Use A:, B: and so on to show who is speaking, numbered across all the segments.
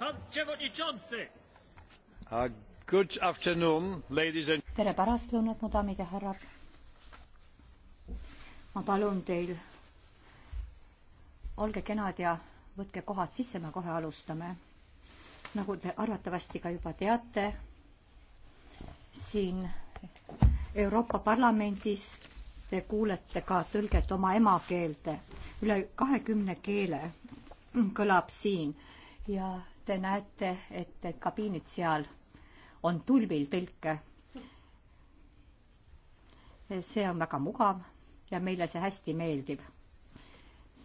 A: tere
B: pärastlõunat, mu daamid ja härrad. ma palun teil, olge kenad ja võtke kohad sisse, me kohe alustame. nagu te arvatavasti ka juba teate, siin Euroopa Parlamendis te kuulete ka tõlget oma emakeelde, üle kahekümne keele kõlab siin ja te näete, et need kabiinid seal on tulvil tõlke. see on väga mugav ja meile see hästi meeldib.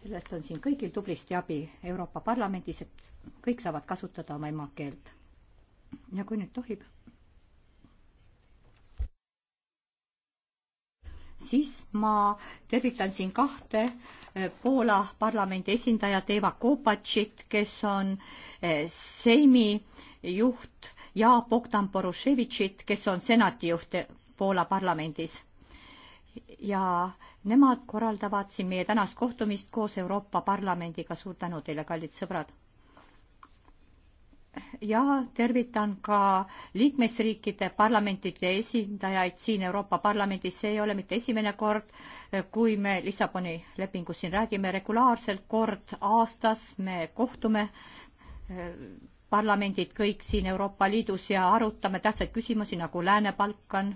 B: sellest on siin kõigil tublisti abi Euroopa Parlamendis, et kõik saavad kasutada oma emakeelt. ja kui nüüd tohib siis ma tervitan siin kahte eh, Poola parlamendi esindajat Eva Kopatšit, kes on eh, Seimi juht ja Bogdan Boruševitšit, kes on senati juht eh, Poola parlamendis. ja nemad korraldavad siin meie tänast kohtumist koos Euroopa Parlamendiga. suur tänu teile, kallid sõbrad ja tervitan ka liikmesriikide parlamentide esindajaid siin Euroopa Parlamendis, see ei ole mitte esimene kord, kui me Lissaboni lepingus siin räägime, regulaarselt kord aastas me kohtume, eh, parlamendid kõik siin Euroopa Liidus ja arutame tähtsaid küsimusi nagu Lääne-Balkan,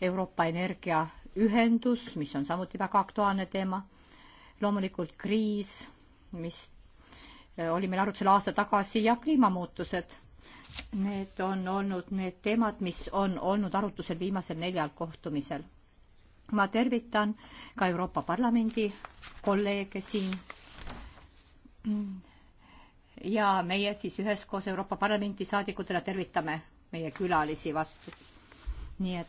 B: Euroopa energiaühendus, mis on samuti väga aktuaalne teema, loomulikult kriis, mis Äh, oli meil arutusel aasta tagasi ja kliimamuutused. Need on olnud need teemad, mis on olnud arutusel viimasel neljal kohtumisel. ma tervitan ka Euroopa Parlamendi kolleege siin. ja meie siis üheskoos Euroopa Parlamendi saadikutena tervitame meie külalisi vastu. nii et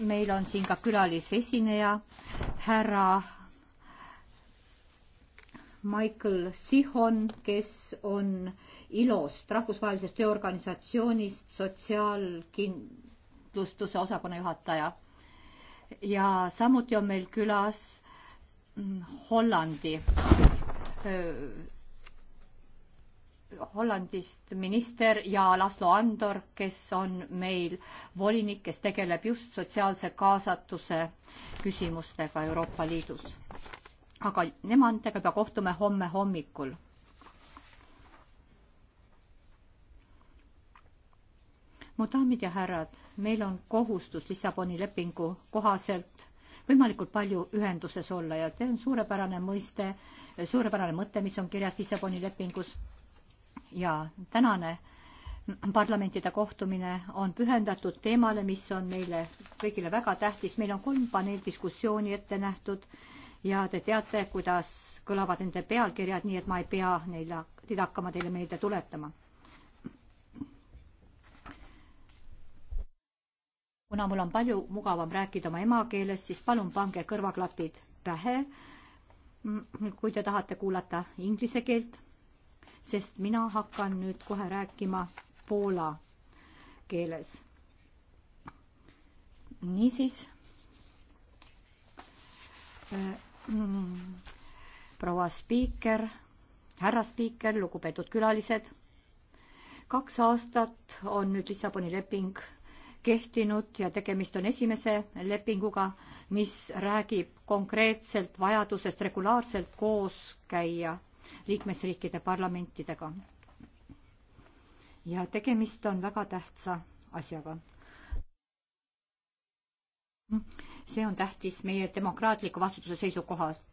B: meil on siin ka külalisesineja härra Michael Sihon, kes on ILO-st, rahvusvahelisest tööorganisatsioonist sotsiaalkindlustuse osakonna juhataja. ja samuti on meil külas mm, Hollandi, Hollandist minister ja Laslo Andor, kes on meil volinik, kes tegeleb just sotsiaalse kaasatuse küsimustega Euroopa Liidus aga nemadega me kohtume homme hommikul. mu daamid ja härrad, meil on kohustus Lissaboni lepingu kohaselt võimalikult palju ühenduses olla ja see on suurepärane mõiste, suurepärane mõte, mis on kirjas Lissaboni lepingus. ja tänane parlamentide kohtumine on pühendatud teemale, mis on meile kõigile väga tähtis, meil on kolm paneeldiskussiooni ette nähtud ja te teate, kuidas kõlavad nende pealkirjad, nii et ma ei pea neile, neid hakkama teile meelde tuletama. kuna mul on palju mugavam rääkida oma emakeeles, siis palun pange kõrvaklapid pähe, kui te tahate kuulata inglise keelt, sest mina hakkan nüüd kohe rääkima poola keeles. niisiis äh, Mm. proua spiiker, härra spiiker, lugupeetud külalised. kaks aastat on nüüd Lissaboni leping kehtinud ja tegemist on esimese lepinguga, mis räägib konkreetselt vajadusest regulaarselt koos käia liikmesriikide parlamentidega. ja tegemist on väga tähtsa asjaga see on tähtis meie demokraatliku vastutuse seisukohast,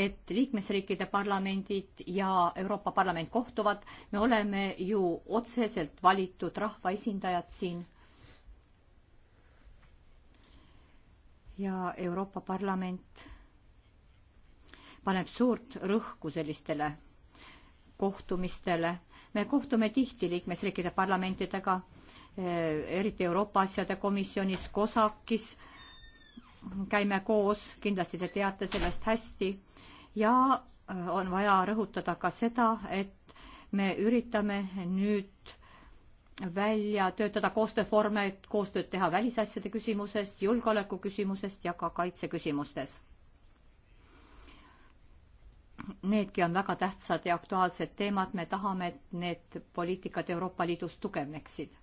B: et liikmesriikide parlamendid ja Euroopa Parlament kohtuvad, me oleme ju otseselt valitud rahvaesindajad siin. ja Euroopa Parlament paneb suurt rõhku sellistele kohtumistele. me kohtume tihti liikmesriikide parlamentidega, eriti Euroopa asjade komisjonis, COSAC-is käime koos, kindlasti te teate sellest hästi ja äh, on vaja rõhutada ka seda, et me üritame nüüd välja töötada koostöövorme, et koostööd teha välisasjade küsimuses, julgeoleku küsimusest ja ka kaitseküsimustes. Needki on väga tähtsad ja aktuaalsed teemad, me tahame, et need poliitikad Euroopa Liidus tugevneksid.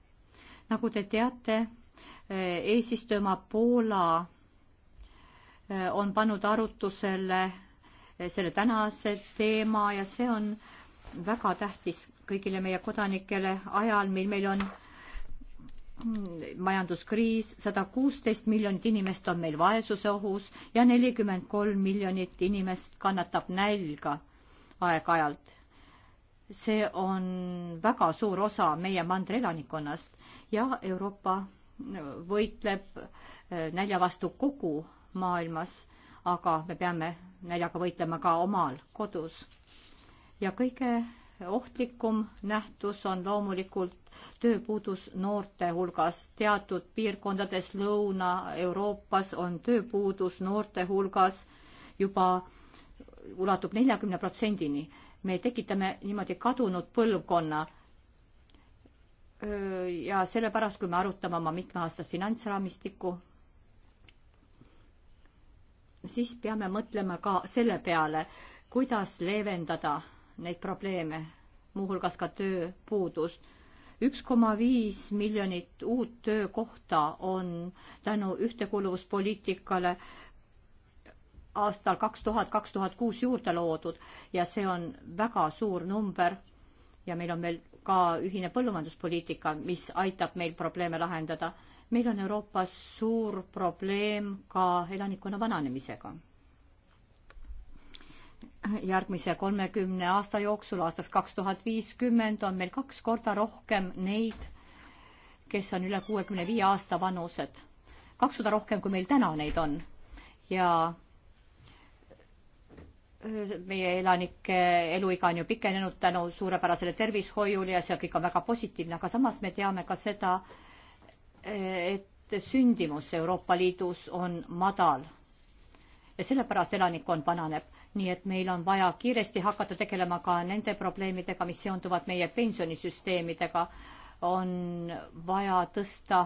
B: nagu te teate, äh, eesistujamaa Poola on pannud arutusele eh, selle tänase teema ja see on väga tähtis kõigile meie kodanikele ajal, mil meil on mm, majanduskriis, sada kuusteist miljonit inimest on meil vaesuse ohus ja nelikümmend kolm miljonit inimest kannatab nälga aeg-ajalt. see on väga suur osa meie mandri elanikkonnast ja Euroopa võitleb eh, nälja vastu kogu maailmas, aga me peame näljaga võitlema ka omal kodus. ja kõige ohtlikum nähtus on loomulikult tööpuudus noorte hulgas. teatud piirkondades Lõuna-Euroopas on tööpuudus noorte hulgas juba ulatub neljakümne protsendini. me tekitame niimoodi kadunud põlvkonna. ja sellepärast, kui me arutame oma mitmeaastast finantsraamistikku siis peame mõtlema ka selle peale, kuidas leevendada neid probleeme, muuhulgas ka tööpuudust. üks koma viis miljonit uut töökohta on tänu ühtekuuluvuspoliitikale aastal kaks tuhat, kaks tuhat kuus juurde loodud ja see on väga suur number. ja meil on veel ka ühine põllumajanduspoliitika, mis aitab meil probleeme lahendada meil on Euroopas suur probleem ka elanikkonna vananemisega. järgmise kolmekümne aasta jooksul, aastast kaks tuhat viiskümmend, on meil kaks korda rohkem neid, kes on üle kuuekümne viie aasta vanused. kakssada rohkem, kui meil täna neid on. ja meie elanike eluiga on ju pikenenud tänu suurepärasele tervishoiule ja see kõik on väga positiivne, aga samas me teame ka seda, et sündimus Euroopa Liidus on madal ja sellepärast elanikkond vananeb. nii et meil on vaja kiiresti hakata tegelema ka nende probleemidega, mis seonduvad meie pensionisüsteemidega. on vaja tõsta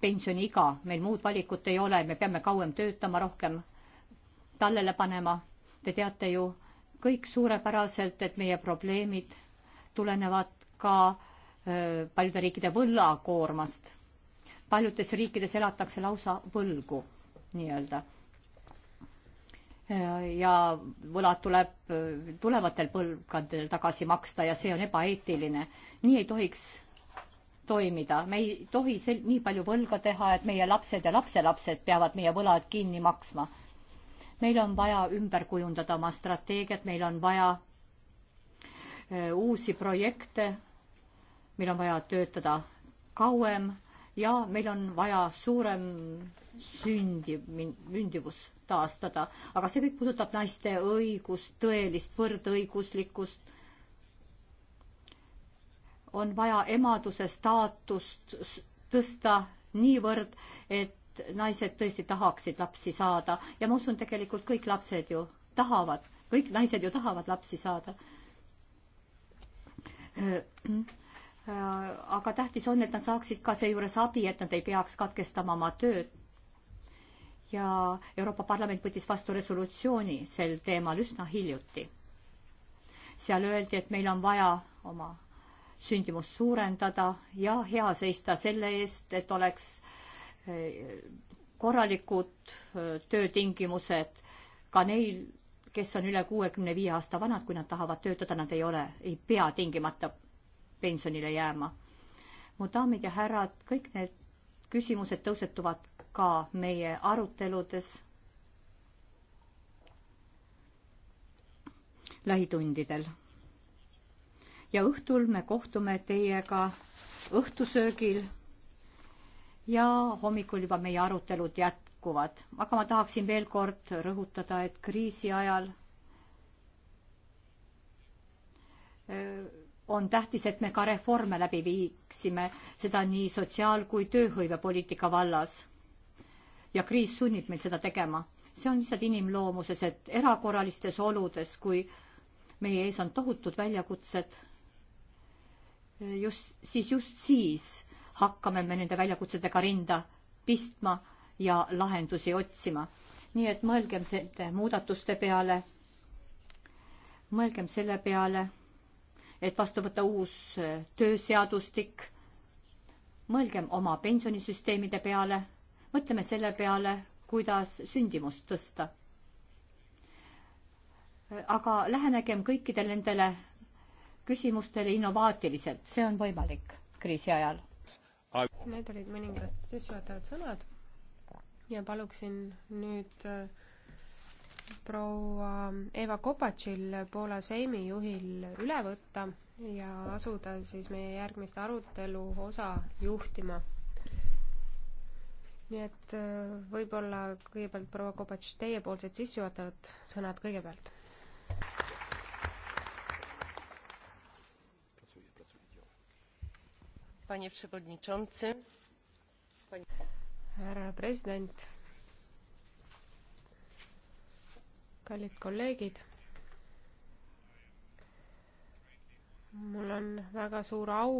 B: pensioniiga, meil muud valikut ei ole, me peame kauem töötama, rohkem tallele panema. Te teate ju kõik suurepäraselt, et meie probleemid tulenevad ka öö, äh, paljude riikide võlakoormast paljudes riikides elatakse lausa võlgu nii-öelda. ja võlad tuleb tulevatel põlvkondadel tagasi maksta ja see on ebaeetiline. nii ei tohiks toimida, me ei tohi sel-, nii palju võlga teha, et meie lapsed ja lapselapsed peavad meie võlad kinni maksma. meil on vaja ümber kujundada oma strateegiat, meil on vaja e, uusi projekte, meil on vaja töötada kauem ja meil on vaja suurem sündi, sündivus taastada, aga see kõik puudutab naiste õigust, tõelist võrdõiguslikkust. on vaja emaduse staatust tõsta niivõrd, et naised tõesti tahaksid lapsi saada ja ma usun, tegelikult kõik lapsed ju tahavad, kõik naised ju tahavad lapsi saada äh, Äh, aga tähtis on, et nad saaksid ka seejuures abi, et nad ei peaks katkestama oma tööd. ja Euroopa Parlament võttis vastu resolutsiooni sel teemal üsna hiljuti. seal öeldi, et meil on vaja oma sündimust suurendada ja hea seista selle eest, et oleks äh, korralikud äh, töötingimused ka neil, kes on üle kuuekümne viie aasta vanad, kui nad tahavad töötada, nad ei ole, ei pea tingimata pensionile jääma. mu daamid ja härrad, kõik need küsimused tõusetuvad ka meie aruteludes lähitundidel. ja õhtul me kohtume teiega õhtusöögil ja hommikul juba meie arutelud jätkuvad, aga ma tahaksin veel kord rõhutada, et kriisi ajal öö, on tähtis, et me ka reforme läbi viiksime, seda nii sotsiaal- kui tööhõivepoliitika vallas. ja kriis sunnib meil seda tegema. see on lihtsalt inimloomuses, et erakorralistes oludes, kui meie ees on tohutud väljakutsed, just, siis just siis hakkame me nende väljakutsedega rinda pistma ja lahendusi otsima. nii et mõelgem nende muudatuste peale, mõelgem selle peale et vastu võtta uus äh, tööseadustik. mõelgem oma pensionisüsteemide peale, mõtleme selle peale, kuidas sündimust tõsta. Äh, aga lähenegem kõikidele nendele küsimustele innovaatiliselt, see on võimalik kriisi ajal.
C: Need olid mõningad sissejuhatavad sõnad ja paluksin nüüd äh, proua Eva Kopatšil Poola Seimi juhil üle võtta ja asuda siis meie järgmist arutelu osa juhtima. nii et äh, võib-olla kõigepealt proua Kopatš, teiepoolsed sissejuhatavad sõnad kõigepealt. härra president kallid kolleegid. mul on väga suur au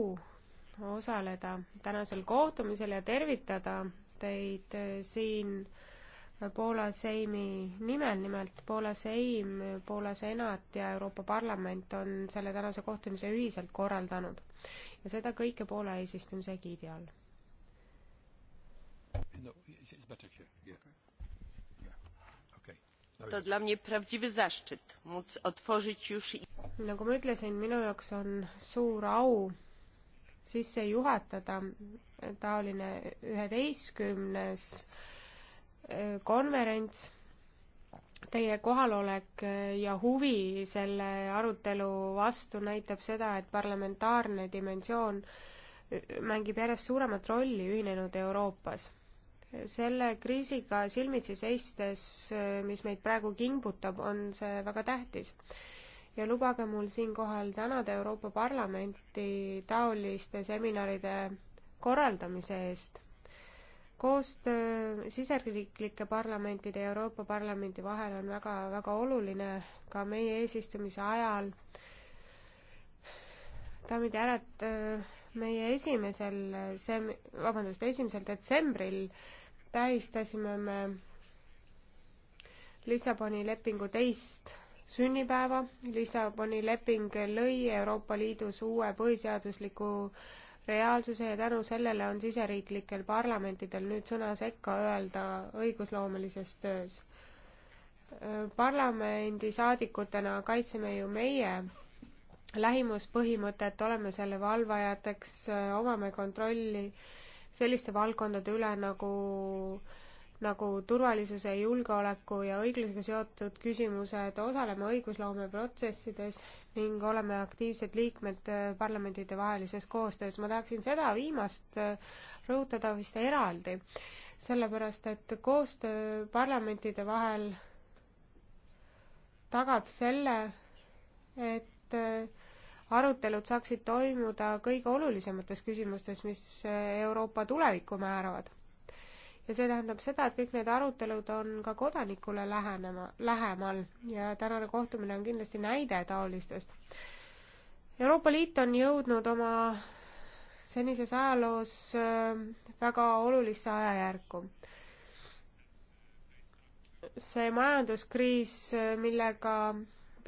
C: osaleda tänasel kohtumisel ja tervitada teid äh, siin Poola Seimi nimel, nimelt Poola Seim, Poola senat ja Euroopa Parlament on selle tänase kohtumise ühiselt korraldanud ja seda kõike Poola eesistumise egiidi all
B: no,
D: to dla mnie prawdziwy zaszczyt móc otworzyć już
C: nagu ma ütlesin minu jaoks on suur au sisse juhatada taoline üheteistkümnes e, konverents teie kohalolek e, ja huvi selle arutelu vastu näitab seda et parlamentaarne dimensioon e, mängib järjest suuremat rolli ühinenud euroopas selle kriisiga silmitsi seistes, äh, mis meid praegu kimbutab, on see väga tähtis. ja lubage mul siinkohal tänada Euroopa Parlamenti taoliste seminaride korraldamise eest. koostöö siseriiklike parlamentide ja Euroopa Parlamendi vahel on väga, väga oluline ka meie eesistumise ajal. daamid ja härrad, äh, meie esimesel sem-, vabandust, esimesel detsembril tähistasime me Lissaboni lepingu teist sünnipäeva. Lissaboni leping lõi Euroopa Liidus uue põhiseadusliku reaalsuse ja tänu sellele on siseriiklikel parlamentidel nüüd sõna sekka öelda õigusloomelises töös. parlamendisaadikutena kaitseme ju meie lähimuspõhimõtet, oleme selle valvajateks, omame kontrolli selliste valdkondade üle nagu, nagu turvalisuse, julgeoleku ja õiglusega seotud küsimused, osaleme õigusloome protsessides ning oleme aktiivsed liikmed äh, parlamendide vahelises koostöös. ma tahaksin seda viimast äh, rõhutada vist eraldi, sellepärast et koostöö parlamentide vahel tagab selle, et et äh, arutelud saaksid toimuda kõige olulisemates küsimustes, mis äh, Euroopa tulevikku määravad. ja see tähendab seda, et kõik need arutelud on ka kodanikule lähenema, lähemal ja tänane kohtumine on kindlasti näide taolistest. Euroopa Liit on jõudnud oma senises ajaloos äh, väga olulisse ajajärku see majanduskriis, millega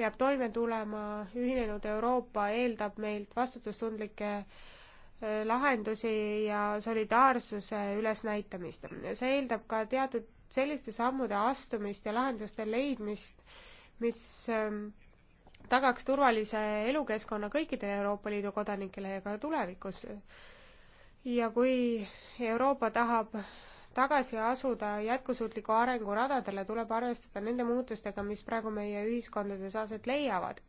C: peab toime tulema, ühinenud Euroopa eeldab meilt vastutustundlikke äh, lahendusi ja solidaarsuse ülesnäitamist. see eeldab ka teatud selliste sammude astumist ja lahenduste leidmist, mis ähm, tagaks turvalise elukeskkonna kõikidele Euroopa Liidu kodanikele ja ka tulevikus. ja kui Euroopa tahab tagasi asuda jätkusuutliku arengu radadele, tuleb arvestada nende muutustega, mis praegu meie ühiskondades aset leiavad.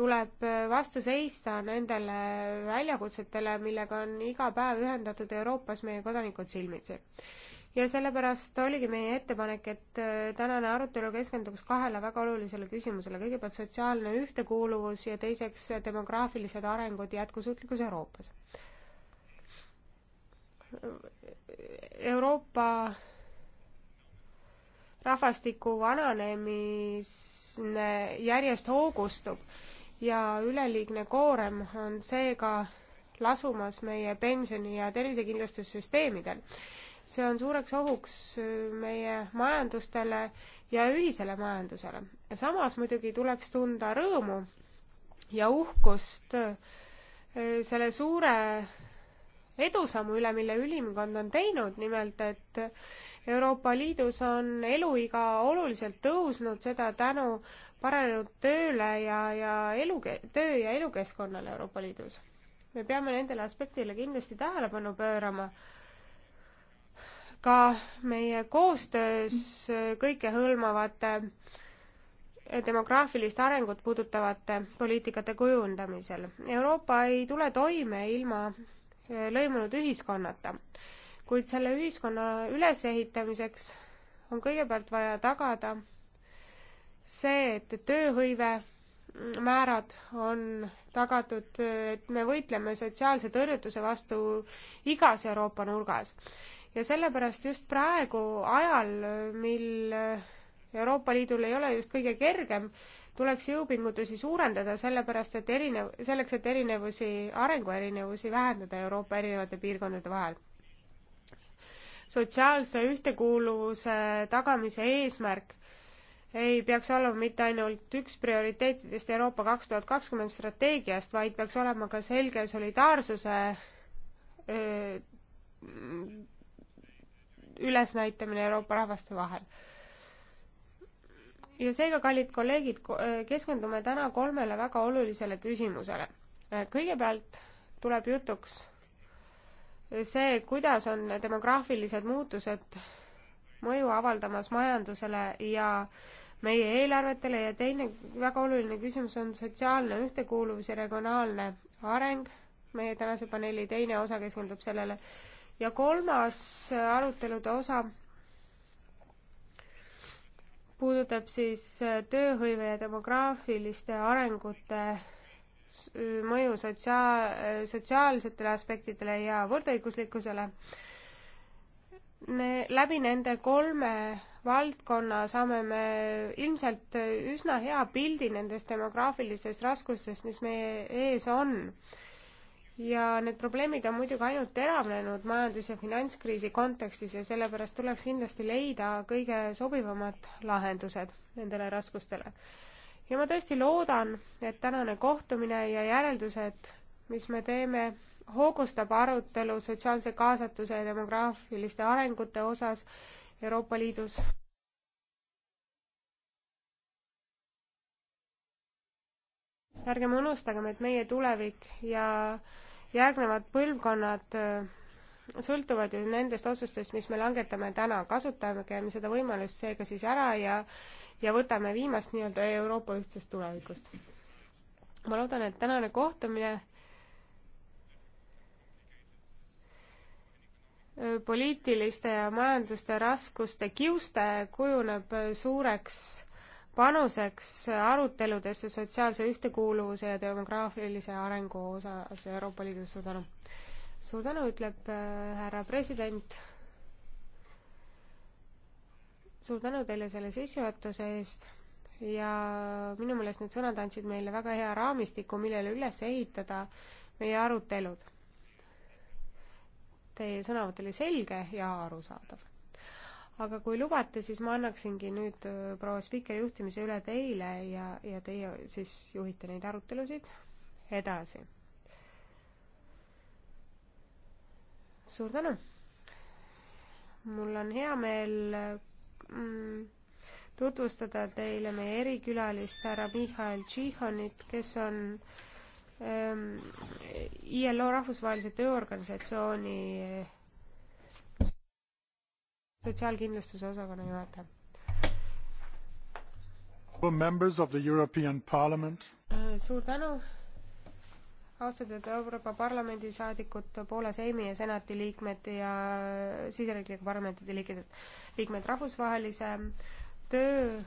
C: tuleb äh, vastu seista nendele väljakutsetele, millega on iga päev ühendatud Euroopas meie kodanikud silmitsi ja sellepärast oligi meie ettepanek, et äh, tänane arutelu keskenduks kahele väga olulisele küsimusele, kõigepealt sotsiaalne ühtekuuluvus ja teiseks äh, demograafilised arengud jätkusuutlikus Euroopas. Euroopa rahvastiku vananemine järjest hoogustub ja üleliigne koorem on seega lasumas meie pensioni- ja tervisekindlustussüsteemidel. see on suureks ohuks meie majandustele ja ühisele majandusele. samas muidugi tuleks tunda rõõmu ja uhkust selle suure edusammu üle, mille ülimkond on teinud, nimelt et Euroopa Liidus on eluiga oluliselt tõusnud, seda tänu paranenud tööle ja, ja elu, töö ja elukeskkonnale Euroopa Liidus. me peame nendele aspektidele kindlasti tähelepanu pöörama, ka meie koostöös kõikehõlmavate demograafilist arengut puudutavate poliitikate kujundamisel. Euroopa ei tule toime ilma Eh, lõimunud ühiskonnata. kuid selle ühiskonna ülesehitamiseks on kõigepealt vaja tagada see, et tööhõive määrad on tagatud, et me võitleme sotsiaalse tõrjutuse vastu igas Euroopa nurgas. ja sellepärast just praegu, ajal, mil Euroopa Liidul ei ole just kõige kergem, tuleks jõupingutusi suurendada, sellepärast et erinev, selleks, et erinevusi, arenguerinevusi vähendada Euroopa erinevate piirkondade vahel sotsiaalse ühtekuuluvuse tagamise eesmärk ei peaks olema mitte ainult üks prioriteetidest Euroopa kaks tuhat kakskümmend strateegiast, vaid peaks olema ka selge solidaarsuse öö, ülesnäitamine Euroopa rahvaste vahel ja seega, kallid kolleegid, keskendume täna kolmele väga olulisele küsimusele. kõigepealt tuleb jutuks see, kuidas on demograafilised muutused mõju avaldamas majandusele ja meie eelarvetele ja teine väga oluline küsimus on sotsiaalne ühtekuuluvus ja regionaalne areng. meie tänase paneeli teine osa keskendub sellele. ja kolmas arutelude osa puudutab siis äh, tööhõive ja demograafiliste arengute äh, mõju sotsiaal, äh, sotsiaalsetele aspektidele ja võrdõiguslikkusele ne,. läbi nende kolme valdkonna saame me ilmselt üsna hea pildi nendest demograafilisest raskustest, mis meie ees on ja need probleemid on muidugi ainult teravnenud majandus- ja finantskriisi kontekstis ja sellepärast tuleks kindlasti leida kõige sobivamad lahendused nendele raskustele. ja ma tõesti loodan, et tänane kohtumine ja järeldused, mis me teeme, hoogustab arutelu sotsiaalse kaasatuse ja demograafiliste arengute osas Euroopa Liidus ärgem unustagem, et meie tulevik ja järgnevad põlvkonnad äh, sõltuvad ju nendest otsustest, mis me langetame täna. kasutagem seda võimalust seega siis ära ja, ja võtame viimast nii-öelda Euroopa ühtsest tulevikust. ma loodan, et tänane kohtumine äh, poliitiliste ja majanduste raskuste kiuste kujuneb suureks panuseks aruteludesse sotsiaalse ühtekuuluvuse ja demograafilise arengu osas Euroopa Liidus, suur tänu! suur tänu, ütleb äh, härra president. suur tänu teile selle sissejuhatuse eest ja minu meelest need sõnad andsid meile väga hea raamistiku, millele üles ehitada meie arutelud. Teie sõnavõtt oli selge ja arusaadav aga kui lubate, siis ma annaksingi nüüd äh, proua spiikeri juhtimise üle teile ja, ja teie siis juhite neid arutelusid edasi. suur tänu! mul on hea meel mm, tutvustada teile meie erikülalist, härra Mihhail Tšihhonit, kes on ähm, ILO rahvusvahelise tööorganisatsiooni sotsiaalkindlustuse osakonna juhataja.
B: Äh,
C: suur tänu, austatud Euroopa Parlamendi saadikud, Poola Seimi ja senati liikmed ja äh, siseriiklike parlamentide liikmed, liikmed rahvusvahelise töö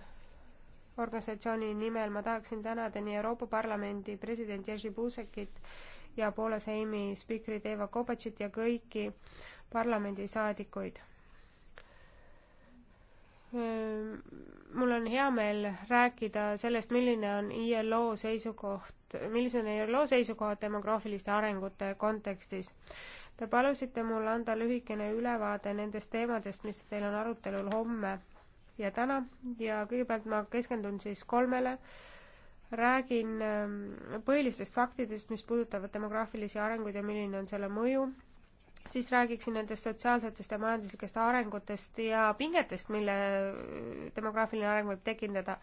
C: organisatsiooni nimel ma tahaksin tänada nii Euroopa Parlamendi presidenti Jerzy Buzekit ja Poola Seimi spiikrit Eva Kobatšit ja kõiki parlamendisaadikuid Ehm, mul on hea meel rääkida sellest, milline on ILO seisukoht, millised on ILO seisukohad demograafiliste arengute kontekstis. Te palusite mul anda lühikene ülevaade nendest teemadest, mis teil on arutelul homme ja täna ja kõigepealt ma keskendun siis kolmele. räägin ehm, põhilistest faktidest, mis puudutavad demograafilisi arenguid ja milline on selle mõju siis räägiksin nendest sotsiaalsetest ja majanduslikest arengutest ja pingetest, mille demograafiline areng võib tekitada.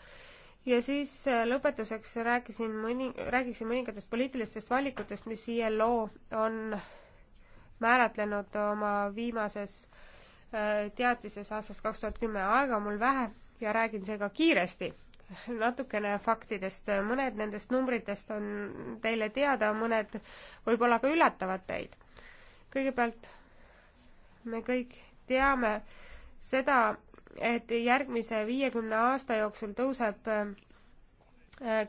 C: ja siis äh, lõpetuseks rääkisin mõni, räägiksin mõningatest poliitilistest valikutest, mis ILO on määratlenud oma viimases äh, teatises aastast kaks tuhat kümme. aega on mul vähe ja räägin seega kiiresti natukene faktidest, mõned nendest numbritest on teile teada, mõned võib-olla ka üllatavad teid kõigepealt me kõik teame seda, et järgmise viiekümne aasta jooksul tõuseb äh,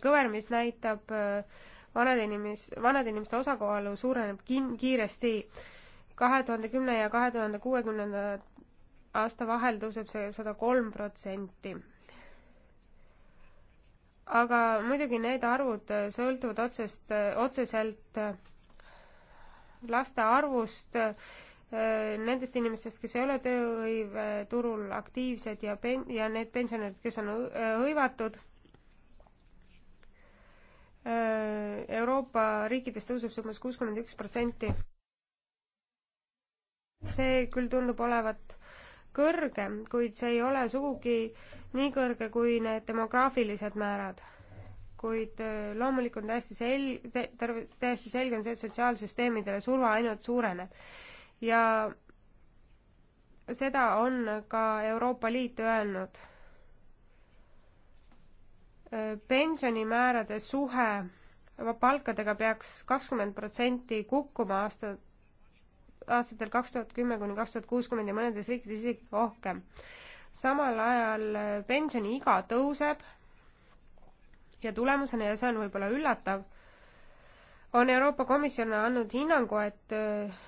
C: kõver, mis näitab äh, vanade inimes-, vanade inimeste osakaalu suureneb kin-, kiiresti. kahe tuhande kümne ja kahe tuhande kuuekümnenda aasta vahel tõuseb see sada kolm protsenti. aga muidugi need arvud äh, sõltuvad otsest, otseselt laste arvust, äh, nendest inimestest, kes ei ole tööhõive turul aktiivsed ja pen-, ja need pensionärid, kes on äh, hõivatud. Äh, Euroopa riikides tõuseb see umbes kuuskümmend üks protsenti. see küll tundub olevat kõrgem, kuid see ei ole sugugi nii kõrge kui need demograafilised määrad kuid äh, loomulikult täiesti sel-, täiesti selge on see, et sotsiaalsüsteemidele surve ainult suureneb. ja seda on ka Euroopa Liit öelnud. Äh, pensionimäärade suhe palkadega peaks kakskümmend protsenti kukkuma aasta, aastatel kaks tuhat kümme kuni kaks tuhat kuuskümmend ja mõnedes riikides isegi rohkem. samal ajal äh, pensioniiga tõuseb ja tulemusena, ja see on võib-olla üllatav, on Euroopa Komisjon andnud hinnangu, et äh,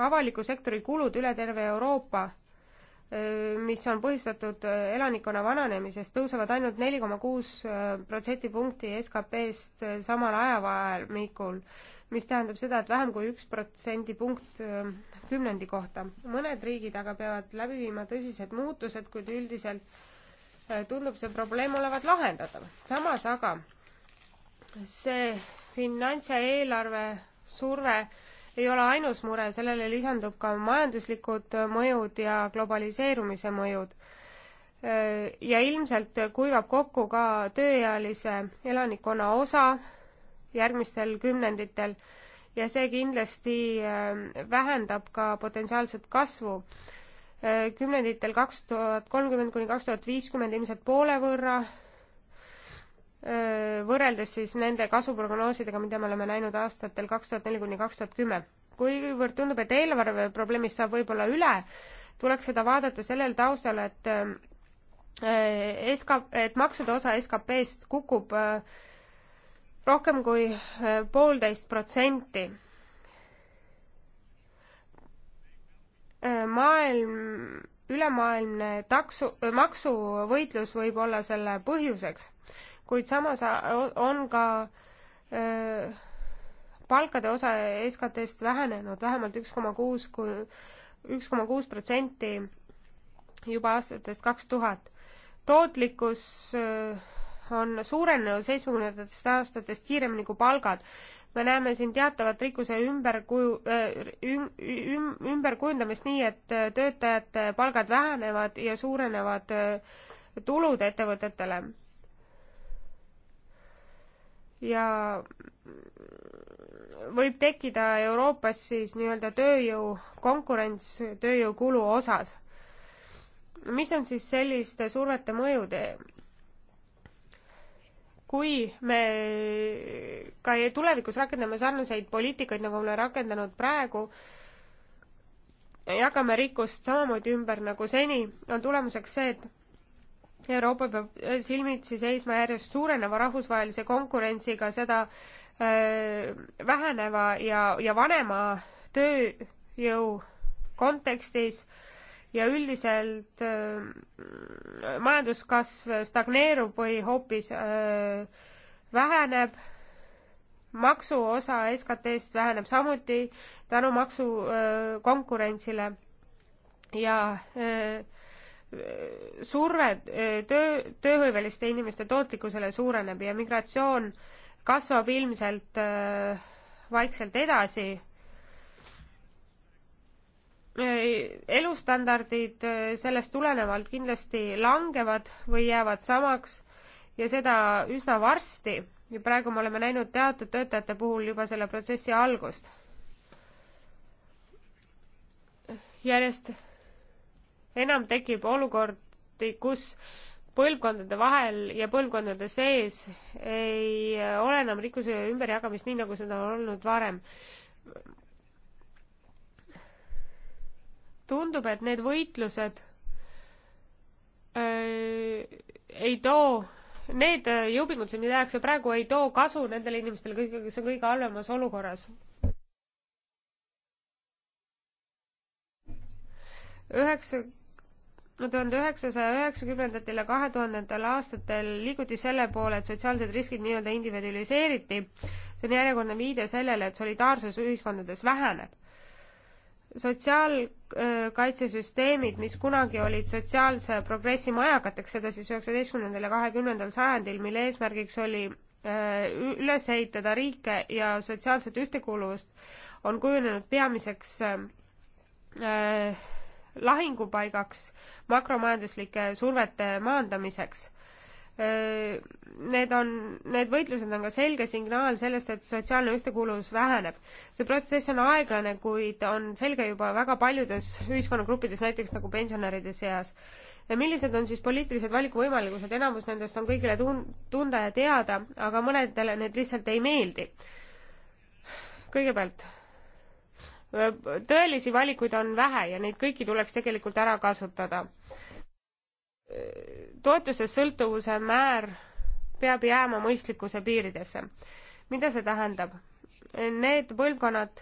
C: avaliku sektori kulud üle terve Euroopa, äh, mis on põhjustatud äh, elanikkonna vananemisest, tõusevad ainult neli koma kuus protsendipunkti SKP-st samal ajavahemikul, mis tähendab seda, et vähem kui üks protsendipunkt kümnendi kohta. mõned riigid aga peavad läbi viima tõsised muutused, kuid üldiselt tundub see probleem olevat lahendatav. samas aga see finants ja eelarve surve ei ole ainus mure, sellele lisandub ka majanduslikud mõjud ja globaliseerumise mõjud. ja ilmselt kuivab kokku ka tööealise elanikkonna osa järgmistel kümnenditel ja see kindlasti äh, vähendab ka potentsiaalset kasvu kümnenditel kaks tuhat kolmkümmend kuni kaks tuhat viiskümmend ilmselt poole võrra, võrreldes siis nende kasvuprognoosidega, mida me oleme näinud aastatel kaks tuhat neli kuni kaks tuhat kümme. kuivõrd tundub, et eelarve probleemist saab võib-olla üle, tuleks seda vaadata sellel taustal, et SK, et maksude osa SKP-st kukub rohkem kui poolteist protsenti Äh, maailm, ülemaailmne taksu, äh, maksuvõitlus võib olla selle põhjuseks, kuid samas äh, on ka öö, palkade osa SKT-st vähenenud vähemalt üks koma kuus, kui üks koma kuus protsenti juba aastatest kaks tuhat. tootlikkus öö, on suurenenud seitsmekümnendatest aastatest kiiremini kui palgad me näeme siin teatavat rikkuse ümberkuju äh, üm,, üm, ümberkujundamist nii, et äh, töötajate palgad vähenevad ja suurenevad äh, tulud ettevõtetele. ja võib tekkida Euroopas siis nii-öelda tööjõu konkurents tööjõukulu osas. mis on siis selliste survete mõjud kui me ka tulevikus rakendame sarnaseid poliitikaid, nagu oleme rakendanud praegu, jagame rikkust samamoodi ümber nagu seni, on tulemuseks see, et Euroopa peab silmitsi seisma järjest suureneva rahvusvahelise konkurentsiga, seda öö, väheneva ja, ja vanema tööjõu kontekstis öö, ja üldiselt äh, majanduskasv stagneerub või hoopis äh, väheneb, maksuosa SKT-st väheneb samuti tänu maksukonkurentsile äh, ja äh, surve äh, töö, tööhõiveliste inimeste tootlikkusele suureneb ja migratsioon kasvab ilmselt äh, vaikselt edasi Äh, elustandardid äh, sellest tulenevalt kindlasti langevad või jäävad samaks ja seda üsna varsti ja praegu me oleme näinud teatud töötajate puhul juba selle protsessi algust. järjest enam tekib olukordi, kus põlvkondade vahel ja põlvkondade sees ei ole enam rikkuse ümberjagamist nii, nagu seda on olnud varem. tundub, et need võitlused öö, äh, ei too, need äh, jõupingutused, mida tehakse praegu, ei too kasu nendele inimestele, kes on kõige halvemas olukorras. üheksa, tuhande üheksasaja üheksakümnendatel ja kahe tuhandendatel aastatel liiguti selle poole, et sotsiaalsed riskid nii-öelda individualiseeriti. see on järjekordne viide sellele, et solidaarsus ühiskondades väheneb sotsiaalkaitsesüsteemid, mis kunagi olid sotsiaalse progressi majakateks, seda siis üheksateistkümnendal ja kahekümnendal sajandil, mille eesmärgiks oli üles ehitada riike ja sotsiaalset ühtekuuluvust, on kujunenud peamiseks lahingupaigaks makromajanduslike survete maandamiseks Äh, need on, need võitlused on ka selge signaal sellest, et sotsiaalne ühtekuuluvus väheneb. see protsess on aeglane, kuid on selge juba väga paljudes ühiskonnagruppides, näiteks nagu pensionäride seas. millised on siis poliitilised valikuvõimalused, enamus nendest on kõigile tun-, tunda ja teada, aga mõnedele need lihtsalt ei meeldi. kõigepealt tõelisi valikuid on vähe ja neid kõiki tuleks tegelikult ära kasutada toetustest sõltuvuse määr peab jääma mõistlikkuse piiridesse. mida see tähendab? Need põlvkonnad,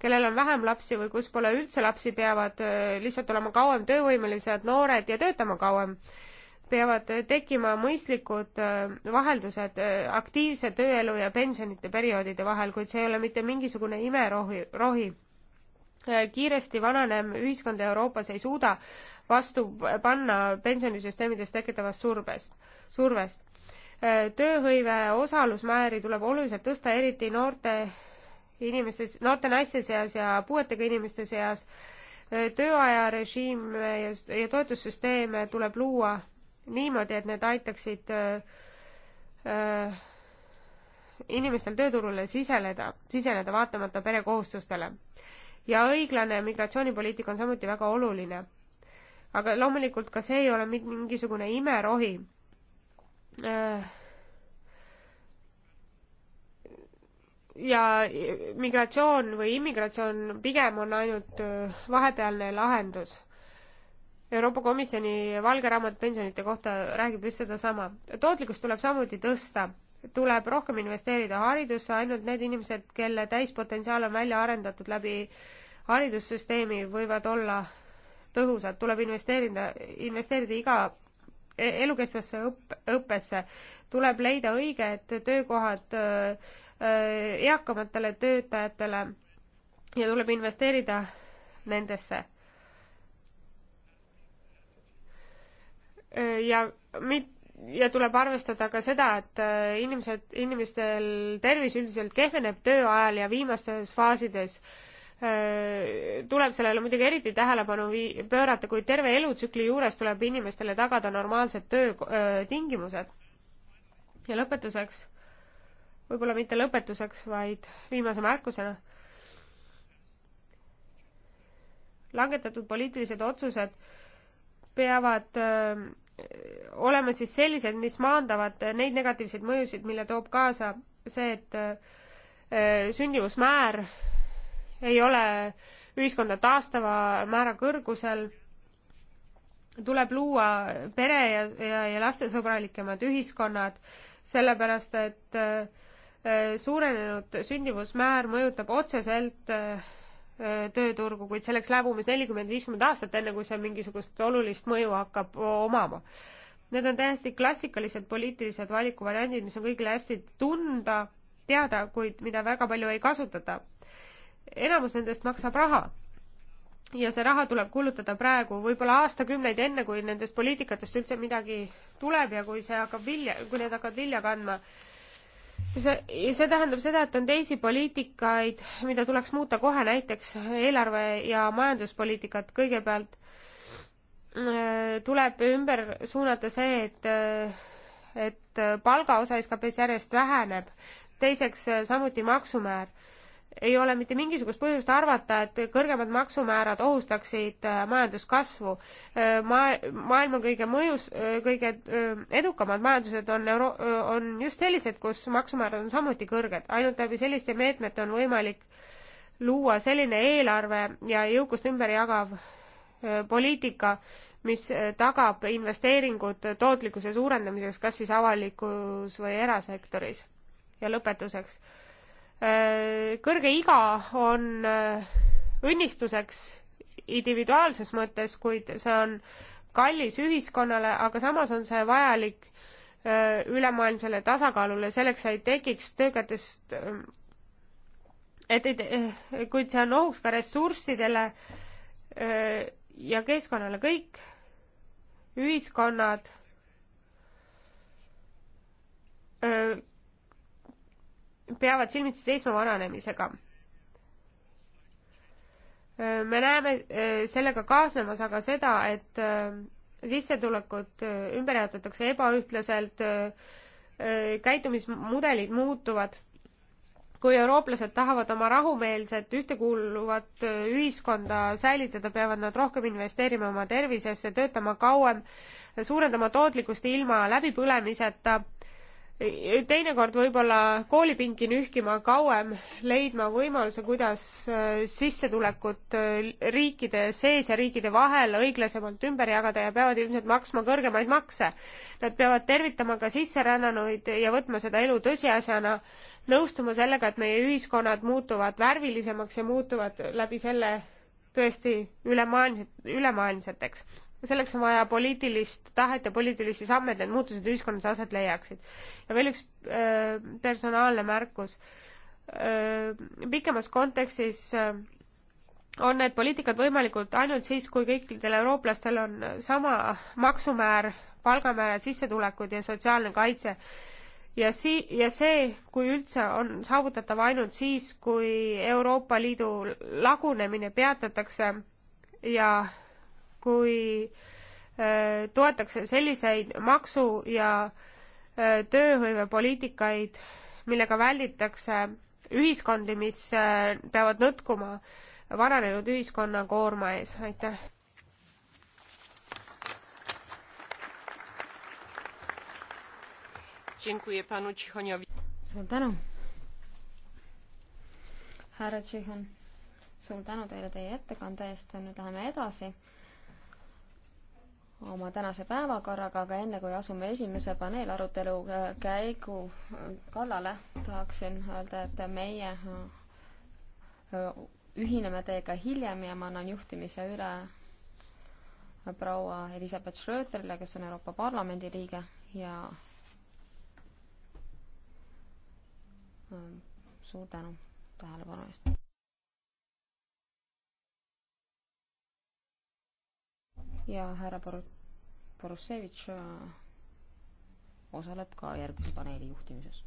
C: kellel on vähem lapsi või kus pole üldse lapsi, peavad äh, lihtsalt olema kauem töövõimelised, noored ja töötama kauem. peavad äh, tekkima mõistlikud äh, vaheldused aktiivse tööelu ja pensionite perioodide vahel, kuid see ei ole mitte mingisugune imerohi, rohi kiiresti vananev ühiskond Euroopas ei suuda vastu panna pensionisüsteemides tekitavast surbest, survest. tööhõive osalusmääri tuleb oluliselt tõsta, eriti noorte inimeste, noorte naiste seas ja puuetega inimeste seas. tööajarežiim ja, ja toetussüsteeme tuleb luua niimoodi, et need aitaksid öö, äh, öö, inimestel tööturule siseneda, siseneda vaatamata perekohustustele ja õiglane migratsioonipoliitika on samuti väga oluline. aga loomulikult ka see ei ole mingisugune imerohi ja migratsioon või immigratsioon pigem on ainult äh, vahepealne lahendus. Euroopa Komisjoni valge raamat pensionite kohta räägib just sedasama. tootlikkust tuleb samuti tõsta tuleb rohkem investeerida haridusse, ainult need inimesed, kelle täispotentsiaal on välja arendatud läbi haridussüsteemi, võivad olla tõhusad, tuleb investeerida, investeerida iga e-, elukestvasse õpp-, õppesse, tuleb leida õiged töökohad eakamatele töötajatele ja tuleb investeerida nendesse. ja mit-, ja tuleb arvestada ka seda, et äh, inimesed, inimestel tervis üldiselt kehveneb töö ajal ja viimastes faasides äh, tuleb sellele muidugi eriti tähelepanu vii-, pöörata, kuid terve elutsükli juures tuleb inimestele tagada normaalsed töötingimused. Äh, ja lõpetuseks, võib-olla mitte lõpetuseks, vaid viimase märkusena, langetatud poliitilised otsused peavad öö, olema siis sellised, mis maandavad neid negatiivseid mõjusid, mille toob kaasa see, et äh, sündimusmäär ei ole ühiskonda taastava määra kõrgusel, tuleb luua pere ja, ja, ja lastesõbralikemad ühiskonnad, sellepärast et äh, suurenenud sündivusmäär mõjutab otseselt äh, tööturgu, kuid selleks läheb umbes nelikümmend, viiskümmend aastat, enne kui see mingisugust olulist mõju hakkab omama. Need on täiesti klassikalised poliitilised valikuvariandid, mis on kõigile hästi tunda, teada, kuid mida väga palju ei kasutata. enamus nendest maksab raha ja see raha tuleb kulutada praegu, võib-olla aastakümneid enne, kui nendest poliitikatest üldse midagi tuleb ja kui see hakkab vilja, kui need hakkavad vilja kandma ja see, ja see tähendab seda, et on teisi poliitikaid, mida tuleks muuta kohe, näiteks eelarve- ja majanduspoliitikat kõigepealt äh, tuleb ümber suunata see, et, äh, et palgaosa SKP-s järjest väheneb, teiseks äh, samuti maksumäär ei ole mitte mingisugust põhjust arvata, et kõrgemad maksumäärad ohustaksid äh, majanduskasvu. Äh, ma-, maailma kõige mõjus, äh, kõige edukamad majandused on euro-, on just sellised, kus maksumäärad on samuti kõrged. ainult läbi selliste meetmete on võimalik luua selline eelarve ja jõukust ümber jagav poliitika, mis tagab investeeringud tootlikkuse suurendamiseks kas siis avalikus või erasektoris. ja lõpetuseks Äh, kõrge iga on äh, õnnistuseks individuaalses mõttes, kuid see on kallis ühiskonnale, aga samas on see vajalik äh, ülemaailmsele tasakaalule, selleks ei tekiks töökätest, et ei, kuid see on ohuks ka ressurssidele ja keskkonnale, kõik ühiskonnad peavad silmitsi seisma vananemisega. Äh, me näeme äh, sellega kaasnemas aga seda, et äh, sissetulekud ümber jaotatakse ebaühtlaselt, käitumismudelid muutuvad. kui eurooplased tahavad oma rahumeelset ühtekuuluvat ühiskonda säilitada, peavad nad rohkem investeerima oma tervisesse, töötama kauem, suurendama tootlikkust ilma läbipõlemiseta teinekord võib-olla koolipinki nühkima kauem, leidma võimaluse, kuidas äh, sissetulekut äh, riikide sees ja riikide vahel õiglasemalt ümber jagada ja peavad ilmselt maksma kõrgemaid makse. Nad peavad tervitama ka sisserännanuid ja võtma seda elu tõsiasjana, nõustuma sellega, et meie ühiskonnad muutuvad värvilisemaks ja muutuvad läbi selle tõesti ülemaailmset, ülemaailmseteks selleks on vaja poliitilist tahet ja poliitilisi samme, et need muutused ühiskonnas aset leiaksid. ja veel üks öö, äh, personaalne märkus. Äh, pikemas kontekstis öö, äh, on need poliitikad võimalikud ainult siis, kui kõikidel eurooplastel on sama maksumäär, palgamäärad, sissetulekud ja sotsiaalne kaitse. ja sii-, ja see, kui üldse, on saavutatav ainult siis, kui Euroopa Liidu lagunemine peatatakse ja kui äh, toetakse selliseid maksu- ja äh, tööhõivepoliitikaid, millega välditakse ühiskondi, mis äh, peavad nõtkuma vananenud ühiskonna koorma ees, aitäh. suur tänu.
E: härra Tšihhon, suur tänu teile teie ettekande eest, nüüd läheme edasi oma tänase päevakorraga, aga enne kui asume esimese paneelarutelu äh, käigu äh, kallale, tahaksin öelda, et meie äh, ühineme teiega hiljem ja ma annan juhtimise üle proua Elizabeth Schröterile, kes on Euroopa Parlamendi liige ja suur tänu tähelepanu eest! ja härra Bor-, Borussevitš äh, osaleb ka järgmise paneeli juhtimises.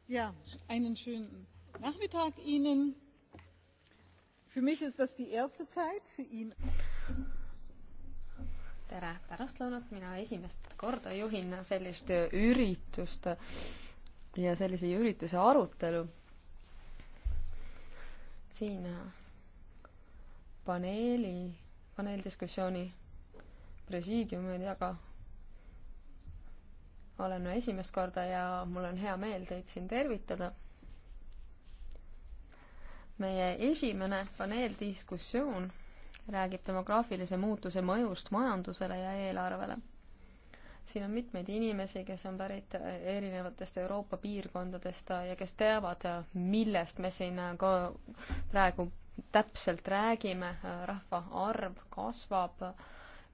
A: Ja, einen schönen Nachmittag Ihnen. Für mich ist das die erste Zeit, für ihn. tere pärastlõunat, mina esimest korda
E: juhin sellist üritust ja sellise ürituse arutelu. siin paneeli, paneeldiskussiooni presiidiumi taga olen esimest korda ja mul on hea meel teid siin tervitada. meie esimene paneeldiskussioon räägib demograafilise muutuse mõjust majandusele ja eelarvele. siin on mitmeid inimesi, kes on pärit erinevatest Euroopa piirkondadest ja kes teavad, millest me siin ka praegu täpselt räägime, rahvaarv kasvab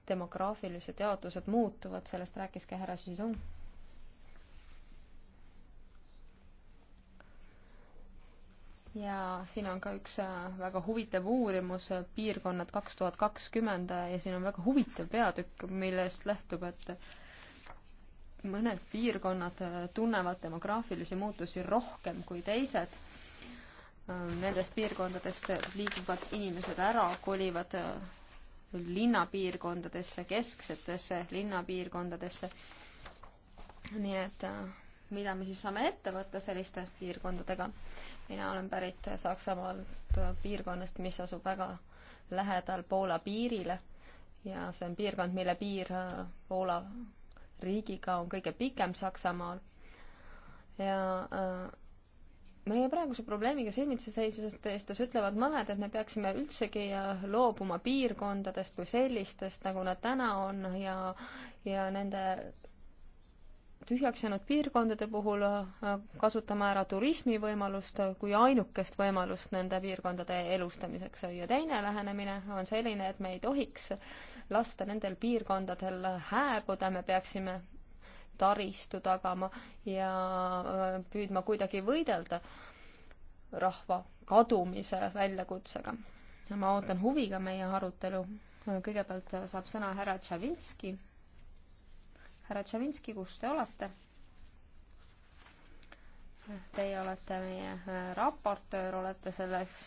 E: demograafilised jaotused muutuvad, sellest rääkis ka härra Sison. ja siin on ka üks äh, väga huvitav uurimus, äh, piirkonnad kaks tuhat kakskümmend äh, ja siin on väga huvitav peatükk, millest lähtub, et mõned piirkonnad tunnevad demograafilisi muutusi rohkem kui teised. Nendest piirkondadest liiguvad inimesed ära, kolivad linnapiirkondadesse, kesksetesse linnapiirkondadesse. nii et mida me siis saame ette võtta selliste piirkondadega? mina olen pärit Saksamaalt piirkonnast, mis asub väga lähedal Poola piirile ja see on piirkond, mille piir äh, Poola riigiga on kõige pikem Saksamaal. ja äh, meie praeguse probleemiga silmitsi seisusest eestlased ütlevad mõned, et me peaksime üldsegi äh, loobuma piirkondadest kui sellistest, nagu nad täna on ja, ja nende tühjaks jäänud piirkondade puhul äh, kasutama ära turismivõimalust kui ainukest võimalust nende piirkondade elustamiseks. ja teine lähenemine on selline, et me ei tohiks lasta nendel piirkondadel hääbuda, me peaksime taristu tagama ja äh, püüdma kuidagi võidelda rahva kadumise väljakutsega. ma ootan huviga meie arutelu. kõigepealt saab sõna härra Tšavinski härra Tšavinski, kus te olete? Teie olete meie äh, raportöör, olete selleks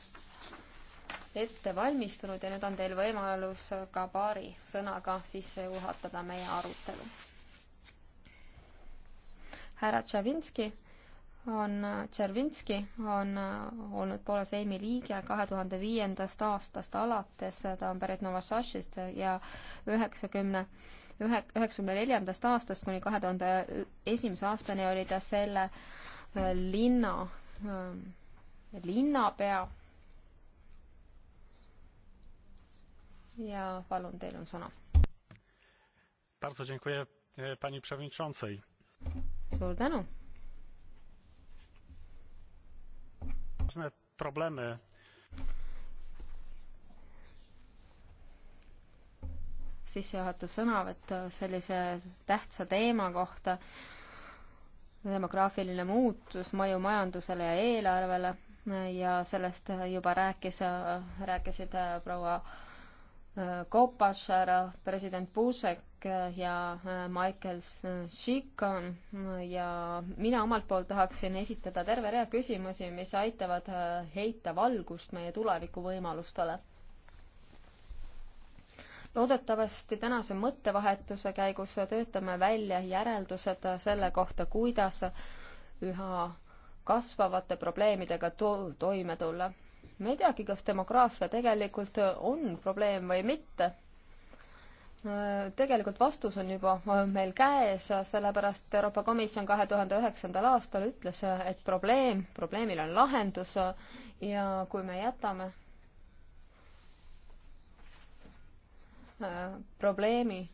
E: ette valmistunud ja nüüd on teil võimalus ka paari sõnaga sisse juhatada meie arutelu. härra Tšavinski on, Tšervinski on äh, olnud Poola Seimi liige kahe tuhande viiendast aastast alates, ta on pärit Novosašist ja üheksakümne 90 ühe, üheksakümne neljandast aastast kuni kahe tuhande esimese aastani oli ta selle äh, linna, äh, linnapea. ja palun, teil on sõna.
B: E, suur tänu. probleeme
E: sissejuhatav sõnavõtt sellise tähtsa teema kohta, demograafiline muutus, mõju majandusele ja eelarvele ja sellest juba rääkis, rääkisid äh, proua äh, Kopas, härra president Puusek ja äh, Michael Shikon ja mina omalt poolt tahaksin esitada terve rea küsimusi, mis aitavad heita valgust meie tulevikuvõimalustele loodetavasti tänase mõttevahetuse käigus töötame välja järeldused selle kohta, kuidas üha kasvavate probleemidega to toime tulla. me ei teagi, kas demograafia tegelikult on probleem või mitte. tegelikult vastus on juba meil käes, sellepärast Euroopa Komisjon kahe tuhande üheksandal aastal ütles, et probleem, probleemil on lahendus ja kui me jätame Äh, probleemi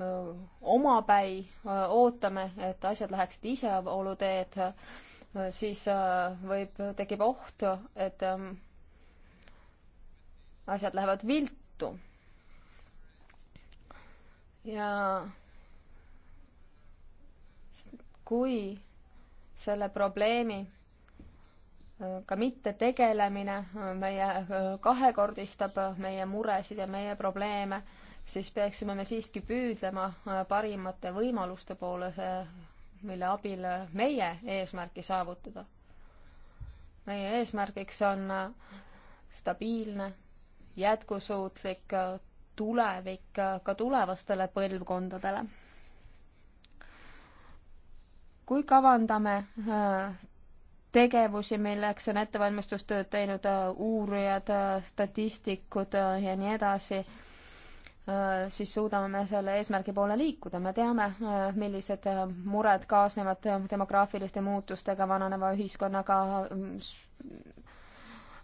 E: äh, omapäi, äh, ootame, et asjad läheksid iseolu teed, siis võib, tekib oht, et ähm, asjad lähevad viltu. ja kui selle probleemi ka mittetegelemine äh, meie äh, kahekordistab äh, meie muresid ja meie probleeme, siis peaksime me siiski püüdlema parimate võimaluste poole, see, mille abil meie eesmärki saavutada. meie eesmärgiks on stabiilne, jätkusuutlik tulevik ka tulevastele põlvkondadele kui kavandame tegevusi, milleks on ettevalmistustööd teinud äh, uurijad, äh, statistikud äh, ja nii edasi, siis suudame me selle eesmärgi poole liikuda. me teame, millised mured kaasnevad demograafiliste muutustega, vananeva ühiskonnaga,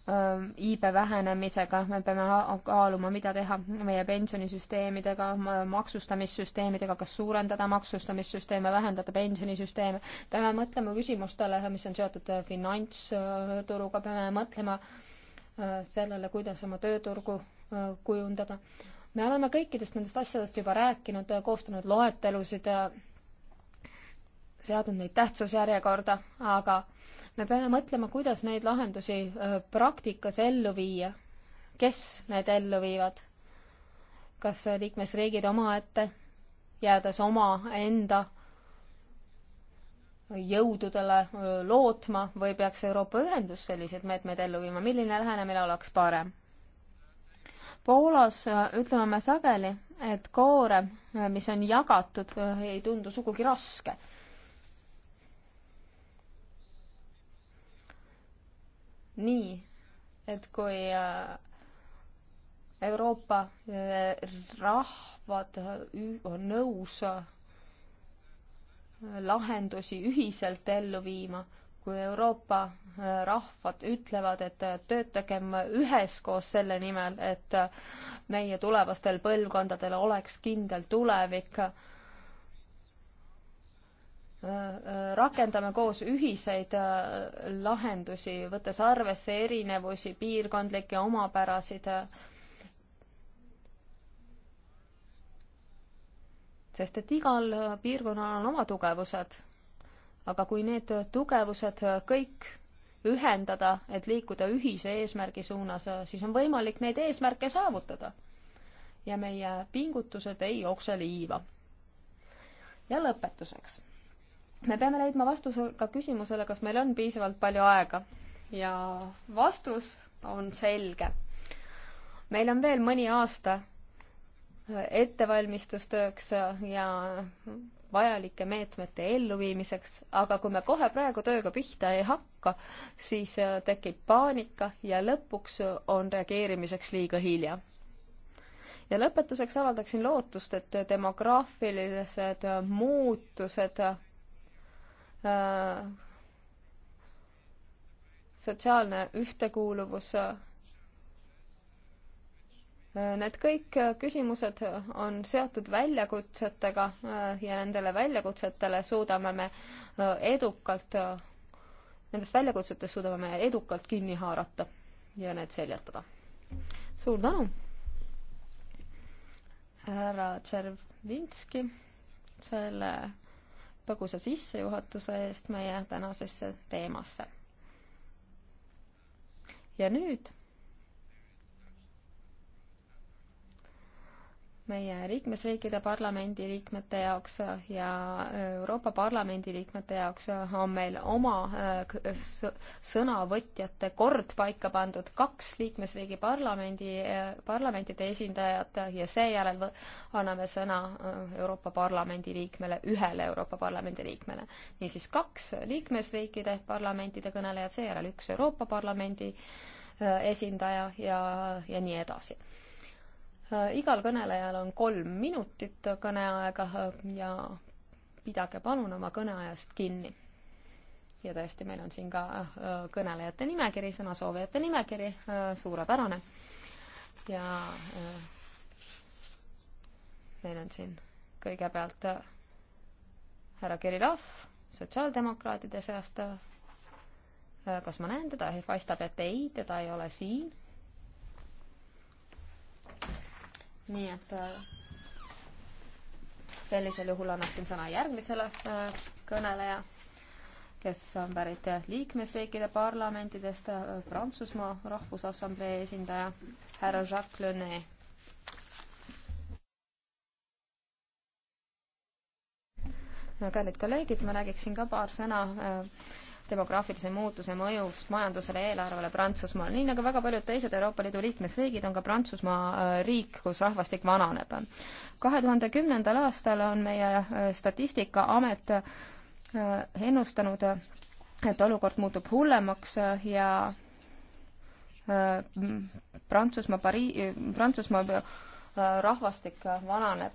E: Ähm, iibe vähenemisega, me peame kaaluma, mida teha meie pensionisüsteemidega, maksustamissüsteemidega, kas suurendada maksustamissüsteeme, vähendada pensionisüsteeme. peame mõtlema küsimustele, mis on seotud äh, finantsturuga, peame mõtlema äh, sellele, kuidas oma tööturgu äh, kujundada. me oleme kõikidest nendest asjadest juba rääkinud, koostanud loetelusid, seadnud neid tähtsusjärjekorda, aga äh, me peame mõtlema, kuidas neid lahendusi äh, praktikas ellu viia, kes need ellu viivad, kas liikmesriigid omaette, jäädes omaenda jõududele äh, lootma või peaks Euroopa Ühendus selliseid meetmeid ellu viima, milline lähenemine oleks parem? Poolas äh, ütleme me sageli, et koorem, mis on jagatud, ei tundu sugugi raske nii, et kui äh, Euroopa äh, rahvad äh, on nõus lahendusi ühiselt ellu viima, kui Euroopa rahvad ütlevad, et töötagem üheskoos selle nimel, et meie tulevastel põlvkondadel oleks kindel tulevik Äh, äh, rakendame koos ühiseid äh, lahendusi, võttes arvesse erinevusi, piirkondlikke omapärasid. sest et igal piirkonnal on oma tugevused. aga kui need tugevused kõik ühendada, et liikuda ühise eesmärgi suunas, siis on võimalik neid eesmärke saavutada. ja meie pingutused ei jookse liiva. ja lõpetuseks me peame leidma vastuse ka küsimusele, kas meil on piisavalt palju aega. ja vastus on selge. meil on veel mõni aasta ettevalmistustööks ja vajalike meetmete elluviimiseks, aga kui me kohe praegu tööga pihta ei hakka, siis tekib paanika ja lõpuks on reageerimiseks liiga hilja ja lõpetuseks avaldaksin lootust, et demograafilised muutused Äh, sotsiaalne ühtekuuluvus. Äh, need kõik küsimused on seotud väljakutsetega äh, ja nendele väljakutsetele suudame me edukalt, nendest väljakutsetest suudame me edukalt kinni haarata ja need seljatada. suur tänu, härra Tšervinski, selle põgusa sissejuhatuse eest meie tänasesse teemasse. ja nüüd meie liikmesriikide parlamendi liikmete jaoks ja Euroopa Parlamendi liikmete jaoks on meil oma äh, sõnavõtjate kord paika pandud kaks liikmesriigi parlamendi, äh, parlamentide esindajat ja seejärel anname sõna äh, Euroopa Parlamendi liikmele, ühele Euroopa Parlamendi liikmele. niisiis kaks liikmesriikide parlamentide kõnelejat, seejärel üks Euroopa Parlamendi esindaja ja, ja nii edasi Äh, igal kõnelejal on kolm minutit kõneaega äh, ja pidage palun oma kõneajast kinni. ja tõesti, meil on siin ka äh, kõnelejate nimekiri, sõnasoovijate nimekiri, suurepärane. ja meil on siin kõigepealt härra Kirillov sotsiaaldemokraatide seast. kas ma näen teda? paistab, et ei, teda ei ole siin nii et äh, sellisel juhul annaksin sõna järgmisele äh, kõneleja, kes on pärit liikmesriikide parlamentidest, äh, Prantsusmaa Rahvusassamblee esindaja härra Jacques Lene. kallid kolleegid, ma räägiksin ka paar sõna äh, demograafilise muutuse mõjust majandusele ja eelarvele Prantsusmaal. nii nagu väga paljud teised Euroopa Liidu liikmesriigid, on ka Prantsusmaa äh, riik, kus rahvastik vananeb. kahe tuhande kümnendal aastal on meie äh, Statistikaamet äh, ennustanud, et olukord muutub hullemaks ja Prantsusmaa, Pariis, Prantsusmaa rahvastik vananeb.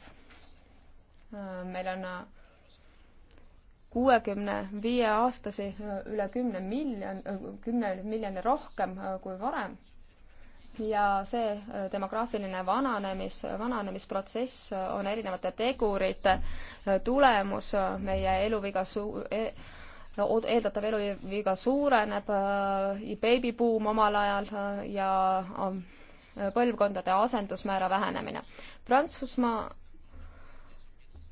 E: meil on kuuekümne viie aastasi üle kümne miljon, kümne miljoni rohkem kui varem. ja see äh, demograafiline vananemis, vananemisprotsess on erinevate tegurite äh, tulemus, äh, meie eluviga su-, e, eeldatav eluiga suureneb, beebibuum omal ajal ja põlvkondade asendusmäära vähenemine. Prantsusmaa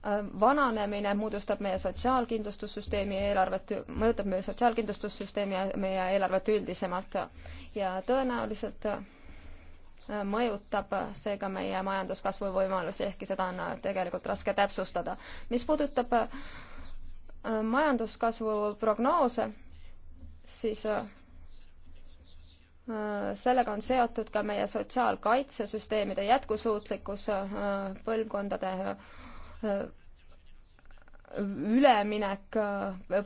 E: Ähm, vananemine moodustab meie sotsiaalkindlustussüsteemi eelarvet, mõjutab meie sotsiaalkindlustussüsteemi ja meie eelarvet üldisemalt ja tõenäoliselt äh, mõjutab see ka meie majanduskasvu võimalusi, ehkki seda on äh, tegelikult raske täpsustada. mis puudutab äh, majanduskasvu prognoose, siis sellega on seotud ka meie sotsiaalkaitsesüsteemide jätkusuutlikkus, põlvkondade üleminek,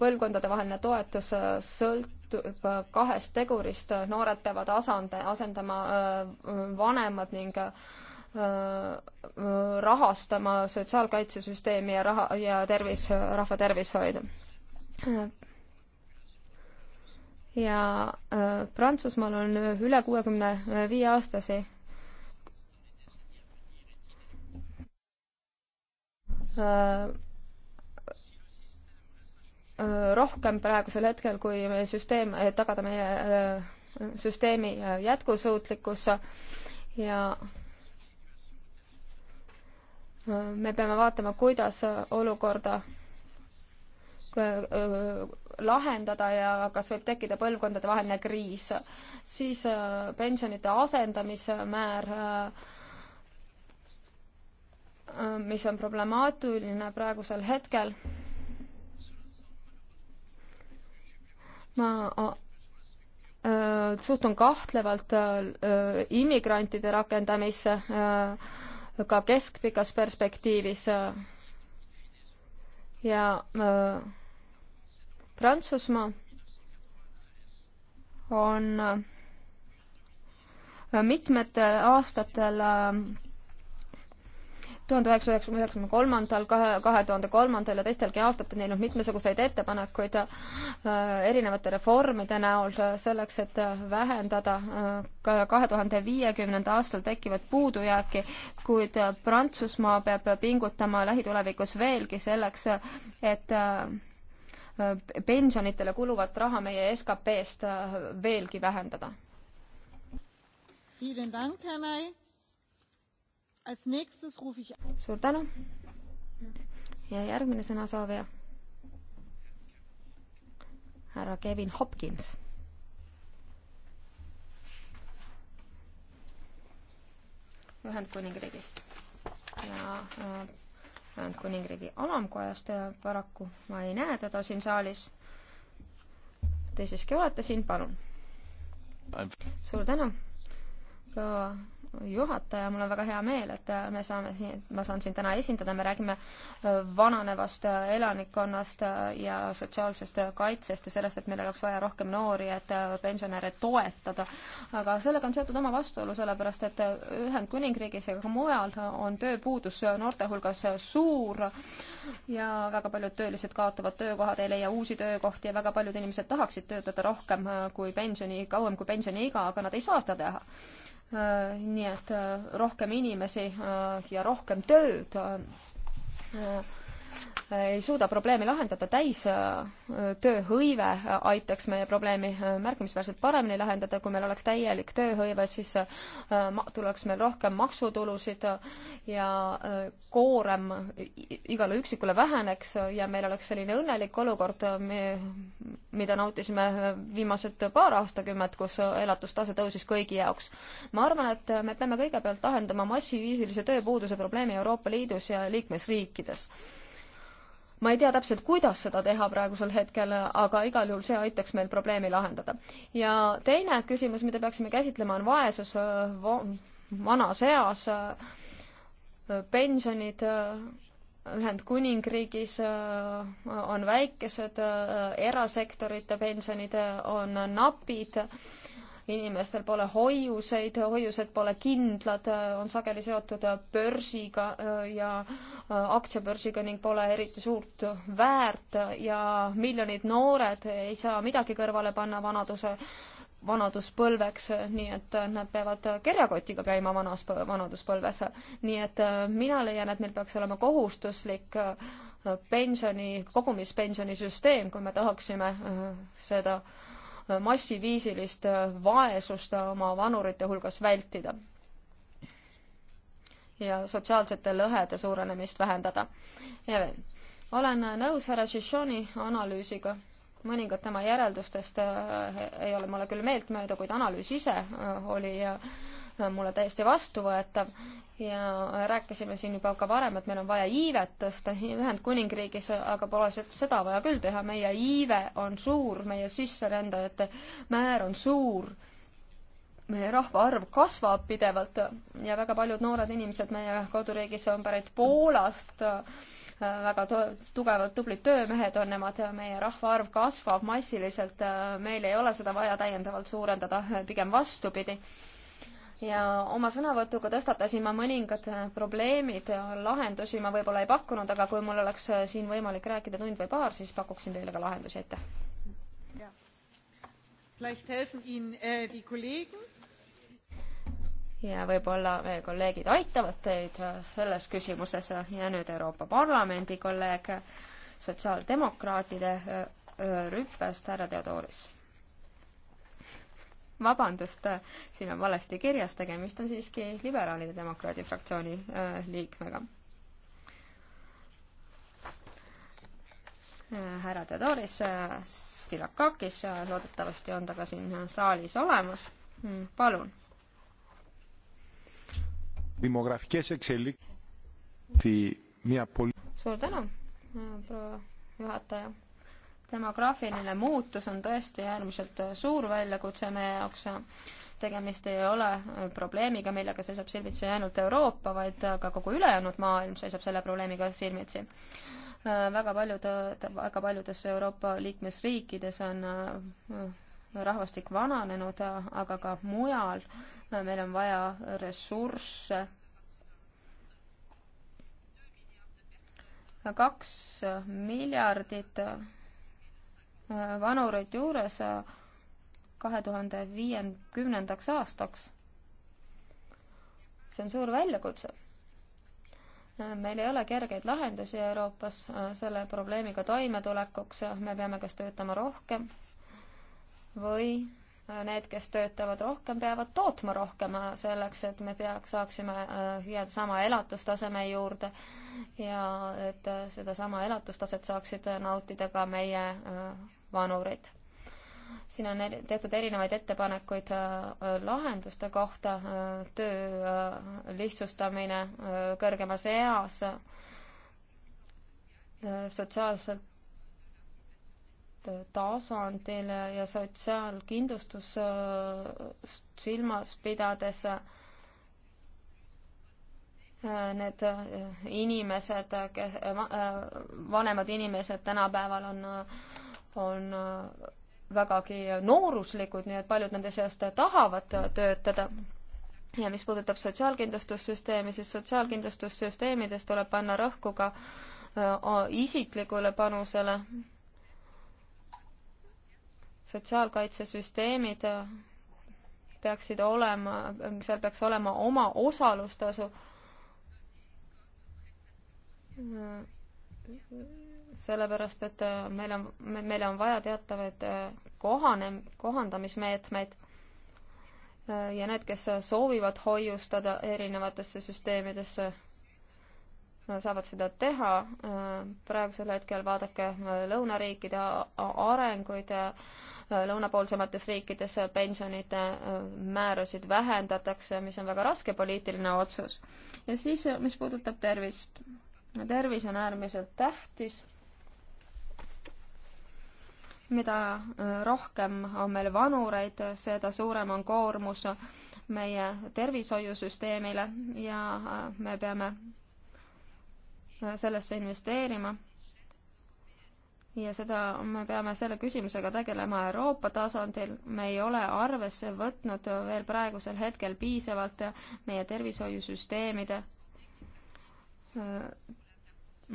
E: põlvkondadevaheline toetus äh, sõltub äh, kahest tegurist, noored peavad asande, asendama äh, vanemad ning rahastama sotsiaalkaitsesüsteemi ja raha, ja tervis, rahva tervishoidu ja äh, Prantsusmaal on üle kuuekümne viie aastasi Äh, äh, rohkem praegusel hetkel, kui meie süsteem, et tagada meie äh, süsteemi jätkusuutlikkus ja me peame vaatama, kuidas olukorda lahendada ja kas võib tekkida põlvkondadevaheline kriis, siis pensionite asendamismäär äh, mis on problemaatiline praegusel hetkel. ma suhtun kahtlevalt immigrantide rakendamisse ka keskpikas perspektiivis ja Prantsusmaa on mitmetel aastatel tuhande üheksasaja üheksakümne üheksakümne kolmandal, kahe, kahe tuhande kolmandal ja teistelgi aastatel teinud mitmesuguseid ettepanekuid äh, erinevate reformide näol äh, selleks, et äh, vähendada kahe tuhande viiekümnenda aastal tekkivat puudujääki, kuid Prantsusmaa peab pingutama lähitulevikus veelgi selleks, et pensionitele kuluvat raha meie SKP-st veelgi vähendada.
A: Vielen Dank, Herr Ney
E: suur tänu ja järgmine sõnasoovija, härra Kevin Hopkins. Ühendkuningriigist ja äh, Ühendkuningriigi alamkojast paraku ma ei näe teda siin saalis. Te siiski olete siin, palun. suur tänu, proua juhataja, mul on väga hea meel, et me saame siin, ma saan sind täna esindada, me räägime äh, vananevast äh, elanikkonnast äh, ja sotsiaalsest kaitsest ja sellest, et meil oleks vaja rohkem noori, et pensionäre toetada. aga sellega on seotud oma vastuolu, sellepärast et Ühendkuningriigis ja ka mujal on tööpuudus noorte hulgas suur ja väga paljud töölised kaotavad töökohad, ei leia uusi töökohti ja väga paljud inimesed tahaksid töötada rohkem kui pensioni, kauem kui pensioniiga, aga nad ei saa seda teha Äh, nii et äh, rohkem inimesi äh, ja rohkem tööd ei suuda probleemi lahendada, täistööhõive aitaks meie probleemi märkimisväärselt paremini lahendada, kui meil oleks täielik tööhõive, siis äh, tuleks meil rohkem maksutulusid ja äh, koorem igale üksikule väheneks ja meil oleks selline õnnelik olukord, mida nautisime viimased paar aastakümmet, kus elatustase tõusis kõigi jaoks. ma arvan, et me peame kõigepealt lahendama massiviisilise tööpuuduse probleemi Euroopa Liidus ja liikmesriikides ma ei tea täpselt, kuidas seda teha praegusel hetkel, aga igal juhul see aitaks meil probleemi lahendada. ja teine küsimus, mida peaksime käsitlema, on vaesus vanas eas, pensionid Ühendkuningriigis on väikesed, erasektorite pensionid on napid inimestel pole hoiuseid, hoiused pole kindlad, on sageli seotud börsiga äh, ja äh, aktsiabörsiga ning pole eriti suurt väärt ja miljonid noored ei saa midagi kõrvale panna vanaduse vanaduspõlveks, nii et nad peavad kerjakotiga käima vanas, vanaduspõlves. nii et äh, mina leian, et meil peaks olema kohustuslik pensioni, kogumispensionisüsteem, kui me tahaksime seda äh, massiviisilist äh, vaesust äh, oma vanurite hulgas vältida ja sotsiaalsete lõhede suurenemist vähendada. Evel, olen nõus härra Shishoni analüüsiga, mõningad tema järeldustest äh, ei ole mulle küll meeltmööda, kuid analüüs ise oli mulle täiesti vastuvõetav ja rääkisime siin juba ka varem, et meil on vaja iivet tõsta Ühendkuningriigis, aga pole seda vaja küll teha, meie iive on suur, meie sisserändajate määr on suur, meie rahvaarv kasvab pidevalt ja väga paljud noored inimesed meie koduriigis on pärit Poolast, väga tugevad, tublid töömehed on nemad, meie rahvaarv kasvab massiliselt, meil ei ole seda vaja täiendavalt suurendada, pigem vastupidi ja oma sõnavõtuga tõstatasin ma mõningad äh, probleemid, äh, lahendusi ma võib-olla ei pakkunud, aga kui mul oleks äh, siin võimalik rääkida tund või paar, siis pakuksin teile ka lahendusi, aitäh. ja võib-olla meie kolleegid aitavad teid selles küsimuses ja nüüd Euroopa Parlamendi kolleeg, sotsiaaldemokraatide rüppest härra Theodoris vabandust, siin on valesti kirjas, tegemist on siiski liberaalide demokraadi fraktsiooni äh, liikmega. Äh, härra Theodoris äh, Skilakakis, äh, loodetavasti on ta ka siin äh, saalis olemas, hmm, palun. suur tänu, proua juhataja demograafiline muutus on tõesti äärmiselt suur väljakutse meie jaoks. tegemist ei ole probleemiga, millega seisab silmitsi ainult Euroopa, vaid ka kogu ülejäänud maailm seisab selle probleemiga silmitsi. väga paljud, väga paljudes Euroopa liikmesriikides on rahvastik vananenud, aga ka mujal meil on vaja ressursse kaks miljardit vanurid juures äh, kahe tuhande viiekümnendaks aastaks. see on suur väljakutse. Äh, meil ei ole kergeid lahendusi Euroopas äh, selle probleemiga toimetulekuks, me peame kas töötama rohkem või need, kes töötavad rohkem, peavad tootma rohkem äh, selleks, et me peaks, saaksime äh, jääda sama elatustaseme juurde ja et äh, sedasama elatustaset saaksid nautida ka meie vanurid. siin on tehtud erinevaid ettepanekuid lahenduste kohta, töö lihtsustamine kõrgemas eas, sotsiaalselt tasandil ja sotsiaalkindlustust silmas pidades äh, need äh, inimesed, äh, vanemad inimesed tänapäeval on, on vägagi nooruslikud, nii et paljud nende seast tahavad töötada. ja mis puudutab sotsiaalkindlustussüsteemi, siis sotsiaalkindlustussüsteemides tuleb panna rõhku ka isiklikule panusele sotsiaalkaitsesüsteemid peaksid olema, seal peaks olema oma osalustasu. sellepärast, et meil on, meil on vaja teatavaid kohane, kohandamismeetmeid ja need, kes soovivad hoiustada erinevatesse süsteemidesse saavad seda teha. Äh, praegusel hetkel vaadake äh, lõunariikide arenguid, äh, lõunapoolsemates riikides pensionide määrasid vähendatakse, mis on väga raske poliitiline otsus. ja siis, mis puudutab tervist. tervis on äärmiselt tähtis. mida rohkem on meil vanureid, seda suurem on koormus meie tervishoiusüsteemile ja me peame sellesse investeerima. ja seda, me peame selle küsimusega tegelema Euroopa tasandil, me ei ole arvesse võtnud veel praegusel hetkel piisavalt meie tervishoiusüsteemide äh,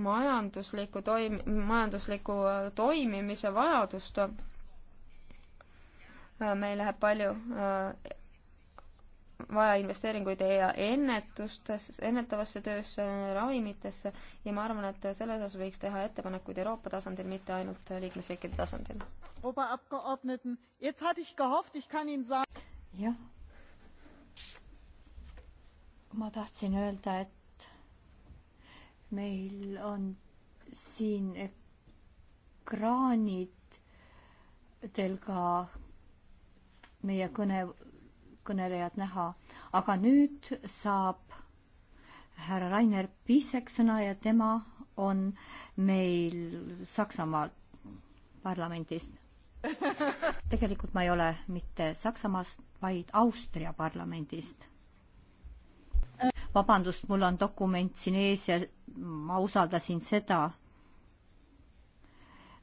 E: majandusliku toim-, majandusliku äh, toimimise vajadust. Äh, meil läheb palju vaja investeeringuid ennetustesse, ennetavasse töösse, ravimitesse ja ma arvan, et selles osas võiks teha ettepanekuid Euroopa tasandil, mitte ainult liikmesriikide tasandil.
B: jah. ma tahtsin öelda, et meil on siin ekraanidel ka meie kõne kõnelejad näha, aga nüüd saab härra Rainer Piisek sõna ja tema on meil Saksamaa parlamendist. tegelikult ma ei ole mitte Saksamaast, vaid Austria parlamendist. vabandust, mul on dokument siin ees ja ma usaldasin seda.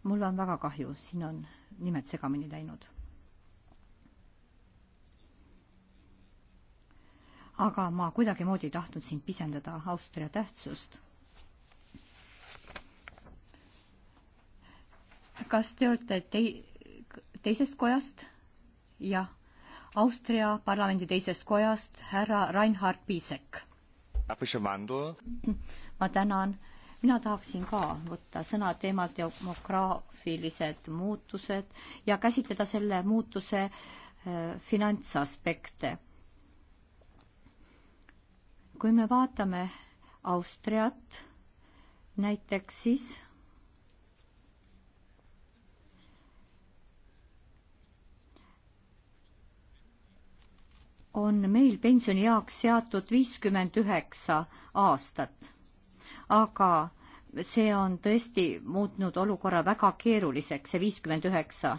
B: mul on väga kahju, siin on nimed segamini läinud aga ma kuidagimoodi ei tahtnud siin pisendada Austria tähtsust. kas te olete tei-, teisest kojast? jah, Austria parlamendi teisest kojast härra Reinhard Piisek. ma tänan mina tahaksin ka võtta sõna teemal demograafilised muutused ja käsitleda selle muutuse äh, finantsaspekte kui me vaatame Austriat näiteks, siis on meil pensionieaks seatud viiskümmend üheksa aastat. aga see on tõesti muutnud olukorra väga keeruliseks, see viiskümmend üheksa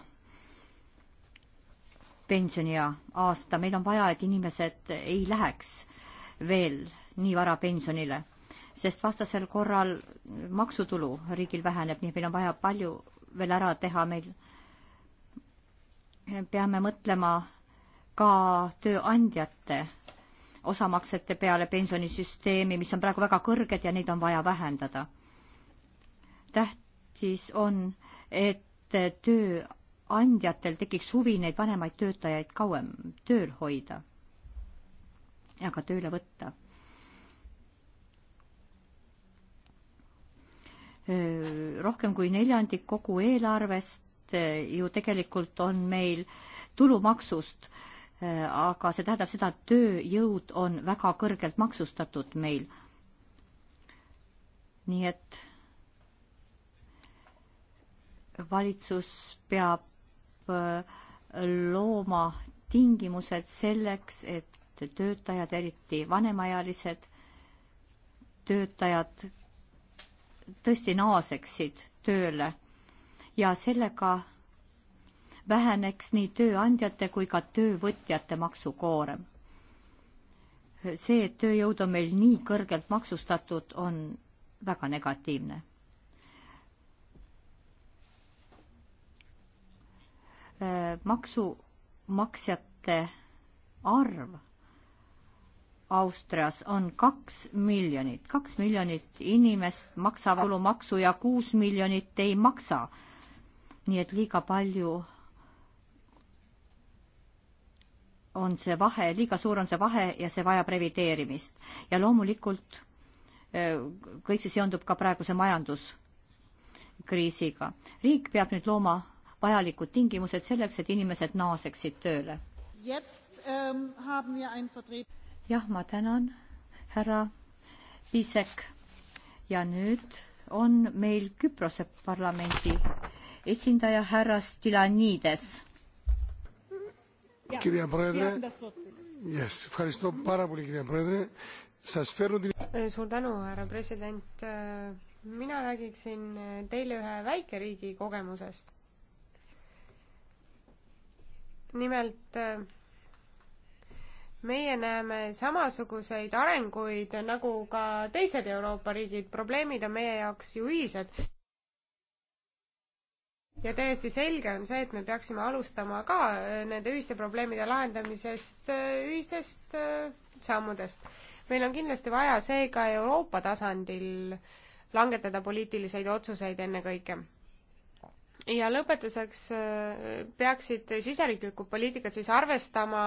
B: pensioniea aasta, meil on vaja, et inimesed ei läheks veel nii vara pensionile, sest vastasel korral maksutulu riigil väheneb, nii et meil on vaja palju veel ära teha, meil peame mõtlema ka tööandjate osamaksete peale pensionisüsteemi, mis on praegu väga kõrged ja neid on vaja vähendada. tähtis on, et tööandjatel tekiks huvi neid vanemaid töötajaid kauem tööl hoida aga tööle võtta. rohkem kui neljandik kogu eelarvest ju tegelikult on meil tulumaksust, aga see tähendab seda, et tööjõud on väga kõrgelt maksustatud meil. nii et valitsus peab looma tingimused selleks, et töötajad, eriti vanemaealised töötajad, tõesti naaseksid tööle ja sellega väheneks nii tööandjate kui ka töövõtjate maksukoorem. see, et tööjõud on meil nii kõrgelt maksustatud, on väga negatiivne. maksumaksjate arv Austrias on kaks miljonit, kaks miljonit inimest maksavad tulumaksu ja kuus miljonit ei maksa. nii et liiga palju on see vahe, liiga suur on see vahe ja see vajab revideerimist. ja loomulikult äh, kõik see seondub ka praeguse majanduskriisiga. riik peab nüüd looma vajalikud tingimused selleks, et inimesed naaseksid tööle.
A: Jetzt ähm, haben wir ein Vertreter
B: jah, ma tänan, härra Isek. ja nüüd on meil Küprose parlamendi esindaja härra Stilanides.
A: suur
C: tänu, härra president. mina räägiksin teile ühe väikeriigi kogemusest. nimelt meie näeme samasuguseid arenguid nagu ka teised Euroopa riigid, probleemid on meie jaoks ju ühised. ja täiesti selge on see, et me peaksime alustama ka äh, nende ühiste probleemide lahendamisest äh, ühistest äh, sammudest. meil on kindlasti vaja seega Euroopa tasandil langetada poliitilised otsuseid ennekõike ja lõpetuseks äh, peaksid siseriiklikud poliitikad siis arvestama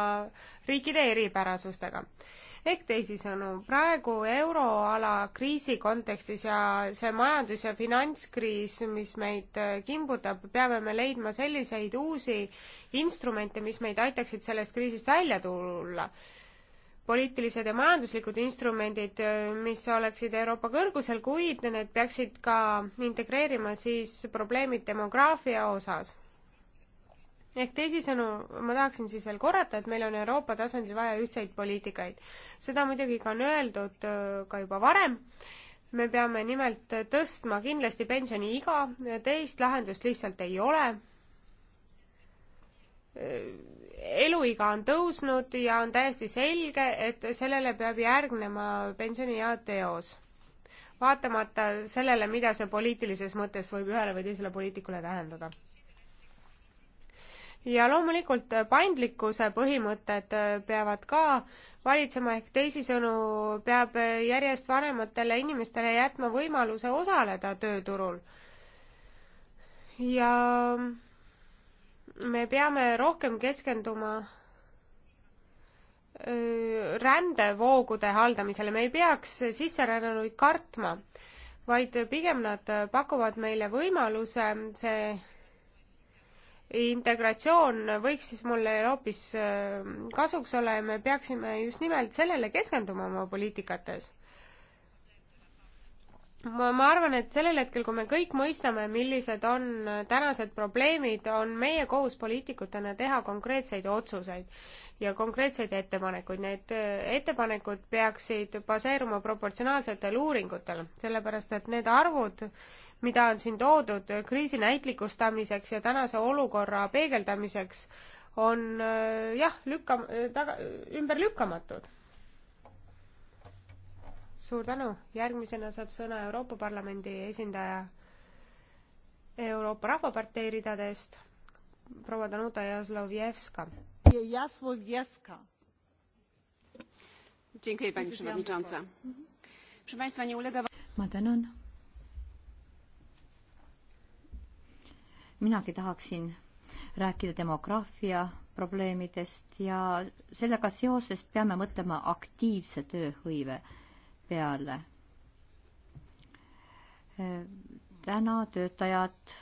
C: riikide eripärasustega. ehk teisisõnu, praegu euroala kriisi kontekstis ja see majandus- ja finantskriis, mis meid äh, kimbutab, peame me leidma selliseid uusi instrumente, mis meid aitaksid sellest kriisist välja tulla poliitilised ja majanduslikud instrumendid, mis oleksid Euroopa kõrgusel, kuid need peaksid ka integreerima siis probleemid demograafia osas. ehk teisisõnu, ma tahaksin siis veel korrata, et meil on Euroopa tasandil vaja ühtseid poliitikaid. seda muidugi ka on öeldud äh, ka juba varem, me peame nimelt tõstma kindlasti pensioniiga, teist lahendust lihtsalt ei ole äh, eluiga on tõusnud ja on täiesti selge, et sellele peab järgnema pensioniea teos. vaatamata sellele, mida see poliitilises mõttes võib ühele või teisele poliitikule tähendada. ja loomulikult paindlikkuse põhimõtted peavad ka valitsema, ehk teisisõnu peab järjest vanematele inimestele jätma võimaluse osaleda tööturul. ja me peame rohkem keskenduma rändevoogude haldamisele, me ei peaks sisserännanuid kartma, vaid pigem nad pakuvad meile võimaluse, see integratsioon võiks siis mulle hoopis kasuks olla ja me peaksime just nimelt sellele keskenduma oma poliitikates ma, ma arvan, et sellel hetkel, kui me kõik mõistame, millised on äh, tänased probleemid, on meie kohus poliitikutena teha konkreetseid otsuseid ja konkreetseid ettepanekuid. Need äh, ettepanekud peaksid baseeruma proportsionaalsetel uuringutel, sellepärast et need arvud, mida on siin toodud kriisi näitlikustamiseks ja tänase olukorra peegeldamiseks, on äh, jah, lükka-, taga, ümberlükkamatud suur tänu, järgmisena saab sõna Euroopa Parlamendi esindaja Euroopa Rahvapartei ridadest, proua Danuta Jazlovjevska.
A: Jazlovjevska. Mhm.
B: ma tänan. minagi tahaksin rääkida demograafia probleemidest ja sellega seoses peame mõtlema aktiivse tööhõive peale. täna töötajad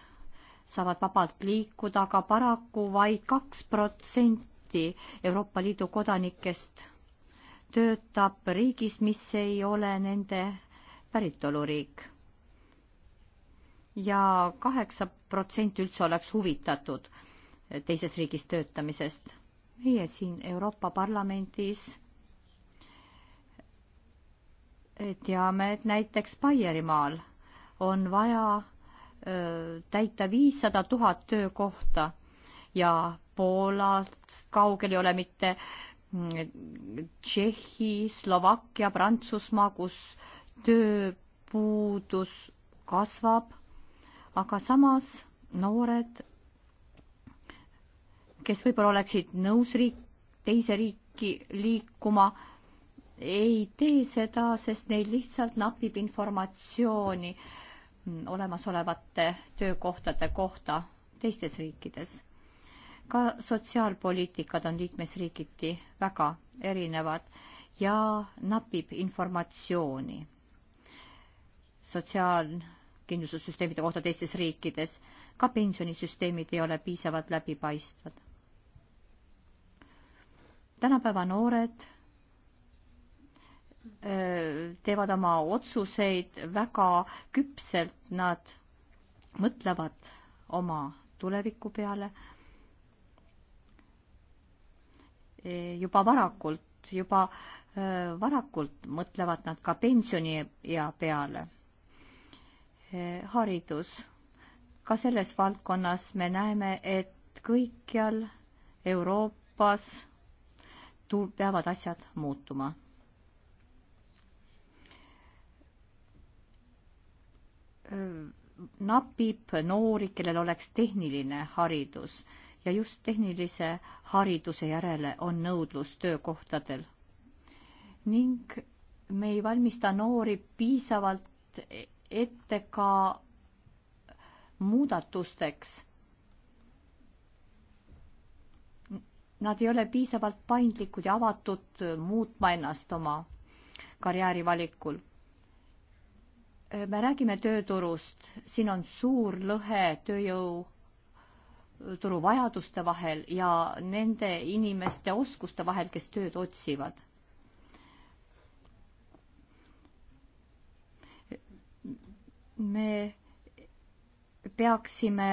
B: saavad vabalt liikuda, aga paraku vaid kaks protsenti Euroopa Liidu kodanikest töötab riigis, mis ei ole nende päritoluriik ja. ja kaheksa protsenti üldse oleks huvitatud teises riigis töötamisest. meie siin Euroopa Parlamendis teame, et näiteks Baierimaal on vaja öö, täita viissada tuhat töökohta ja Poolast kaugel ei ole mitte mm, Tšehhi, Slovakkia, Prantsusmaa, kus tööpuudus kasvab, aga samas noored, kes võib-olla oleksid nõus riik, teise riiki liikuma, ei tee seda, sest neil lihtsalt napib informatsiooni olemasolevate töökohtade kohta teistes riikides. ka sotsiaalpoliitikad on liikmesriigiti väga erinevad ja napib informatsiooni sotsiaalkindlustussüsteemide kohta teistes riikides. ka pensionisüsteemid ei ole piisavalt läbipaistvad. tänapäeva noored teevad oma otsuseid väga küpselt, nad mõtlevad oma tuleviku peale juba varakult, juba äh, varakult mõtlevad nad ka pensioniea peale. Äh, haridus, ka selles valdkonnas me näeme, et kõikjal Euroopas tu-, peavad asjad muutuma napib noori, kellel oleks tehniline haridus ja just tehnilise hariduse järele on nõudlus töökohtadel. ning me ei valmista noori piisavalt ette ka muudatusteks. Nad ei ole piisavalt paindlikud ja avatud muutma ennast oma karjääri valikul me räägime tööturust, siin on suur lõhe tööjõu turu vajaduste vahel ja nende inimeste oskuste vahel, kes tööd otsivad. me peaksime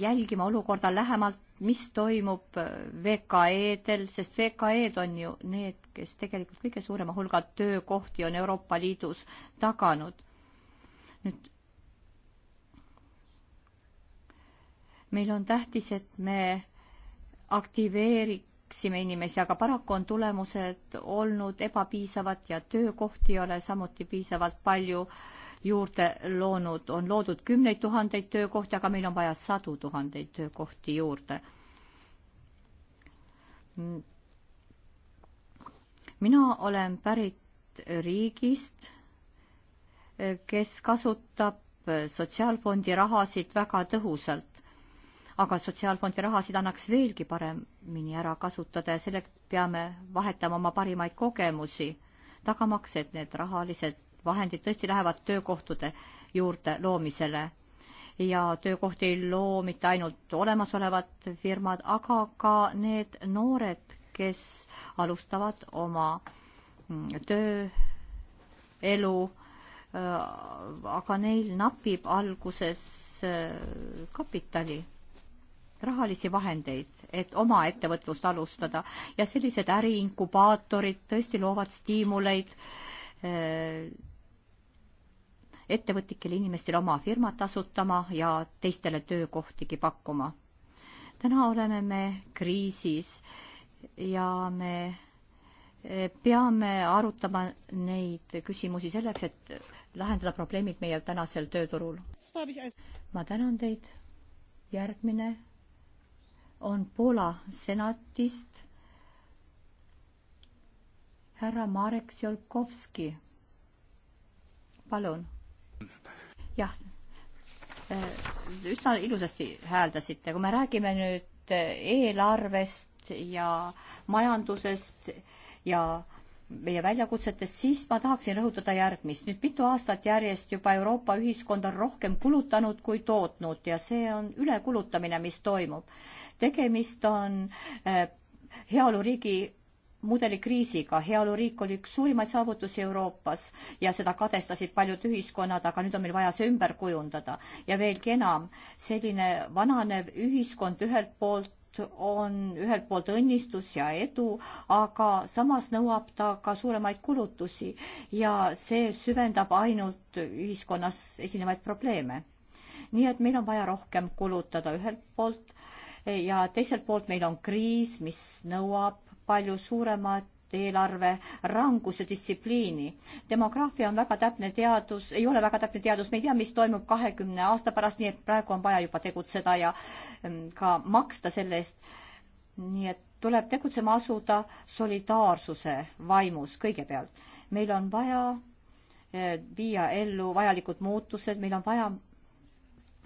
B: jälgima olukorda lähemalt, mis toimub VKE-del, sest VKE-d on ju need, kes tegelikult kõige suurema hulga töökohti on Euroopa Liidus taganud nüüd meil on tähtis, et me aktiveeriksime inimesi, aga paraku on tulemused olnud ebapiisavad ja töökohti ei ole samuti piisavalt palju juurde loonud, on loodud kümneid tuhandeid töökohti, aga meil on vaja sadu tuhandeid töökohti juurde. mina olen pärit riigist kes kasutab sotsiaalfondi rahasid väga tõhusalt. aga sotsiaalfondi rahasid annaks veelgi paremini ära kasutada ja selleks peame vahetama oma parimaid kogemusi, tagamaks, et need rahalised vahendid tõesti lähevad töökohtade juurde loomisele. ja töökohti ei loo mitte ainult olemasolevad firmad, aga ka need noored, kes alustavad oma mm, tööelu Äh, aga neil napib alguses äh, kapitali, rahalisi vahendeid, et oma ettevõtlust alustada ja sellised äriinkubaatorid tõesti loovad stiimuleid äh, ettevõtlikele inimestele oma firmat asutama ja teistele töökohtigi pakkuma. täna oleme me kriisis ja me peame arutama neid küsimusi selleks, et lahendada probleemid meie tänasel tööturul. ma tänan teid. järgmine on Poola senatist härra Marek Sjolkovski. palun. jah, üsna ilusasti hääldasite, kui me räägime nüüd eelarvest ja majandusest ja meie väljakutsetest, siis ma tahaksin rõhutada järgmist. nüüd mitu aastat järjest juba Euroopa ühiskond on rohkem kulutanud kui tootnud ja see on ülekulutamine, mis toimub. tegemist on eh, heaoluriigi mudeli kriisiga, heaoluriik oli üks suurimaid saavutusi Euroopas ja seda kadestasid paljud ühiskonnad, aga nüüd on meil vaja see ümber kujundada. ja veelgi enam, selline vananev ühiskond ühelt poolt loomulikult on ühelt poolt õnnistus ja edu, aga samas nõuab ta ka suuremaid kulutusi ja see süvendab ainult ühiskonnas esinevaid probleeme. nii et meil on vaja rohkem kulutada ühelt poolt ja teiselt poolt meil on kriis, mis nõuab palju suuremat eelarve rangus ja distsipliini. demograafia on väga täpne teadus, ei ole väga täpne teadus, me ei tea, mis toimub kahekümne aasta pärast, nii et praegu on vaja juba tegutseda ja mm, ka maksta selle eest. nii et tuleb tegutsema asuda solidaarsuse vaimus kõigepealt. meil on vaja e, viia ellu vajalikud muutused, meil on vaja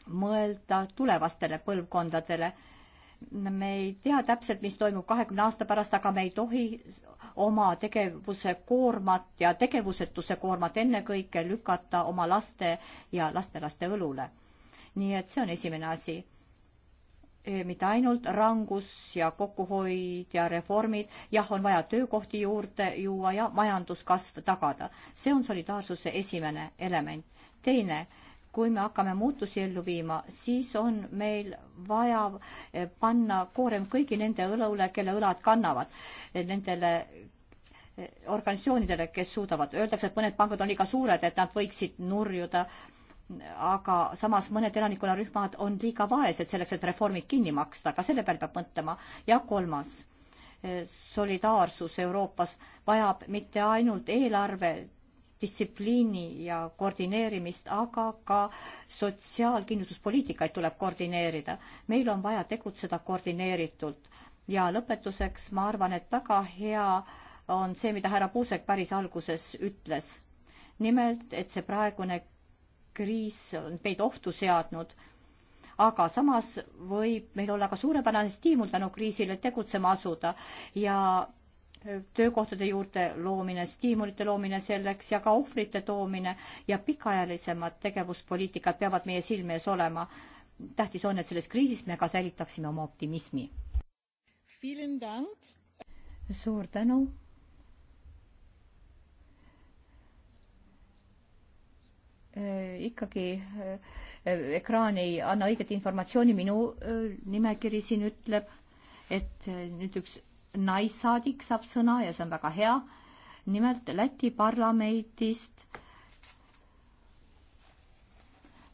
B: mõelda tulevastele põlvkondadele. me ei tea täpselt, mis toimub kahekümne aasta pärast, aga me ei tohi oma tegevuse koormat ja tegevusetuse koormat ennekõike lükata oma laste ja lastelaste õlule. nii et see on esimene asi. E, mitte ainult rangus ja kokkuhoid ja reformid, jah, on vaja töökohti juurde juua ja majanduskasv tagada. see on solidaarsuse esimene element. teine kui me hakkame muutusi ellu viima, siis on meil vaja e, panna koorem kõigi nende õlule, kelle õlad kannavad, e, nendele, organisatsioonidele, kes suudavad. Öeldakse, et mõned pangad on liiga suured, et nad võiksid nurjuda, aga samas mõned elanikkonnarühmad on liiga vaesed selleks, et reformid kinni maksta, ka selle peale peab mõtlema. ja kolmas, solidaarsus Euroopas vajab mitte ainult eelarve distsipliini ja koordineerimist, aga ka sotsiaalkindlustuspoliitikaid tuleb koordineerida. meil on vaja tegutseda koordineeritult ja lõpetuseks ma arvan, et väga hea äh, on see, mida härra Puusek päris alguses ütles. nimelt, et see praegune kriis on meid ohtu seadnud, aga samas võib meil olla ka suurepärane stiimul tänu kriisile tegutsema asuda ja töökohtade juurde loomine, stiimulite loomine selleks ja ka ohvrite toomine ja pikaajalisemad tegevuspoliitikad peavad meie silme ees olema. tähtis on, et selles kriisis me ka säilitaksime oma optimismi. suur tänu Äh, ikkagi äh, ekraan ei anna õiget informatsiooni, minu äh, nimekiri siin ütleb, et nüüd üks naissaadik saab sõna ja see on väga hea. nimelt Läti parlamendist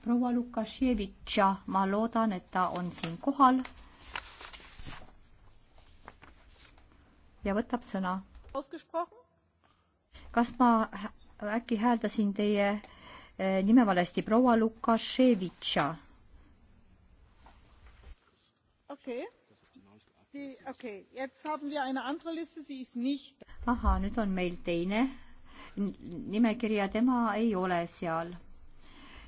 B: proua Lukaševitša, ma loodan, et ta on siin kohal. ja võtab sõna. kas ma äkki hääldasin teie Eh, nime valesti, proua Lukaševitša.
A: okei okay., okei okay., jetzt haben wir eine andere
B: liste, sie ist nicht. ahah, nüüd on meil teine nimekirja, tema ei ole seal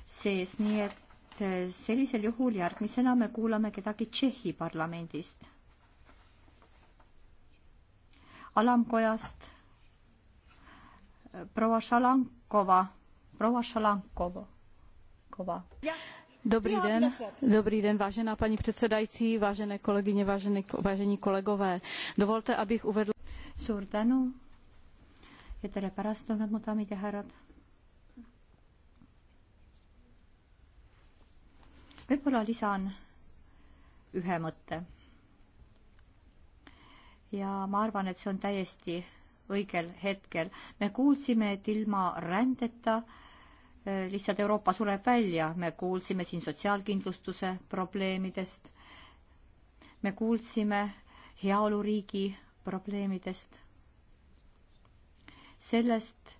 B: sees, nii et eh, sellisel juhul järgmisena me kuulame kedagi Tšehhi parlamendist. alamkojast eh, proua Šalankova Proua Šalankova. Kova. Dobrý den, dobrý den, vážená paní předsedající, vážené kolegyně, vážené, vážení kolegové. Dovolte, abych uvedl... Suur tänu ja tere pärastlõunat, mu daamid ja härrad. võib-olla lisan ühe mõtte. ja ma arvan, et see on täiesti õigel hetkel. me kuulsime, et ilma rändeta äh, Äh, lihtsalt Euroopa sureb välja, me kuulsime siin sotsiaalkindlustuse probleemidest, me kuulsime heaoluriigi probleemidest, sellest,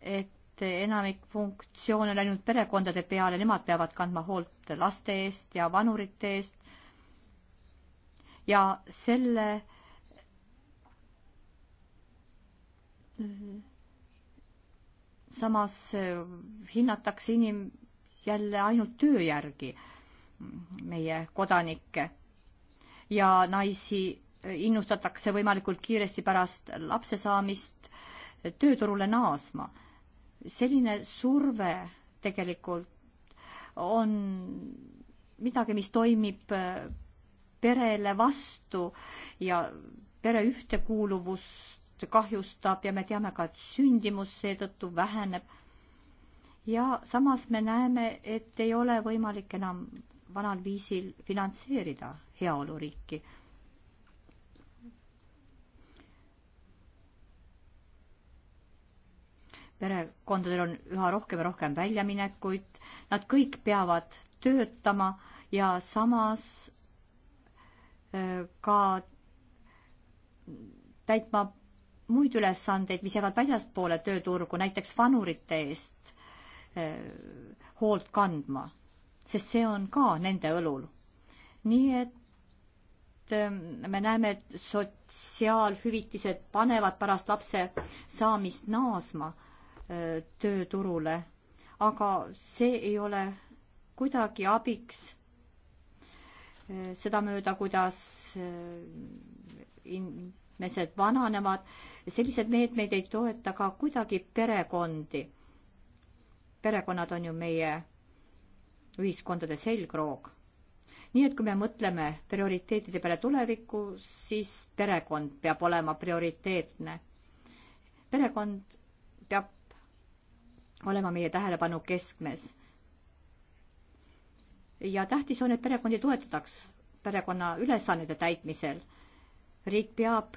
B: et enamik funktsioone on läinud perekondade peale, nemad peavad kandma hoolt laste eest ja vanurite eest ja selle samas eh, hinnatakse inim- jälle ainult töö järgi meie kodanikke ja naisi eh, innustatakse võimalikult kiiresti pärast lapse saamist eh, tööturule naasma. selline surve tegelikult on midagi, mis toimib perele vastu ja pere ühtekuuluvust kahjustab ja me teame ka, et sündimus seetõttu väheneb. ja samas me näeme, et ei ole võimalik enam vanal viisil finantseerida heaoluriiki. perekondadel on üha rohkem ja rohkem väljaminekuid, nad kõik peavad töötama ja samas äh, ka täitma muid ülesandeid, mis jäävad väljaspoole tööturgu, näiteks vanurite eest eh, hoolt kandma, sest see on ka nende õlul. nii et eh, me näeme, et sotsiaalhüvitised panevad pärast lapse saamist naasma eh, tööturule, aga see ei ole kuidagi abiks eh, sedamööda, kuidas eh, in-, inimesed vananevad, sellised meetmed ei toeta ka kuidagi perekondi. perekonnad on ju meie ühiskondade selgroog. nii et kui me mõtleme prioriteetide peale tulevikus, siis perekond peab olema prioriteetne. perekond peab olema meie tähelepanu keskmes. ja tähtis on, et perekondi toetataks perekonna ülesannete täitmisel riik peab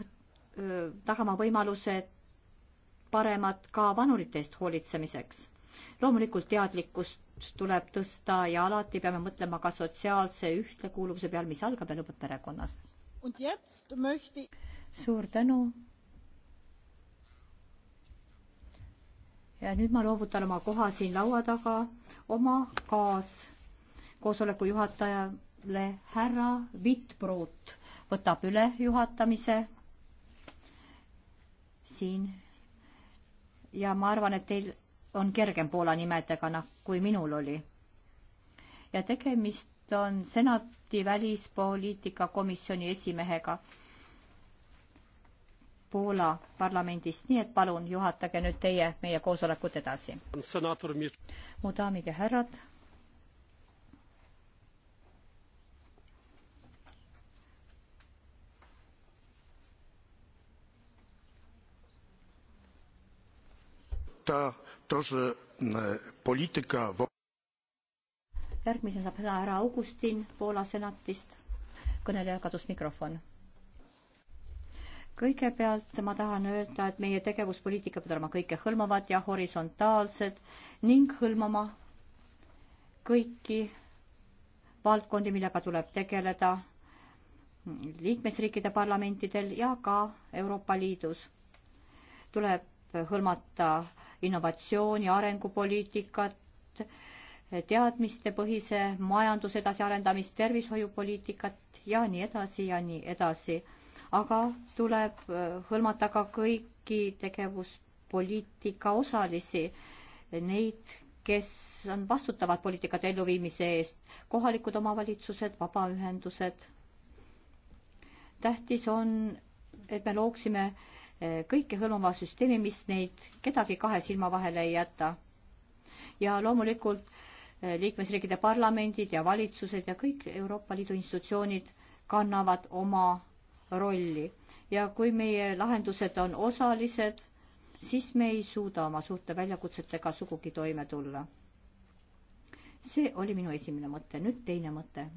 B: öö, tagama võimalused paremad ka vanurite eest hoolitsemiseks. loomulikult teadlikkust tuleb tõsta ja alati peame mõtlema ka sotsiaalse ühtekuuluvuse peal, mis algab ja lõpeb perekonnas. Möchte... suur tänu. ja nüüd ma loovutan oma koha siin laua taga oma kaaskoosoleku juhataja jälle härra Vitbrut võtab üle juhatamise siin. ja ma arvan, et teil on kergem Poola nimedega, noh, kui minul oli. ja tegemist on senati välispoliitika komisjoni esimehega Poola parlamendist, nii et palun juhatage nüüd teie meie koosolekut edasi. mu daamid ja härrad
D: ta, to, że
E: polityka
B: järgmisena saab sõna härra Augustin Poola senatist. kõnelejal kadus mikrofon. kõigepealt ma tahan öelda, et meie tegevuspoliitika peab olema kõikehõlmavad ja horisontaalsed ning hõlmama kõiki valdkondi, millega tuleb tegeleda liikmesriikide parlamentidel ja ka Euroopa Liidus. tuleb hõlmata äh, innovatsiooni, arengupoliitikat, teadmistepõhise majanduse edasiarendamist, tervishoiupoliitikat ja nii edasi ja nii edasi. aga tuleb äh, hõlmata ka kõiki tegevuspoliitika osalisi, neid, kes on vastutavad poliitikate elluviimise eest, kohalikud omavalitsused, vabaühendused. tähtis on, et me looksime kõike hõlmava süsteemi, mis neid kedagi kahe silma vahele ei jäta. ja loomulikult eh, liikmesriikide parlamendid ja valitsused ja kõik Euroopa Liidu institutsioonid kannavad oma rolli ja kui meie lahendused on osalised, siis me ei suuda oma suurte väljakutsetega sugugi toime tulla. see oli minu esimene mõte, nüüd teine mõte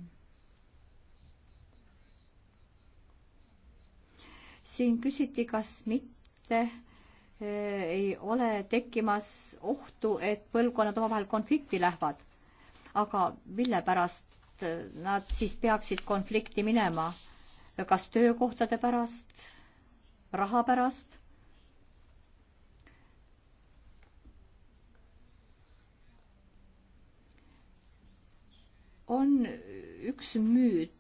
B: siin küsiti, kas mitte eh, ei ole tekkimas ohtu, et põlvkonnad omavahel konflikti lähevad. aga mille pärast nad siis peaksid konflikti minema? kas töökohtade pärast, raha pärast? on üks müüt,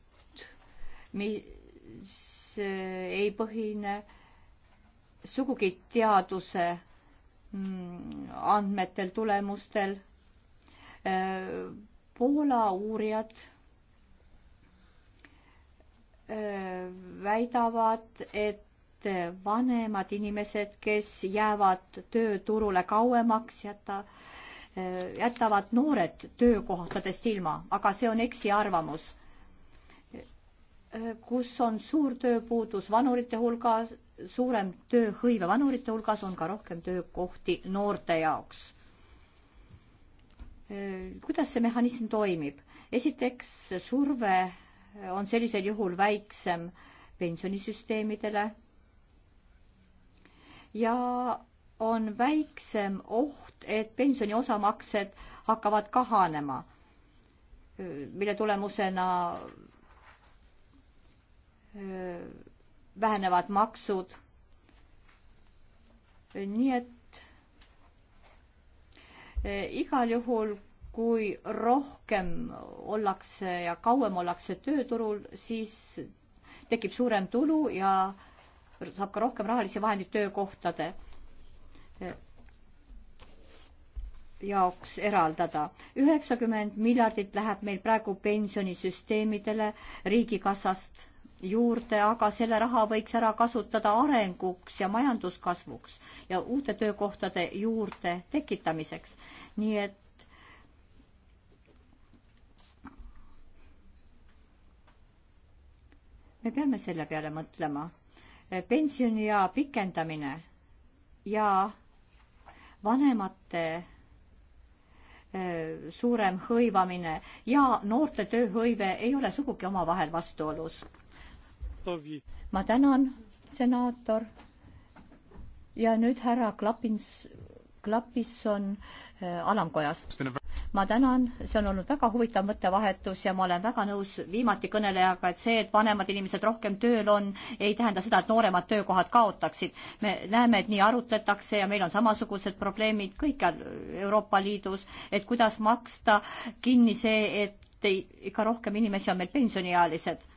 B: mis Äh, ei põhine sugugi teaduse mm, andmetel, tulemustel. Äh, Poola uurijad äh, väidavad, et vanemad inimesed, kes jäävad tööturule kauemaks, jäta, jätavad noored töökohtadest ilma, aga see on eksiarvamus kus on suur tööpuudus vanurite hulgas, suurem tööhõive vanurite hulgas, on ka rohkem töökohti noorte jaoks. kuidas see mehhanism toimib? esiteks, surve on sellisel juhul väiksem pensionisüsteemidele ja on väiksem oht, et pensioni osamaksed hakkavad kahanema, mille tulemusena vähenevad maksud. nii et e, igal juhul, kui rohkem ollakse ja kauem ollakse tööturul, siis tekib suurem tulu ja saab ka rohkem rahalisi vahendeid töökohtade e, jaoks eraldada. üheksakümmend miljardit läheb meil praegu pensionisüsteemidele riigikassast juurde, aga selle raha võiks ära kasutada arenguks ja majanduskasvuks ja uute töökohtade juurde tekitamiseks. nii et me peame selle peale mõtlema. pensioniea pikendamine ja vanemate äh, suurem hõivamine ja noorte tööhõive ei ole sugugi omavahel vastuolus ma tänan, senaator. ja nüüd härra Klapins, Klapisson äh, alamkojast. ma tänan, see on olnud väga huvitav mõttevahetus ja ma olen väga nõus viimati kõnelejaga, et see, et vanemad inimesed rohkem tööl on, ei tähenda seda, et nooremad töökohad kaotaksid. me näeme, et nii arutletakse ja meil on samasugused probleemid kõikjal Euroopa Liidus, et kuidas maksta kinni see, et ikka rohkem inimesi on meil pensioniealised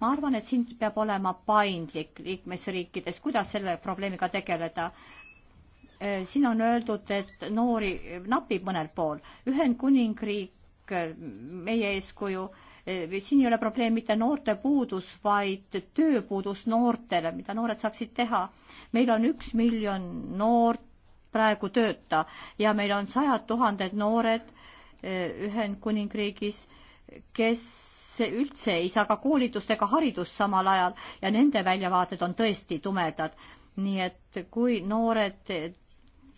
B: ma arvan, et siin peab olema paindlik liikmesriikides, kuidas selle probleemiga tegeleda. Äh, siin on öeldud, et noori napib mõnel pool. Ühendkuningriik, äh, meie eeskuju, äh, siin ei ole probleem mitte noorte puudus, vaid tööpuudus noortele, mida noored saaksid teha. meil on üks miljon noort praegu tööta ja meil on sajad tuhanded noored Ühendkuningriigis, kes kes üldse ei saa ka koolitust ega haridust samal ajal ja nende väljavaated on tõesti tumedad. nii et kui noored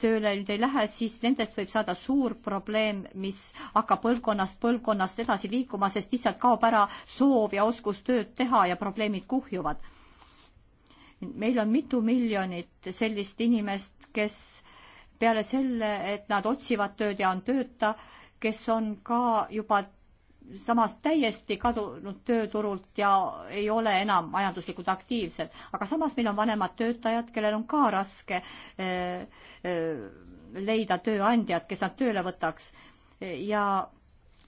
B: tööle nüüd ei lähe, siis nendest võib saada suur probleem, mis hakkab põlvkonnast põlvkonnast edasi liikuma, sest lihtsalt kaob ära soov ja oskus tööd teha ja probleemid kuhjuvad. meil on mitu miljonit sellist inimest, kes peale selle, et nad otsivad tööd ja on tööta, kes on ka juba samas täiesti kadunud tööturult ja ei ole enam majanduslikult aktiivsed, aga samas meil on vanemad töötajad, kellel on ka raske eh, eh, leida tööandjat, kes nad tööle võtaks ja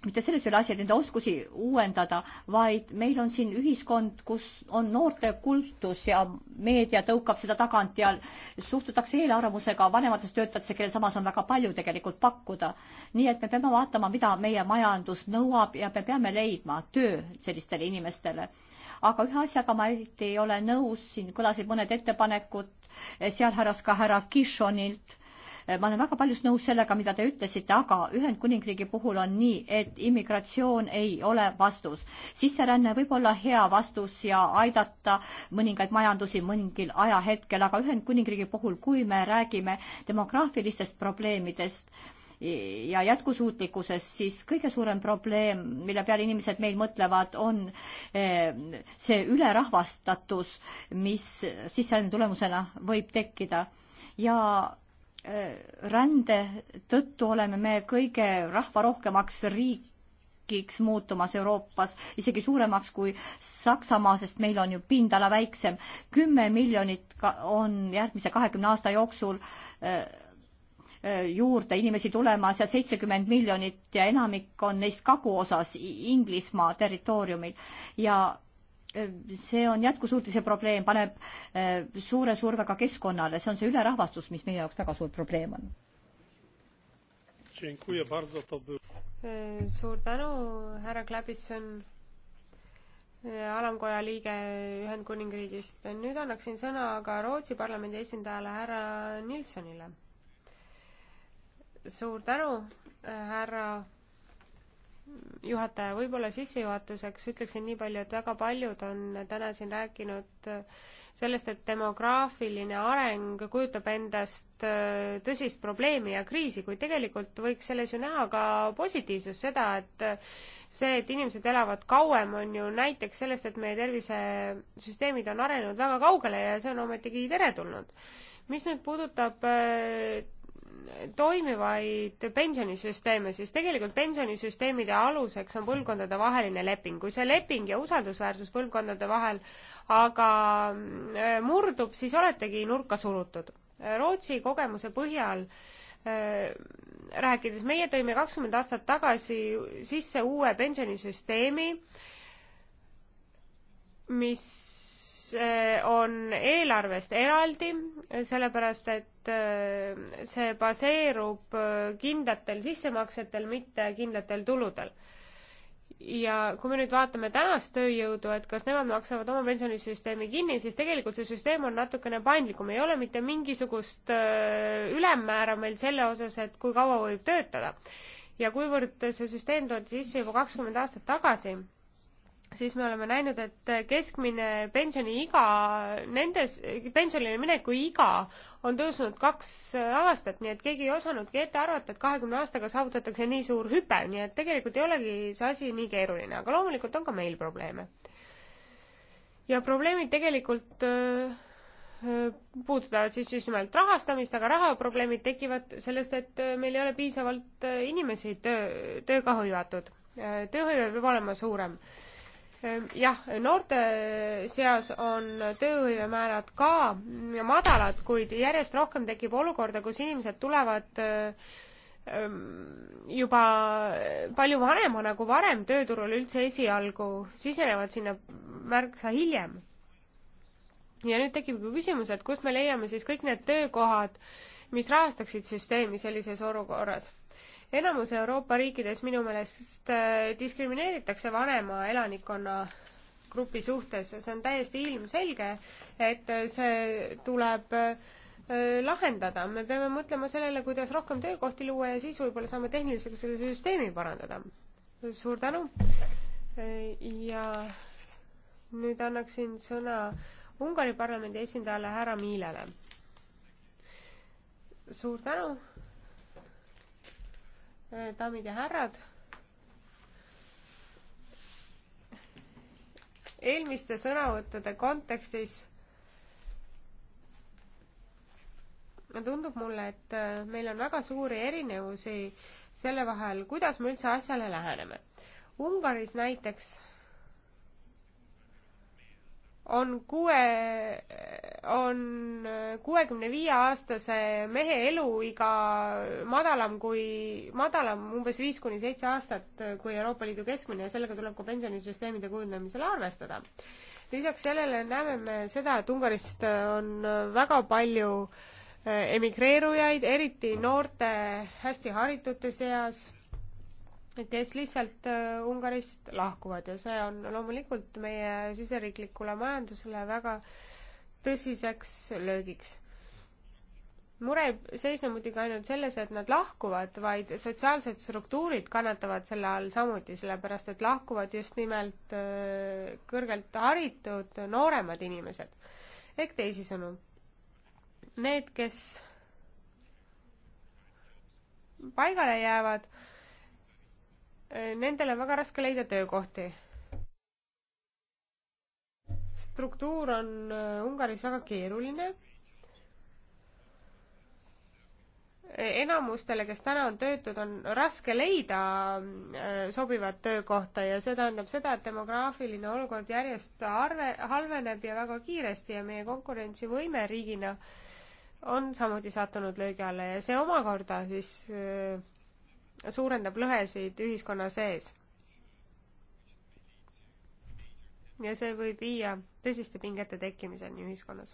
B: mitte selles ei ole asi, et nende oskusi uuendada, vaid meil on siin ühiskond, kus on noortekultus ja meedia tõukab seda tagant ja suhtutakse eelarvamusega vanematesse töötajatesse, kellel samas on väga palju tegelikult pakkuda. nii et me peame vaatama, mida meie majandus nõuab ja me peame leidma töö sellistele inimestele. aga ühe asjaga ma eriti ei ole nõus, siin kõlasid mõned ettepanekud, seal härras ka härra Kishonilt Eh, ma olen väga paljus nõus sellega, mida te ütlesite, aga Ühendkuningriigi puhul on nii, et immigratsioon ei ole vastus. sisseränne võib olla hea vastus ja aidata mõningaid majandusi mingil ajahetkel, aga Ühendkuningriigi puhul, kui me räägime demograafilistest probleemidest, ja jätkusuutlikkusest, siis kõige suurem probleem, mille peale inimesed meil mõtlevad, on eh, see ülerahvastatus, mis sisserände tulemusena võib tekkida ja Äh, rände tõttu oleme me kõige rahvarohkemaks riigiks muutumas Euroopas, isegi suuremaks kui Saksamaa, sest meil on ju pindala väiksem. kümme miljonit on järgmise kahekümne aasta jooksul äh, äh, juurde inimesi tulemas ja seitsekümmend miljonit ja enamik on neist kaguosas Inglismaa territooriumil ja see on jätkusuutmise probleem, paneb eh, suure surve ka keskkonnale, see on see ülerahvastus, mis meie jaoks väga suur probleem on. Eh,
C: suur tänu, härra Klabisson, eh, alamkoja liige Ühendkuningriigist. nüüd annaksin sõna aga Rootsi parlamendi esindajale, härra Nilssonile. suur tänu, härra juhataja, võib-olla sissejuhatuseks ütleksin nii palju, et väga paljud on täna siin rääkinud äh, sellest, et demograafiline areng kujutab endast äh, tõsist probleemi ja kriisi, kuid tegelikult võiks selles ju näha ka positiivsust, seda, et äh, see, et inimesed elavad kauem, on ju näiteks sellest, et meie tervisesüsteemid on arenenud väga kaugele ja see on ometigi teretulnud mis nüüd puudutab toimivaid pensionisüsteeme, siis tegelikult pensionisüsteemide aluseks on põlvkondadevaheline leping. kui see leping ja usaldusväärsus põlvkondade vahel aga mm, murdub, siis oletegi nurka surutud. Rootsi kogemuse põhjal mm, rääkides, meie tõime kakskümmend aastat tagasi sisse uue pensionisüsteemi, mis mm, on eelarvest eraldi, sellepärast et et äh, see baseerub äh, kindlatel sissemaksetel, mitte kindlatel tuludel. ja kui me nüüd vaatame tänast tööjõudu, et kas nemad maksavad oma pensionisüsteemi kinni, siis tegelikult see süsteem on natukene paindlikum, ei ole mitte mingisugust äh, ülemmäära meil selle osas, et kui kaua võib töötada. ja kuivõrd see süsteem toodi sisse juba kakskümmend aastat tagasi, siis me oleme näinud, et keskmine pensioniiga, nendes, pensionile mineku iga on tõusnud kaks aastat, nii et keegi ei osanudki ette arvata, et kahekümne aastaga saavutatakse nii suur hüpe, nii et tegelikult ei olegi see asi nii keeruline, aga loomulikult on ka meil probleeme. ja probleemid tegelikult äh, äh, puudutavad siis just nimelt rahastamist, aga rahaprobleemid tekivad sellest, et äh, meil ei ole piisavalt inimesi töö, tööga hõivatud. tööhõive peab olema suurem jah, noorte seas on tööhõivemäärad ka madalad, kuid järjest rohkem tekib olukorda, kus inimesed tulevad ähm, juba palju vanema nagu varem tööturule üldse esialgu, sisenevad sinna märksa hiljem. ja nüüd tekib ka küsimus, et kust me leiame siis kõik need töökohad, mis rahastaksid süsteemi sellises olukorras enamus Euroopa riikides minu meelest äh, diskrimineeritakse vanema elanikkonna grupi suhtes, see on täiesti ilmselge, et äh, see tuleb äh, lahendada, me peame mõtlema sellele, kuidas rohkem töökohti luua ja siis võib-olla saame tehniliselt selle süsteemi parandada. suur tänu ja nüüd annaksin sõna Ungari parlamendi esindajale härra Miilele. suur tänu, daamid ja härrad. eelmiste sõnavõttude kontekstis tundub mulle, et äh, meil on väga suuri erinevusi selle vahel, kuidas me üldse asjale läheneme. Ungaris näiteks on kuue, on kuuekümne viie aastase mehe eluiga madalam kui, madalam umbes viis kuni seitse aastat kui Euroopa Liidu keskmine ja sellega tuleb ka pensionisüsteemide kujundamisel arvestada. lisaks sellele näeme me seda, et Ungarist on väga palju eh, emigreerujaid, eriti noorte hästi haritute seas kes lihtsalt äh, Ungarist lahkuvad ja see on loomulikult meie siseriiklikule majandusele väga tõsiseks löögiks. mure ei seisne muidugi ainult selles, et nad lahkuvad, vaid sotsiaalsed struktuurid kannatavad selle all samuti, sellepärast et lahkuvad just nimelt äh, kõrgelt haritud nooremad inimesed. ehk teisisõnu, need, kes paigale jäävad, nendel on väga raske leida töökohti. struktuur on äh, Ungaris väga keeruline. E, enamustele, kes täna on töötud, on raske leida äh, sobivat töökohta ja see tähendab seda, et demograafiline olukord järjest arve, halveneb ja väga kiiresti ja meie konkurentsivõime riigina on samuti sattunud löögi alla ja see omakorda siis äh, suurendab lõhesid ühiskonna sees. ja see võib viia tõsiste pingete tekkimiseni ühiskonnas.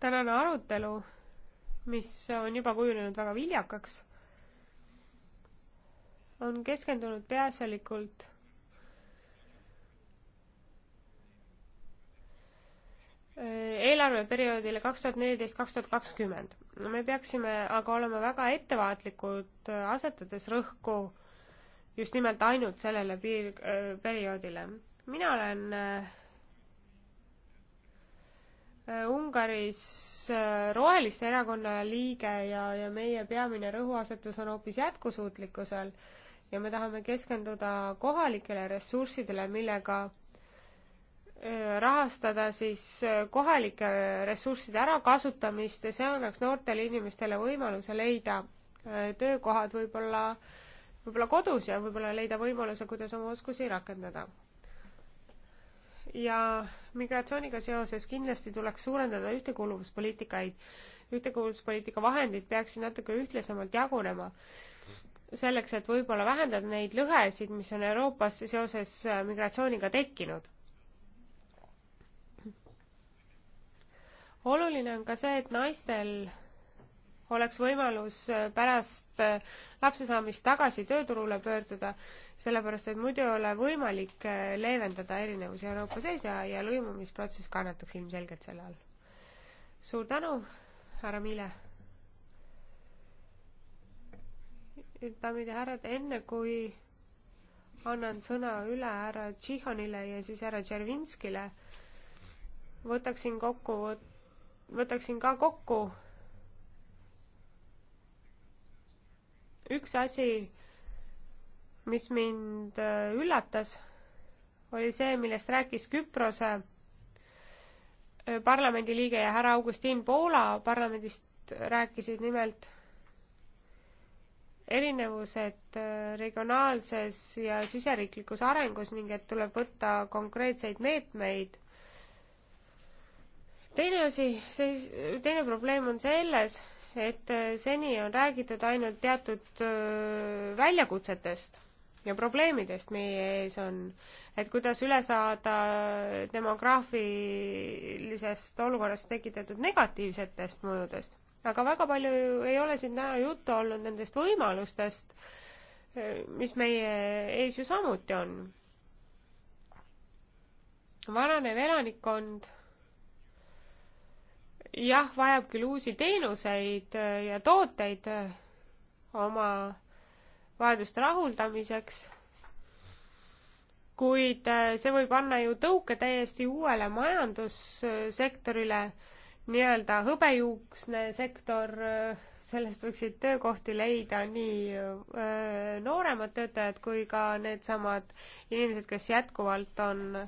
C: tänane arutelu, mis on juba kujunenud väga viljakaks, on keskendunud peaasjalikult eelarveperioodile kaks tuhat neliteist, kaks tuhat kakskümmend. me peaksime aga olema väga ettevaatlikud, asetades rõhku just nimelt ainult sellele piir, perioodile. mina olen äh, Ungaris äh, Roheliste Erakonna liige ja, ja meie peamine rõhuasetus on hoopis jätkusuutlikkusel ja me tahame keskenduda kohalikele ressurssidele, millega rahastada siis äh, kohalike ressursside ärakasutamist ja see annaks noortele inimestele võimaluse leida äh, töökohad võib-olla, võib-olla kodus ja võib-olla leida võimaluse, kuidas oma oskusi rakendada. ja migratsiooniga seoses kindlasti tuleks suurendada ühtekuuluvuspoliitikaid. ühtekuuluvuspoliitika vahendid peaksid natuke ühtlasemalt jagunema selleks, et võib-olla vähendada neid lõhesid, mis on Euroopas seoses äh, migratsiooniga tekkinud oluline on ka see, et naistel oleks võimalus äh, pärast äh, lapse saamist tagasi tööturule pöörduda, sellepärast et muidu ei ole võimalik äh, leevendada erinevusi Euroopa sees ja, ja lõimumisprotsess kannataks ilmselgelt selle all. suur tänu, härra Miile! daamid ja härrad, enne kui annan sõna üle härra Tšihhanile ja siis härra Tšervinskile, võtaksin kokku võt-, võtaksin ka kokku. üks asi, mis mind äh, üllatas, oli see, millest rääkis Küprose äh, parlamendiliige ja härra Augustin Poola parlamendist rääkisid nimelt erinevused äh, regionaalses ja siseriiklikus arengus ning et tuleb võtta konkreetseid meetmeid teine asi, see, teine probleem on selles, et äh, seni on räägitud ainult teatud äh, väljakutsetest ja probleemidest meie ees on, et kuidas üle saada demograafilisest olukorrast tekitatud negatiivsetest mõjudest. aga väga palju ei ole siin täna juttu olnud nendest võimalustest, äh, mis meie ees ju samuti on. vananev elanikkond jah, vajab küll uusi teenuseid äh, ja tooteid äh, oma vajaduste rahuldamiseks, kuid äh, see võib anda ju tõuke täiesti uuele majandussektorile, nii-öelda hõbejuuksne sektor, sellest võiksid töökohti leida nii öö, nooremad töötajad kui ka needsamad inimesed, kes jätkuvalt on öö,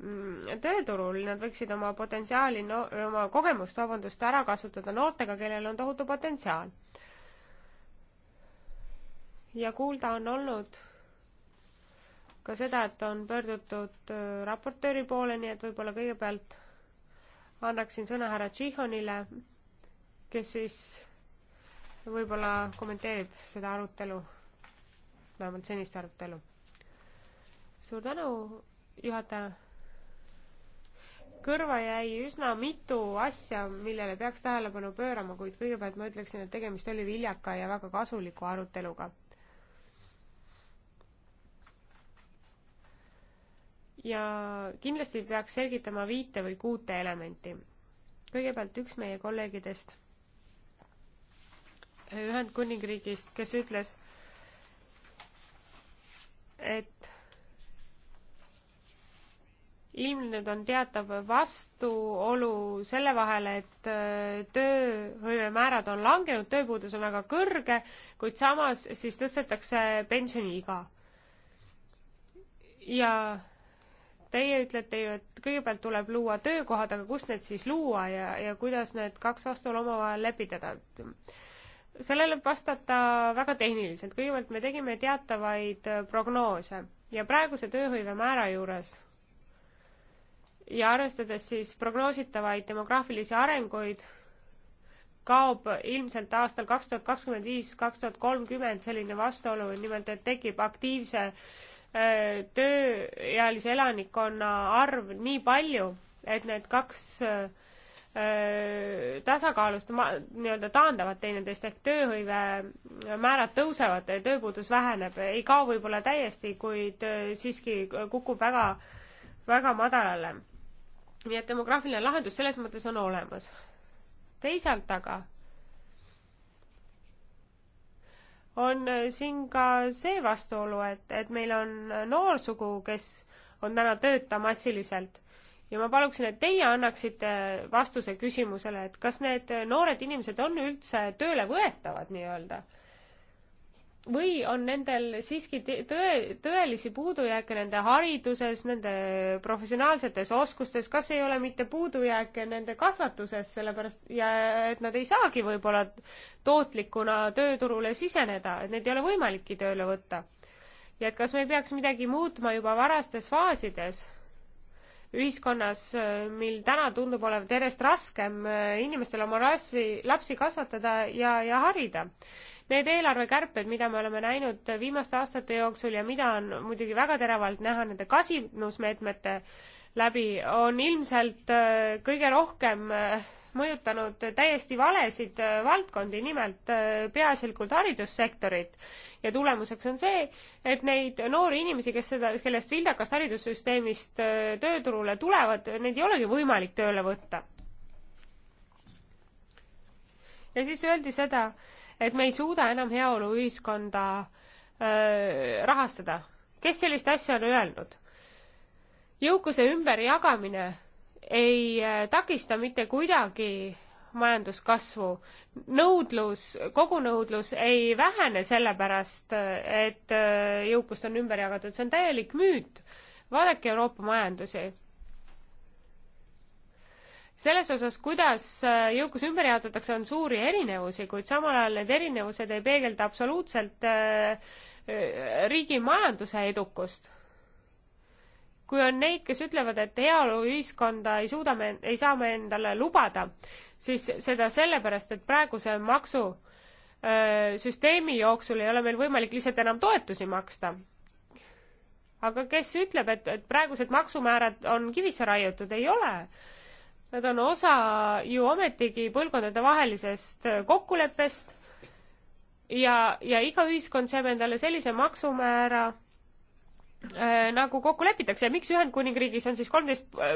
C: Mm, tööturul, nad võiksid oma potentsiaali, no oma kogemust, vabandust, ära kasutada noortega, kellel on tohutu potentsiaal. ja kuulda on olnud ka seda, et on pöördutud äh, raportööri poole, nii et võib-olla kõigepealt annaksin sõna härra Tšihhonile, kes siis võib-olla kommenteerib seda arutelu, vähemalt senist arutelu. suur tänu, juhataja kõrva jäi üsna mitu asja, millele peaks tähelepanu pöörama, kuid kõigepealt ma ütleksin, et tegemist oli viljaka ja väga kasuliku aruteluga. ja kindlasti peaks selgitama viite või kuute elementi. kõigepealt üks meie kolleegidest Ühendkuningriigist, kes ütles, et ilmnenud on teatav vastuolu selle vahel, et äh, tööhõivemäärad on langenud, tööpuudus on väga kõrge, kuid samas siis tõstetakse pensioniiga. ja teie ütlete ju, et kõigepealt tuleb luua töökohad, aga kust need siis luua ja, ja kuidas need kaks vastuolu omavahel lepitada, et sellele vastata väga tehniliselt. kõigepealt me tegime teatavaid prognoose ja praeguse tööhõivemäära juures ja arvestades siis prognoositavaid demograafilisi arenguid, kaob ilmselt aastal kaks tuhat kakskümmend viis, kaks tuhat kolmkümmend selline vastuolu, nimelt et tekib aktiivse öö, tööealise elanikkonna arv nii palju, et need kaks öö, tasakaalust nii-öelda taandavad teineteist ehk tööhõive määrad tõusevad, tööpuudus väheneb, ei kao võib-olla täiesti, kuid öö, siiski kukub väga, väga madalale nii et demograafiline lahendus selles mõttes on olemas. teisalt aga on äh, siin ka see vastuolu, et, et meil on äh, noorsugu, kes on täna tööta massiliselt ja ma paluksin, et teie annaksite vastuse küsimusele, et kas need äh, noored inimesed on üldse tööle võetavad nii-öelda või on nendel siiski tõe, tõelisi puudujääke nende hariduses, nende professionaalsetes oskustes, kas ei ole mitte puudujääke nende kasvatuses, sellepärast ja et nad ei saagi võib-olla tootlikuna tööturule siseneda, et neid ei ole võimalikki tööle võtta. ja et kas me ei peaks midagi muutma juba varastes faasides ühiskonnas, mil täna tundub olevat järjest raskem äh, inimestel oma rasvi, lapsi kasvatada ja, ja harida. Need eelarvekärped, mida me oleme näinud viimaste aastate jooksul ja mida on muidugi väga teravalt näha nende kasinusmeetmete läbi, on ilmselt äh, kõige rohkem äh, mõjutanud täiesti valesid äh, valdkondi, nimelt äh, peaasjalikult haridussektorit. ja tulemuseks on see, et neid noori inimesi, kes seda, kellest vildakast haridussüsteemist äh, tööturule tulevad, neid ei olegi võimalik tööle võtta. ja siis öeldi seda, et me ei suuda enam heaoluühiskonda äh, rahastada. kes sellist asja on öelnud? jõukuse ümberjagamine ei äh, takista mitte kuidagi majanduskasvu. nõudlus, kogunõudlus ei vähene sellepärast, äh, et äh, jõukust on ümber jagatud, see on täielik müüt. vaadake Euroopa majandusi. selles osas, kuidas jõukus ümber jaotatakse, on suuri erinevusi, kuid samal ajal need erinevused ei peegelda absoluutselt riigi majanduse edukust kui on neid, kes ütlevad, et heaoluühiskonda ei suuda me, ei saa me endale lubada, siis seda sellepärast, et praeguse maksu öö, süsteemi jooksul ei ole meil võimalik lihtsalt enam toetusi maksta. aga kes ütleb, et, et praegused maksumäärad on kivisse raiutud, ei ole. Nad on osa ju ometigi põlvkondadevahelisest kokkuleppest ja, ja iga ühiskond seab endale sellise maksumäära, Äh, nagu kokku lepitakse ja miks Ühendkuningriigis on siis kolmteist äh,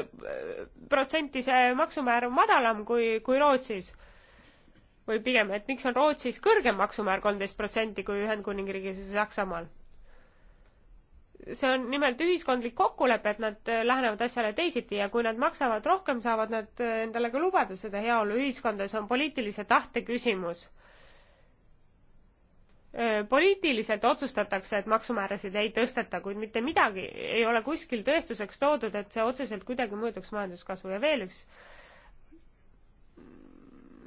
C: protsenti see maksumäär madalam kui, kui Rootsis? või pigem, et miks on Rootsis kõrgem maksumäär kolmteist protsenti kui Ühendkuningriigis või Saksamaal? see on nimelt ühiskondlik kokkulepe, et nad äh, lähenevad asjale teisiti ja kui nad maksavad rohkem, saavad nad endale ka lubada seda heaolu ühiskonda, see on poliitilise tahte küsimus poliitiliselt otsustatakse, et maksumäärasid ei tõsteta, kuid mitte midagi ei ole kuskil tõestuseks toodud, et see otseselt kuidagi mõjutaks majanduskasvu ja veel üks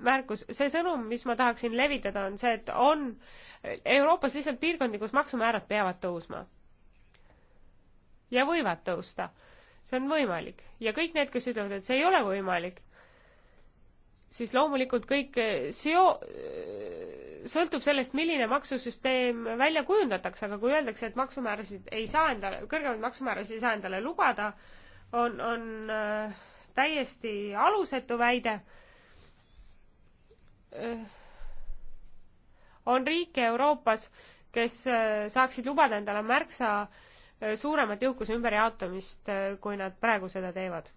C: märkus, see sõnum, mis ma tahaksin levitada, on see, et on Euroopas lihtsalt piirkondi, kus maksumäärad peavad tõusma. ja võivad tõusta. see on võimalik ja kõik need, kes ütlevad, et see ei ole võimalik, siis loomulikult kõik seo-, sõltub sellest, milline maksusüsteem välja kujundatakse, aga kui öeldakse, et maksumäärasid ei saa endale, kõrgemaid maksumäärasid ei saa endale lubada, on, on äh, täiesti alusetu väide. Äh, on riike Euroopas, kes äh, saaksid lubada endale märksa suuremat jõukuse ümberjaotamist, kui nad praegu seda teevad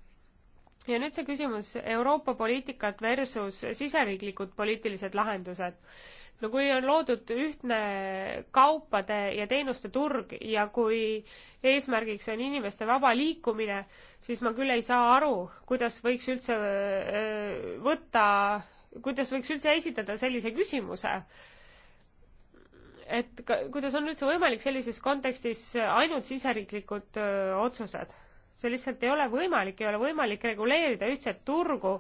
C: ja nüüd see küsimus Euroopa poliitikat versus siseriiklikud poliitilised lahendused no kui on loodud ühtne kaupade ja teenuste turg ja kui eesmärgiks on inimeste vaba liikumine, siis ma küll ei saa aru, kuidas võiks üldse võtta, kuidas võiks üldse esitada sellise küsimuse. et kuidas on üldse võimalik sellises kontekstis ainult siseriiklikud öö, otsused? see lihtsalt ei ole võimalik, ei ole võimalik reguleerida ühtset turgu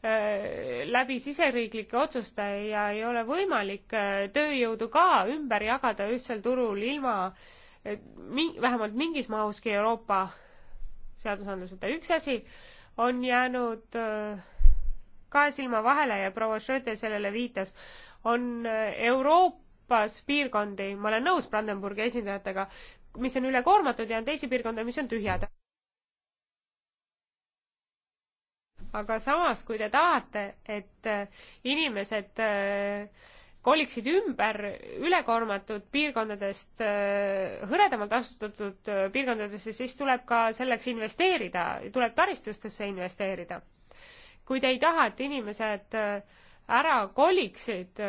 C: Äh, läbi siseriiklike otsuste ja ei ole võimalik äh, tööjõudu ka ümber jagada ühtsel turul ilma vähemalt mingis mahuski Euroopa seadusandluseta. üks asi on jäänud äh, kahe silma vahele ja proua Schröder sellele viitas, on Euroopas piirkondi, ma olen nõus Brandenburgi esindajatega, mis on ülekoormatud ja on teisi piirkondi, mis on tühjad aga samas, kui te tahate, et äh, inimesed äh, koliksid ümber ülekoormatud piirkondadest äh, hõredamalt asustatud piirkondadesse, siis tuleb ka selleks investeerida, tuleb taristustesse investeerida. kui te ei taha, et inimesed ära koliksid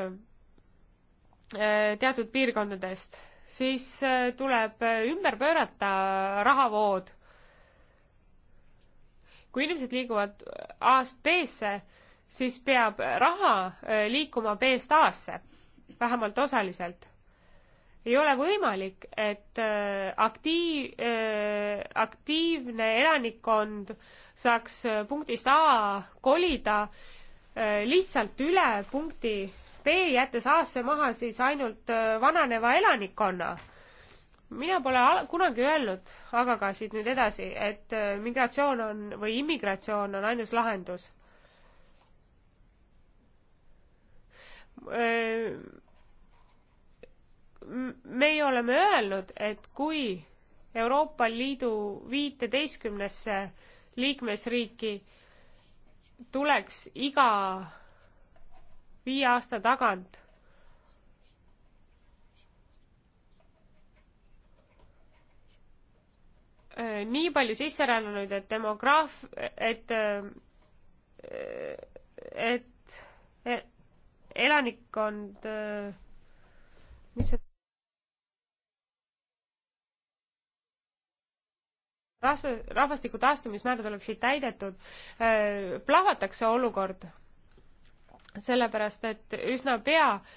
C: teatud piirkondadest, siis tuleb ümber pöörata rahavood kui inimesed liiguvad A-st B-sse, siis peab raha äh, liikuma B-st A-sse, vähemalt osaliselt. ei ole võimalik, et äh, aktiiv, äh, aktiivne elanikkond saaks punktist A kolida lihtsalt üle punkti B, jättes A-sse maha siis ainult vananeva elanikkonna mina pole kunagi öelnud, aga ka siit nüüd edasi, et äh, migratsioon on või immigratsioon on ainus lahendus. Äh, meie oleme öelnud, et kui Euroopa Liidu viiteistkümnesse liikmesriiki tuleks iga viie aasta tagant Äh, nii palju sisserännanuid, et demograaf, et, äh, et, et elanikkond, äh, mis see rahva, rahvastiku taastamismäärad oleksid täidetud, plahvatakse olukord. sellepärast, et üsna pea äh,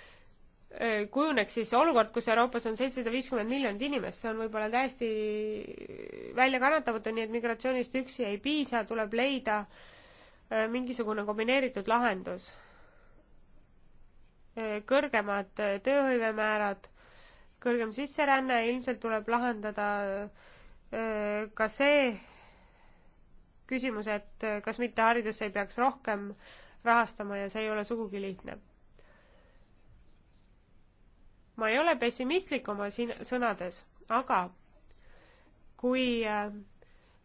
C: Äh, kujuneks siis olukord, kus Euroopas on seitsesada viiskümmend miljonit inimest, see on võib-olla täiesti väljakannatamatu, nii et migratsioonist üksi ei piisa, tuleb leida äh, mingisugune kombineeritud lahendus. Äh, kõrgemad tööhõivemäärad, kõrgem sisseränne, ilmselt tuleb lahendada ka see küsimus, et kas mitte haridusse ei peaks rohkem rahastama ja see ei ole sugugi lihtne ma ei ole pessimistlik oma siin sõnades, aga kui äh,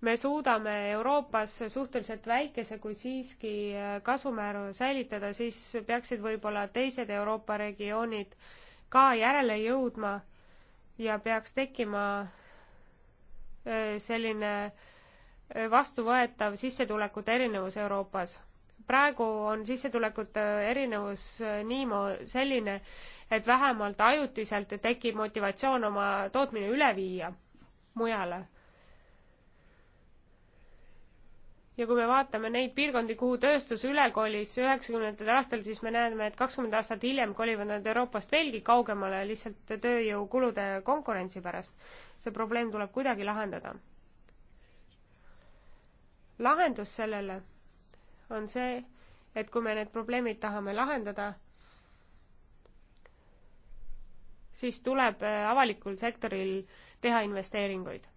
C: me suudame Euroopas suhteliselt väikese, kui siiski äh, kasvumäära säilitada, siis peaksid võib-olla teised Euroopa regioonid ka järele jõudma ja peaks tekkima äh, selline vastuvõetav sissetulekute erinevus Euroopas. praegu on sissetulekute erinevus niimo-, selline, et vähemalt ajutiselt tekib motivatsioon oma tootmine üle viia mujale. ja kui me vaatame neid piirkondi, kuhu tööstus üle kolis üheksakümnendatel aastatel, siis me näeme, et kakskümmend aastat hiljem kolivad nad Euroopast veelgi kaugemale lihtsalt tööjõukulude konkurentsi pärast. see probleem tuleb kuidagi lahendada. lahendus sellele on see, et kui me need probleemid tahame lahendada, siis tuleb äh, avalikul sektoril teha investeeringuid.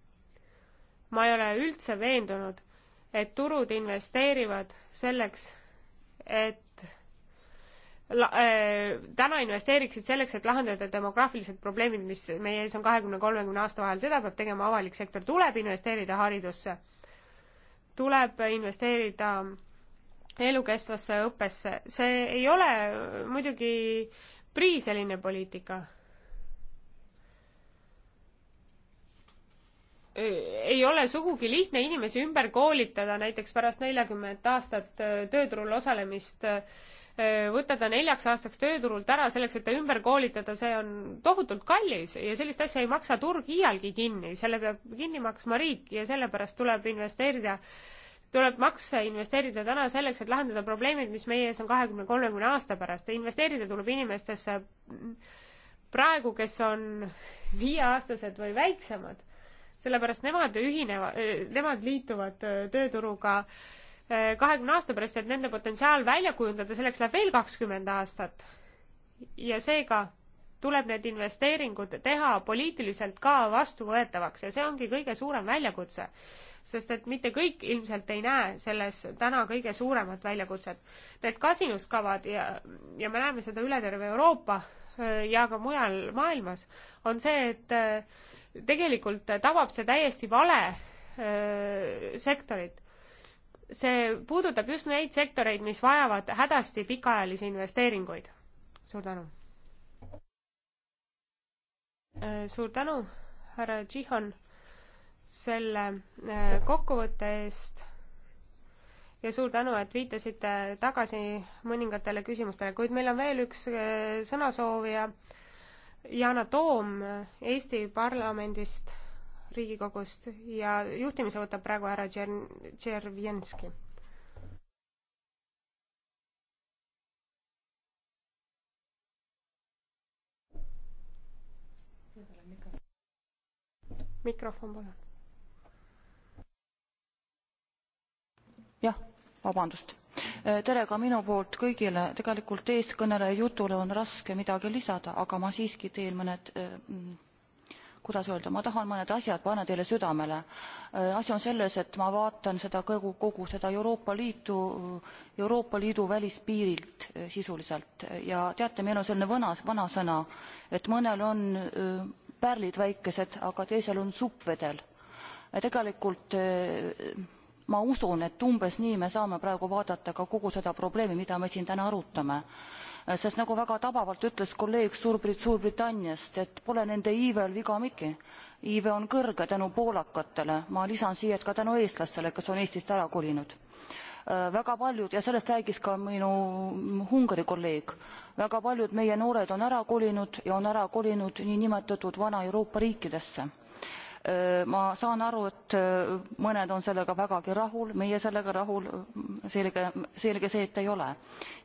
C: ma ei ole üldse veendunud, et turud investeerivad selleks, et la, äh, täna investeeriksid selleks, et lahendada demograafilised probleemid, mis meie ees on kahekümne, kolmekümne aasta vahel, seda peab tegema avalik sektor, tuleb investeerida haridusse, tuleb investeerida elukestvasse õppesse, see ei ole muidugi prii selline poliitika ei ole sugugi lihtne inimesi ümber koolitada näiteks pärast neljakümmet aastat tööturul osalemist, võtta ta neljaks aastaks tööturult ära selleks, et ta ümber koolitada, see on tohutult kallis ja sellist asja ei maksa turg iialgi kinni, selle peab kinni maksma riik ja sellepärast tuleb investeerida, tuleb makse investeerida täna selleks, et lahendada probleemid, mis meie ees on kahekümne, kolmekümne aasta pärast ja investeerida tuleb inimestesse praegu, kes on viieaastased või väiksemad sellepärast nemad ühinevad, nemad liituvad äh, tööturuga äh, kahekümne aasta pärast, et nende potentsiaal välja kujundada, selleks läheb veel kakskümmend aastat. ja seega tuleb need investeeringud teha poliitiliselt ka vastuvõetavaks ja see ongi kõige suurem väljakutse. sest et mitte kõik ilmselt ei näe selles täna kõige suuremat väljakutset. Need kasinuskavad ja, ja me näeme seda üle terve Euroopa äh, ja ka mujal maailmas, on see, et tegelikult tabab see täiesti vale öö, sektorit. see puudutab just neid sektoreid, mis vajavad hädasti pikaajalisi investeeringuid. suur tänu. suur tänu, härra Tšihhon, selle öö, kokkuvõtte eest ja suur tänu, et viitasite tagasi mõningatele küsimustele, kuid meil on veel üks sõnasoovija Yana Toom Eesti parlamendist, Riigikogust ja juhtimise võtab praegu härra Tšer-, Tšervjenski. mikrofon palun.
D: jah, vabandust Äh, tere ka minu poolt kõigile tegelikult eeskõneleja jutule on raske midagi lisada aga ma siiski teen mõned äh, mm, kuidas öelda ma tahan mõned asjad panna teile südamele äh, asi on selles et ma vaatan seda kogu kogu seda euroopa liitu euroopa liidu välispiirilt sisuliselt ja teate meil on selline vana vanasõna et mõnel on pärlid väikesed aga teisel on supp vedel tegelikult ma usun et umbes nii me saame praegu vaadata ka kogu seda probleemi mida me siin täna arutame sest nagu väga tabavalt ütles kolleeg Suurbrit suurbritanniast et pole nende iivel viga miki iive on kõrge tänu poolakatele ma lisan siia et ka tänu eestlastele kes on eestist ära kolinud äh, väga paljud ja sellest rääkis ka minu ungari kolleeg väga paljud meie noored on ära kolinud ja on ära kolinud niinimetatud vana euroopa riikidesse Äh, ma saan aru et äh, mõned on sellega vägagi rahul meie sellega rahul mm, selge selge see et ei ole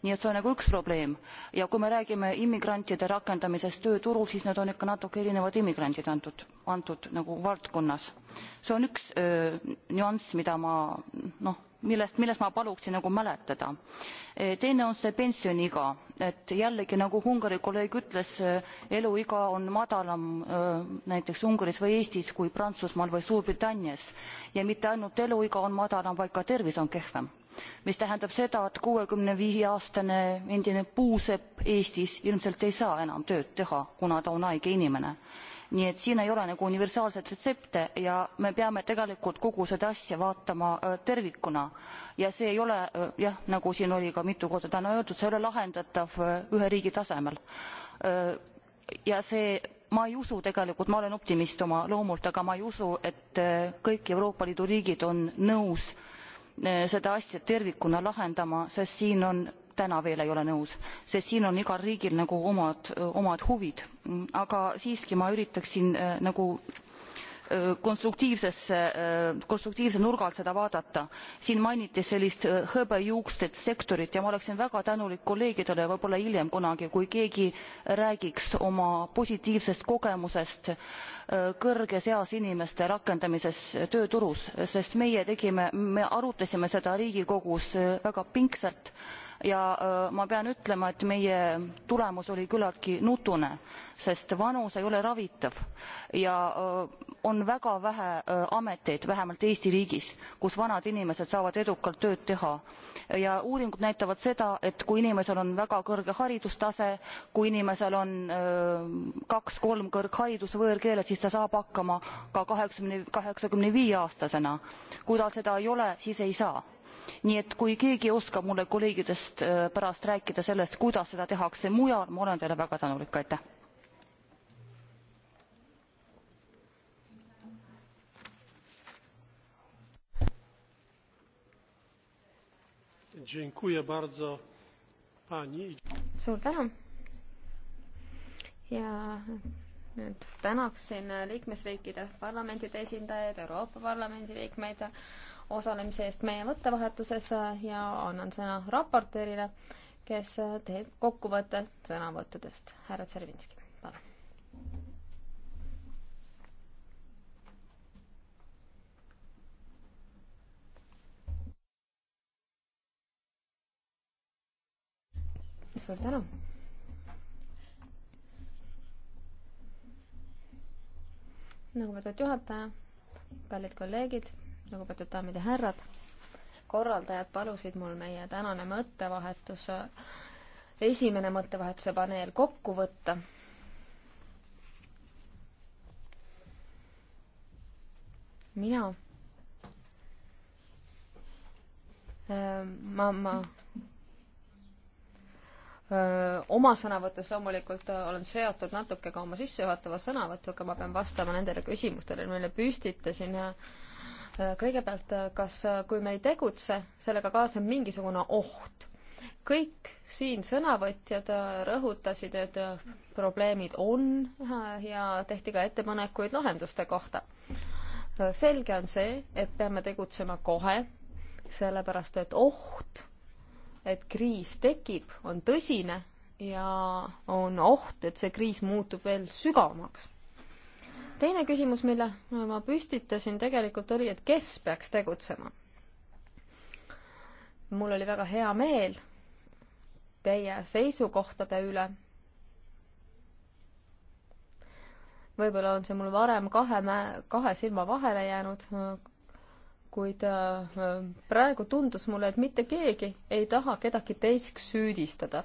D: nii et see on nagu üks probleem ja kui me räägime immigrantide rakendamisest tööturul siis need on ikka natuke erinevad immigrandid antud antud nagu valdkonnas see on üks äh, nüanss mida ma noh millest, millest ma paluksin nagu mäletada. Eh, teine on see pensioniiga, et jällegi nagu Ungari kolleeg ütles, eh, eluiga on madalam eh, näiteks Ungaris või Eestis kui Prantsusmaal või Suurbritannias ja mitte ainult eluiga on madalam, vaid ka tervis on kehvem mis tähendab seda, et kuuekümne viie aastane endine puusepp Eestis ilmselt ei saa enam tööd teha, kuna ta on haige inimene nii et siin ei ole nagu universaalset retsepte ja me peame tegelikult kogu seda asja vaatama äh, tervikuna ja see ei ole äh, jah nagu siin oli ka mitu korda täna öeldud see ei ole lahendatav äh, ühe riigi tasemel ja see ma ei usu tegelikult ma olen optimist oma loomult aga ma ei usu et kõik euroopa liidu riigid on nõus seda asja tervikuna lahendama sest siin on täna veel ei ole nõus sest siin on igal riigil nagu omad omad huvid aga siiski ma üritaksin äh, nagu äh, konstruktiivsesse äh, konstruktiivse nurga alt seda vaadata siin mainiti sellist hõbejuuksed sektorit ja ma oleksin väga tänulik kolleegidele võibolla hiljem kunagi kui keegi räägiks oma positiivsest kogemusest kõrges eas inimeste rakendamises tööturus sest meie tegime me arutasime seda riigikogus väga pingsalt ja äh, ma pean ütlema et meie tulemus oli küllaltki nutune sest vanus ei ole ravitav ja äh, on väga vähe äh, ameteid vähemalt eesti riigis kus vanad inimesed saavad edukalt tööd teha ja uuringud näitavad seda et kui inimesel on väga kõrge haridustase kui inimesel on kaks kolm kõrgharidust võõrkeeles siis ta saab hakkama ka kaheksakümne viie aastasena kui tal seda ei ole siis ei saa nii et kui keegi oskab mulle kolleegidest äh, pärast rääkida sellest kuidas seda tehakse mujal ma olen teile väga tänulik aitäh
E: suur tänu ja nüüd tänaksin liikmesriikide parlamentide esindajaid, Euroopa Parlamendi liikmeid osalemise eest meie mõttevahetuses ja annan sõna raportöörile, kes teeb kokkuvõtte sõnavõttudest. härra Tšervinski, palun. suur tänu lugupeetud juhataja, kallid kolleegid, lugupeetud daamid ja härrad. korraldajad palusid mul meie tänane mõttevahetus, esimene mõttevahetuse paneel kokku võtta mina. Äh, ma, ma oma sõnavõtus loomulikult olen seotud natuke ka oma sissejuhatava sõnavõtuga, ma pean vastama nendele küsimustele, mille püstitasin. kõigepealt, kas, kui me ei tegutse, sellega kaasneb mingisugune oht? kõik siin sõnavõtjad rõhutasid, et probleemid on ja tehti ka ettepanekuid lahenduste kohta. selge on see, et peame tegutsema kohe, sellepärast et oht et kriis tekib, on tõsine ja on oht, et see kriis muutub veel sügavamaks. teine küsimus, mille ma püstitasin tegelikult oli, et kes peaks tegutsema. mul oli väga hea meel teie seisukohtade üle. võib-olla on see mul varem kahe, kahe silma vahele jäänud kuid äh, praegu tundus mulle, et mitte keegi ei taha kedagi teiseks süüdistada.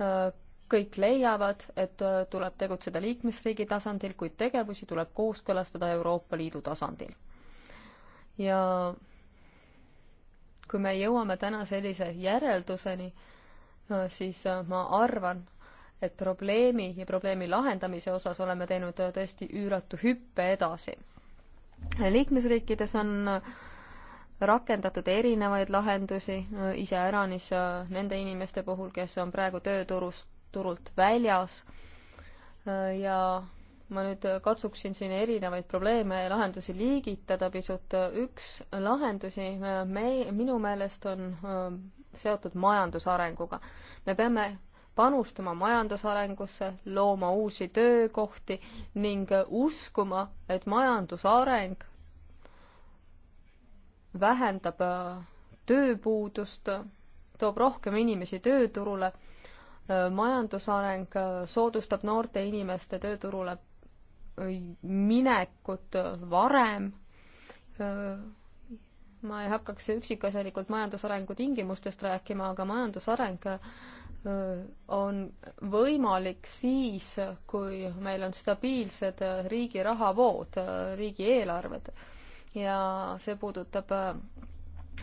E: Äh, kõik leiavad, et äh, tuleb tegutseda liikmesriigi tasandil, kuid tegevusi tuleb kooskõlastada Euroopa Liidu tasandil. ja kui me jõuame täna sellise järelduseni, siis ma arvan, et probleemi ja probleemi lahendamise osas oleme teinud tõesti üüratu hüppe edasi liikmesriikides on äh, rakendatud erinevaid lahendusi, äh, iseäranis äh, nende inimeste puhul, kes on praegu tööturust, turult väljas ja ma nüüd katsuksin siin erinevaid probleeme ja lahendusi liigitada pisut. üks lahendusi me, minu meelest on seotud majandusarenguga. me peame panustama majandusarengusse, looma uusi töökohti ning uskuma, et majandusareng vähendab äh, tööpuudust, toob rohkem inimesi tööturule, äh, majandusareng äh, soodustab noorte inimeste tööturule minekut varem ma ei hakkaks üksikasjalikult majandusarengu tingimustest rääkima, aga majandusareng on võimalik siis, kui meil on stabiilsed riigi rahavood, riigieelarved. ja see puudutab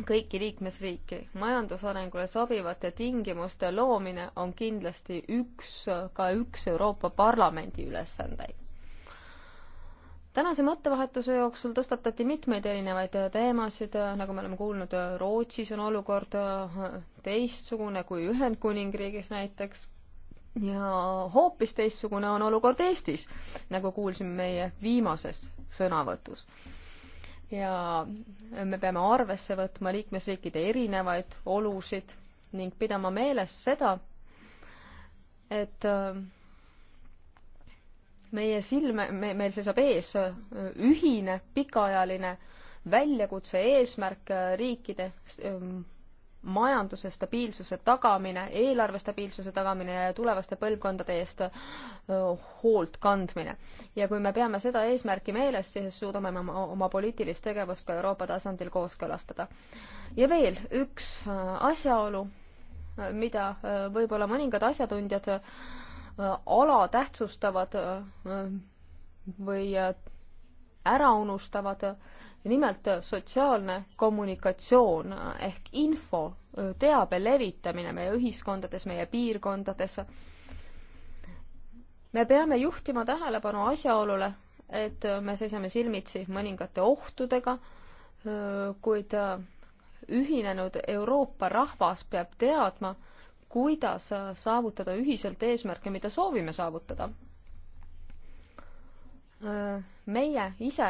E: kõiki liikmesriiki. majandusarengule sobivate tingimuste loomine on kindlasti üks, ka üks Euroopa Parlamendi ülesandeid tänase mõttevahetuse jooksul tõstatati mitmeid erinevaid teemasid, nagu me oleme kuulnud, Rootsis on olukord teistsugune kui Ühendkuningriigis näiteks ja hoopis teistsugune on olukord Eestis, nagu kuulsime meie viimases sõnavõtus. ja me peame arvesse võtma liikmesriikide erinevaid olusid ning pidama meeles seda, et äh, meie silme, me, meil seisab ees äh, ühine pikaajaline väljakutse, eesmärk äh, riikide ähm, majanduse stabiilsuse tagamine, eelarve stabiilsuse tagamine ja tulevaste põlvkondade eest äh, hoolt kandmine. ja kui me peame seda eesmärki meeles, siis suudame me oma, oma poliitilist tegevust ka Euroopa tasandil kooskõlastada. ja veel üks asjaolu, mida võib-olla mõningad asjatundjad alatähtsustavad äh, või äh, ära unustavad. nimelt äh, sotsiaalne kommunikatsioon ehk info, teabe levitamine meie ühiskondades, meie piirkondades. me peame juhtima tähelepanu asjaolule, et me seisame silmitsi mõningate ohtudega, kuid ühinenud Euroopa rahvas peab teadma, kuidas äh, saavutada ühiselt eesmärke, mida soovime saavutada. Äh, meie ise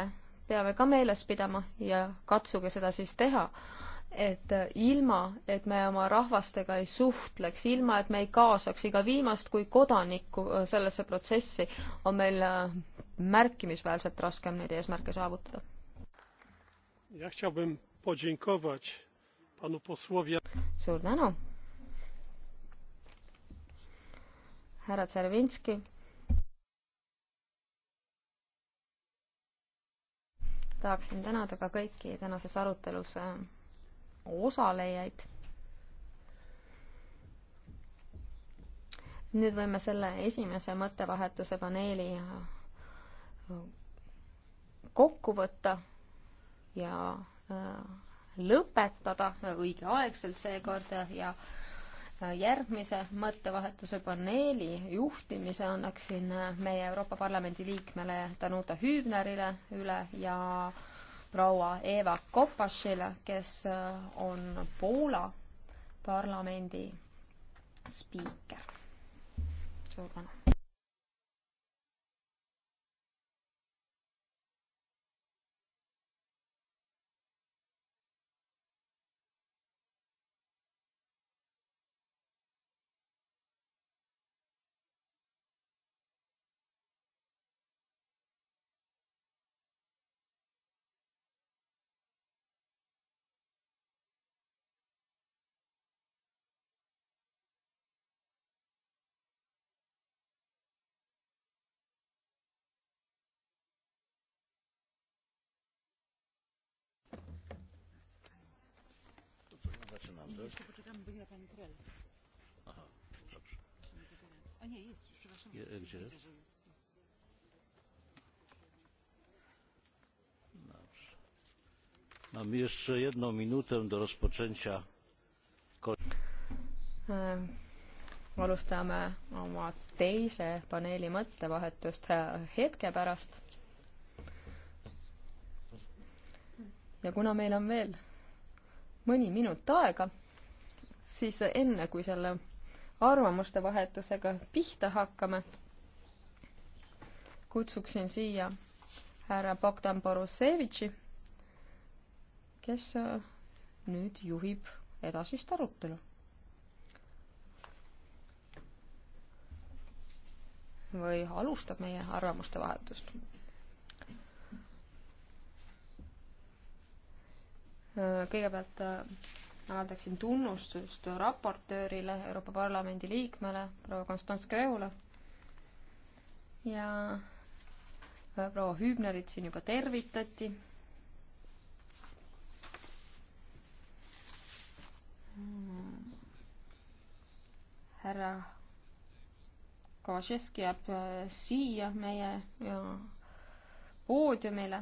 E: peame ka meeles pidama ja katsuge seda siis teha, et äh, ilma, et me oma rahvastega ei suhtleks, ilma, et me ei kaasaks iga viimast kui kodanikku sellesse protsessi, on meil märkimisväärselt raskem neid eesmärke saavutada. suur tänu! härra Tšervinski. tahaksin tänada ka kõiki tänases arutelus äh, osalejaid. nüüd võime selle esimese mõttevahetuse paneeli äh, kokku võtta ja äh, lõpetada õigeaegselt seekord ja järgmise mõttevahetuse paneeli juhtimise annaksin meie Euroopa Parlamendi liikmele Danuta Hübnerile üle ja proua Eva Kopašile, kes on Poola parlamendi spiiker. suur tänu!
D: Zaczynam nie, też. Jeszcze poczekamy, bo ja pani Krel.
A: Aha, dobrze.
D: A nie, jest już, przepraszam. Je, jest, e, gdzie? Widzę, że jest.
B: Dobrze. Mamy jeszcze jedną minutę do rozpoczęcia.
E: E, alustame oma teise paneeli mõttevahetust e, hetke pärast. ja kuna meil on veel mõni minut aega, siis enne, kui selle arvamuste vahetusega pihta hakkame, kutsuksin siia härra Bogdan Borusevitši, kes nüüd juhib edasist arutelu. või alustab meie arvamuste vahetust kõigepealt äh, avaldaksin tunnustust raportöörile, Euroopa Parlamendi liikmele, proua Konstantz Kreule ja äh, proua Hübnerit siin juba tervitati. härra Kovašeski jääb äh, siia meie poodiumile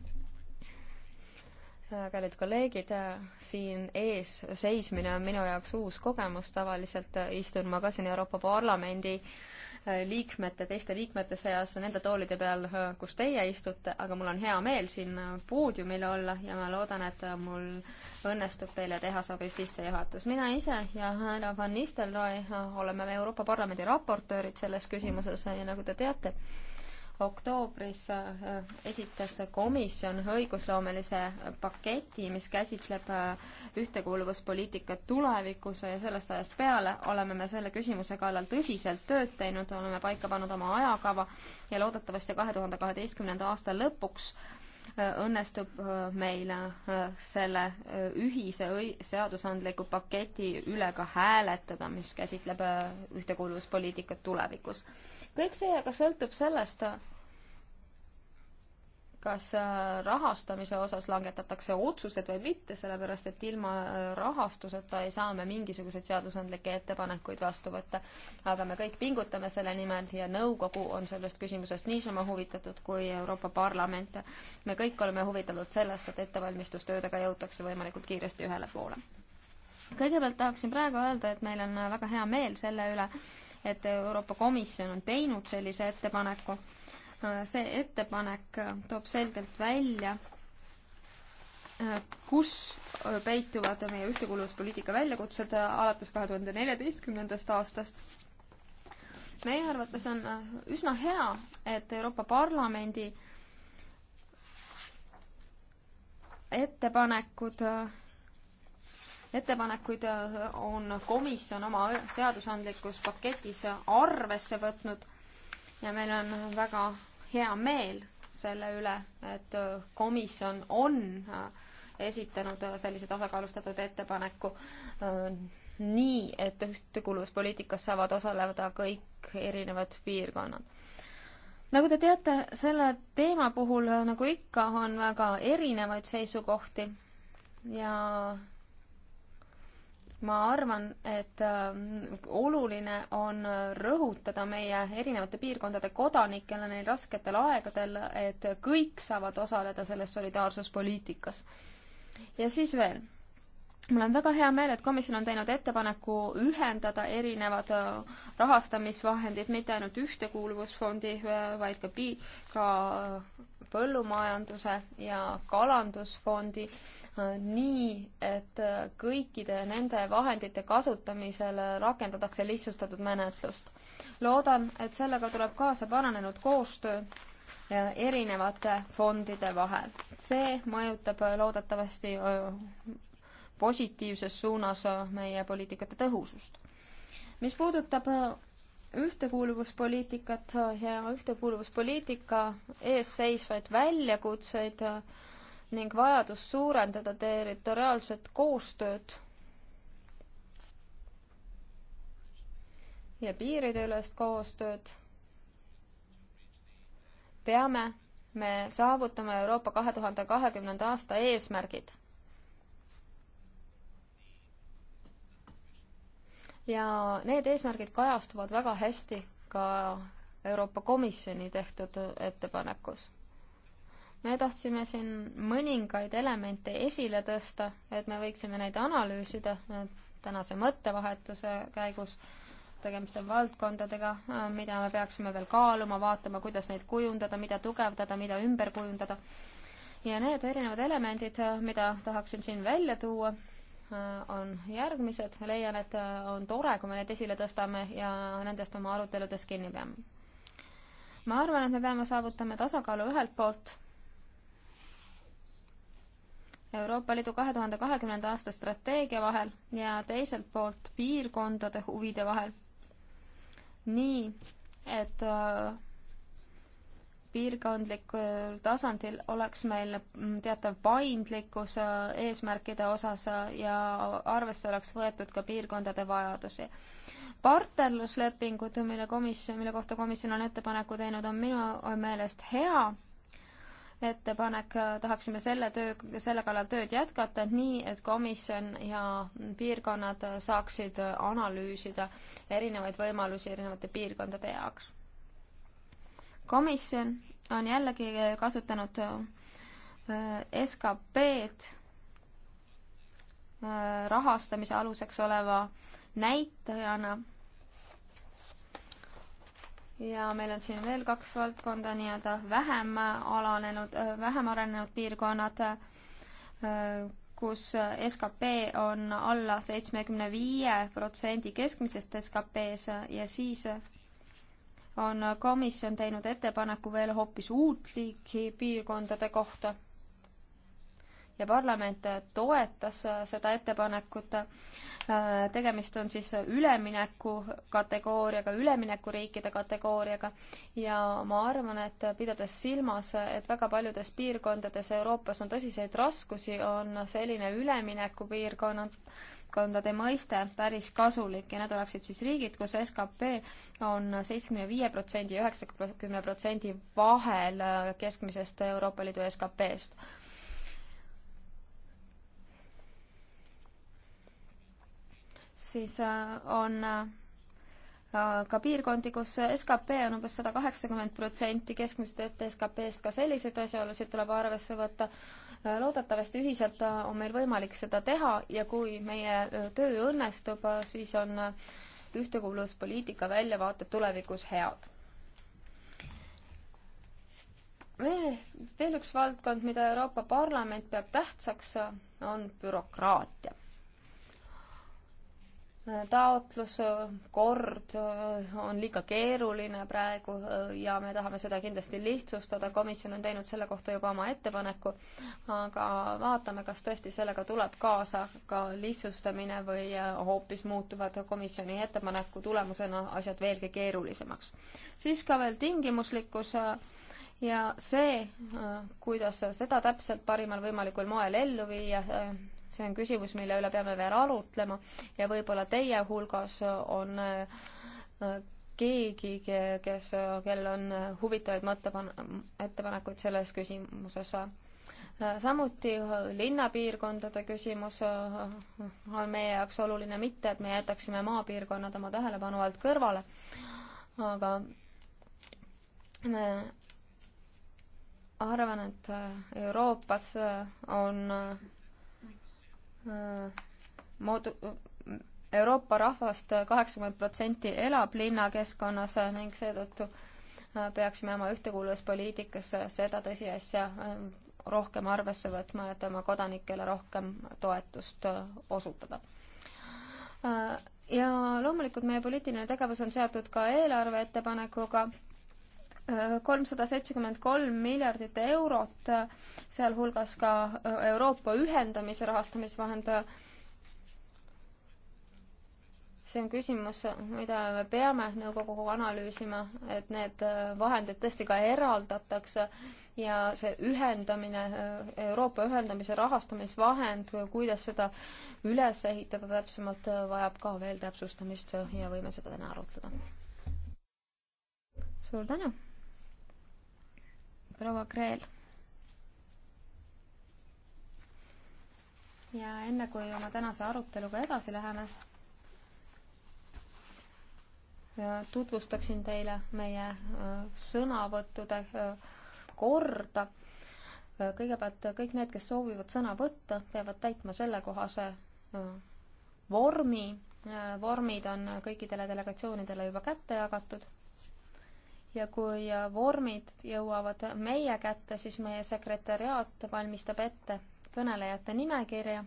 E: kallid kolleegid, siin ees seismine on minu jaoks uus kogemus, tavaliselt istun ma ka siin Euroopa Parlamendi äh, liikmete, teiste liikmete seas nende toolide peal, äh, kus teie istute, aga mul on hea meel siin äh, poodiumil olla ja ma loodan, et mul õnnestub teile teha sobiv sissejuhatus. mina ise ja härra Van Nistelrooy oleme me Euroopa Parlamendi raportöörid selles küsimuses ja nagu te teate, oktoobris äh, esitas komisjon õigusloomelise paketi, mis käsitleb äh, ühtekuuluvuspoliitikat tulevikus ja sellest ajast peale oleme me selle küsimuse kallal tõsiselt tööd teinud, oleme paika pannud oma ajakava ja loodetavasti kahe tuhande kaheteistkümnenda aasta lõpuks Äh, õnnestub äh, meil äh, selle ühise seadusandliku paketi üle ka hääletada, mis käsitleb ühtekuuluvuspoliitikat tulevikus. kõik see aga sõltub sellest, kas äh, rahastamise osas langetatakse otsused või mitte, sellepärast et ilma äh, rahastuseta ei saa me mingisuguseid seadusandlikke ettepanekuid vastu võtta. aga me kõik pingutame selle nimel ja nõukogu on sellest küsimusest niisama huvitatud kui Euroopa Parlament. me kõik oleme huvitatud sellest, et ettevalmistustöödega jõutakse võimalikult kiiresti ühele poole. kõigepealt tahaksin praegu öelda, et meil on väga hea meel selle üle, et Euroopa Komisjon on teinud sellise ettepaneku see ettepanek toob selgelt välja, kus peituvad meie ühtekuuluvuspoliitika väljakutsed alates kahe tuhande neljateistkümnendast aastast. meie arvates on üsna hea, et Euroopa Parlamendi ettepanekud, ettepanekuid on komisjon oma seadusandlikus paketis arvesse võtnud ja meil on väga hea meel selle üle, et äh, komisjon on äh, esitanud äh, sellise tasakaalustatud ettepaneku nii, et ühtekuuluvuspoliitikas saavad osaleda kõik erinevad piirkonnad. nagu te teate, selle teema puhul, nagu ikka, on väga erinevaid seisukohti ja ma arvan, et ähm, oluline on äh, rõhutada meie erinevate piirkondade kodanikele neil rasketel aegadel, et kõik saavad osaleda selles solidaarsuspoliitikas. ja siis veel. mul on väga hea meel, et komisjon on teinud ettepaneku ühendada erinevad äh, rahastamisvahendid, mitte ainult Ühtekuuluvusfondi, äh, vaid ka pi-, ka põllumajanduse ja kalandusfondi äh, nii, et äh, kõikide nende vahendite kasutamisel äh, rakendatakse lihtsustatud menetlust. loodan, et sellega tuleb kaasa paranenud koostöö erinevate fondide vahel. see mõjutab loodetavasti positiivses suunas meie poliitikate tõhusust. mis puudutab ühtekuuluvuspoliitikat ja ühtekuuluvuspoliitika ees seisvaid väljakutseid ning vajadust suurendada territoriaalset koostööd ja piirideülest koostööd, peame me saavutama Euroopa kahe tuhande kahekümnenda aasta eesmärgid ja need eesmärgid kajastuvad väga hästi ka Euroopa Komisjoni tehtud ettepanekus. me tahtsime siin mõningaid elemente esile tõsta, et me võiksime neid analüüsida tänase mõttevahetuse käigus, tegemist on valdkondadega, mida me peaksime veel kaaluma, vaatama, kuidas neid kujundada, mida tugevdada, mida ümber kujundada. ja need erinevad elemendid, mida tahaksin siin välja tuua Äh, on järgmised, leian, et äh, on tore, kui me need esile tõstame ja nendest oma aruteludes kinni peame. ma arvan, et me peame saavutama tasakaalu ühelt poolt Euroopa Liidu kahe tuhande kahekümnenda aasta strateegia vahel ja teiselt poolt piirkondade huvide vahel. nii, et äh, piirkondlikul tasandil oleks meil teatav paindlikkus äh, eesmärkide osas äh, ja arvesse oleks võetud ka piirkondade vajadusi. partnerluslepingud, mille komisjon, mille kohta komisjon on ettepaneku teinud, on minu meelest hea ettepanek, tahaksime selle töö, selle kallal tööd jätkata, nii et komisjon ja piirkonnad saaksid analüüsida erinevaid võimalusi erinevate piirkondade jaoks komisjon on jällegi kasutanud äh, SKP-d äh, rahastamise aluseks oleva näitajana. ja meil on siin veel kaks valdkonda nii-öelda vähem alanenud, äh, vähem arenenud piirkonnad, kus skp on alla seitsmekümne viie protsendi keskmisest SKP-s ja siis on komisjon teinud ettepaneku veel hoopis uut liiki piirkondade kohta ja parlament toetas seda ettepanekut. tegemist on siis ülemineku kategooriaga, üleminekuriikide kategooriaga ja ma arvan, et pidades silmas, et väga paljudes piirkondades Euroopas on tõsiseid raskusi, on selline üleminekupiirkonnad valdkondade mõiste päris kasulik ja need oleksid siis riigid, kus skp on seitsmekümne viie protsendi ja üheksakümne protsendi vahel äh, keskmisest Euroopa Liidu skp-st siis äh, on äh, ka piirkondi, kus skp on umbes sada kaheksakümmend protsenti keskmisest SKP-st, ka selliseid asjaolusid tuleb arvesse võtta Äh, loodetavasti ühiselt äh, on meil võimalik seda teha ja kui meie äh, töö õnnestub, siis on ühtekuuluvuspoliitika väljavaated tulevikus head. veel üks valdkond, mida Euroopa Parlament peab tähtsaks, on bürokraatia taotluskord äh, on liiga keeruline praegu äh, ja me tahame seda kindlasti lihtsustada, komisjon on teinud selle kohta juba oma ettepaneku, aga vaatame, kas tõesti sellega tuleb kaasa ka lihtsustamine või äh, hoopis muutuvad komisjoni ettepaneku tulemusena asjad veelgi keerulisemaks. siis ka veel tingimuslikkus ja see, kuidas seda täpselt parimal võimalikul moel ellu viia, see on küsimus, mille üle peame veel arutlema ja võib-olla teie hulgas on äh, keegi, kes, kellel on huvitavaid mõttepan-, ettepanekuid selles küsimuses. Äh, samuti linnapiirkondade küsimus äh, on meie jaoks oluline, mitte et me jätaksime maapiirkonnad oma tähelepanu alt kõrvale, aga me arvan, et Euroopas on moodu-, Euroopa rahvast kaheksakümmend protsenti elab linnakeskkonnas ning seetõttu äh, peaksime oma ühtekuuluvuspoliitikas seda tõsiasja äh, rohkem arvesse võtma, et oma kodanikele rohkem toetust äh, osutada. ja loomulikult meie poliitiline tegevus on seotud ka eelarveettepanekuga kolmsada seitsekümmend kolm miljardit eurot, sealhulgas ka äh, Euroopa ühendamise rahastamisvahend. see on küsimus, mida me peame nõukoguga analüüsima, et need äh, vahendid tõesti ka eraldatakse ja see ühendamine, äh, Euroopa ühendamise rahastamisvahend, kuidas seda üles ehitada täpsemalt, vajab ka veel täpsustamist ja võime seda täna arutleda. suur tänu! proua Kreel. ja enne, kui oma tänase aruteluga edasi läheme, tutvustaksin teile meie äh, sõnavõttude äh, korda. Äh, kõigepealt kõik need, kes soovivad sõna võtta, peavad täitma sellekohase vormi. vormid on kõikidele delegatsioonidele juba kätte jagatud ja kui äh, vormid jõuavad meie kätte, siis meie sekretäriaat valmistab ette kõnelejate nimekirja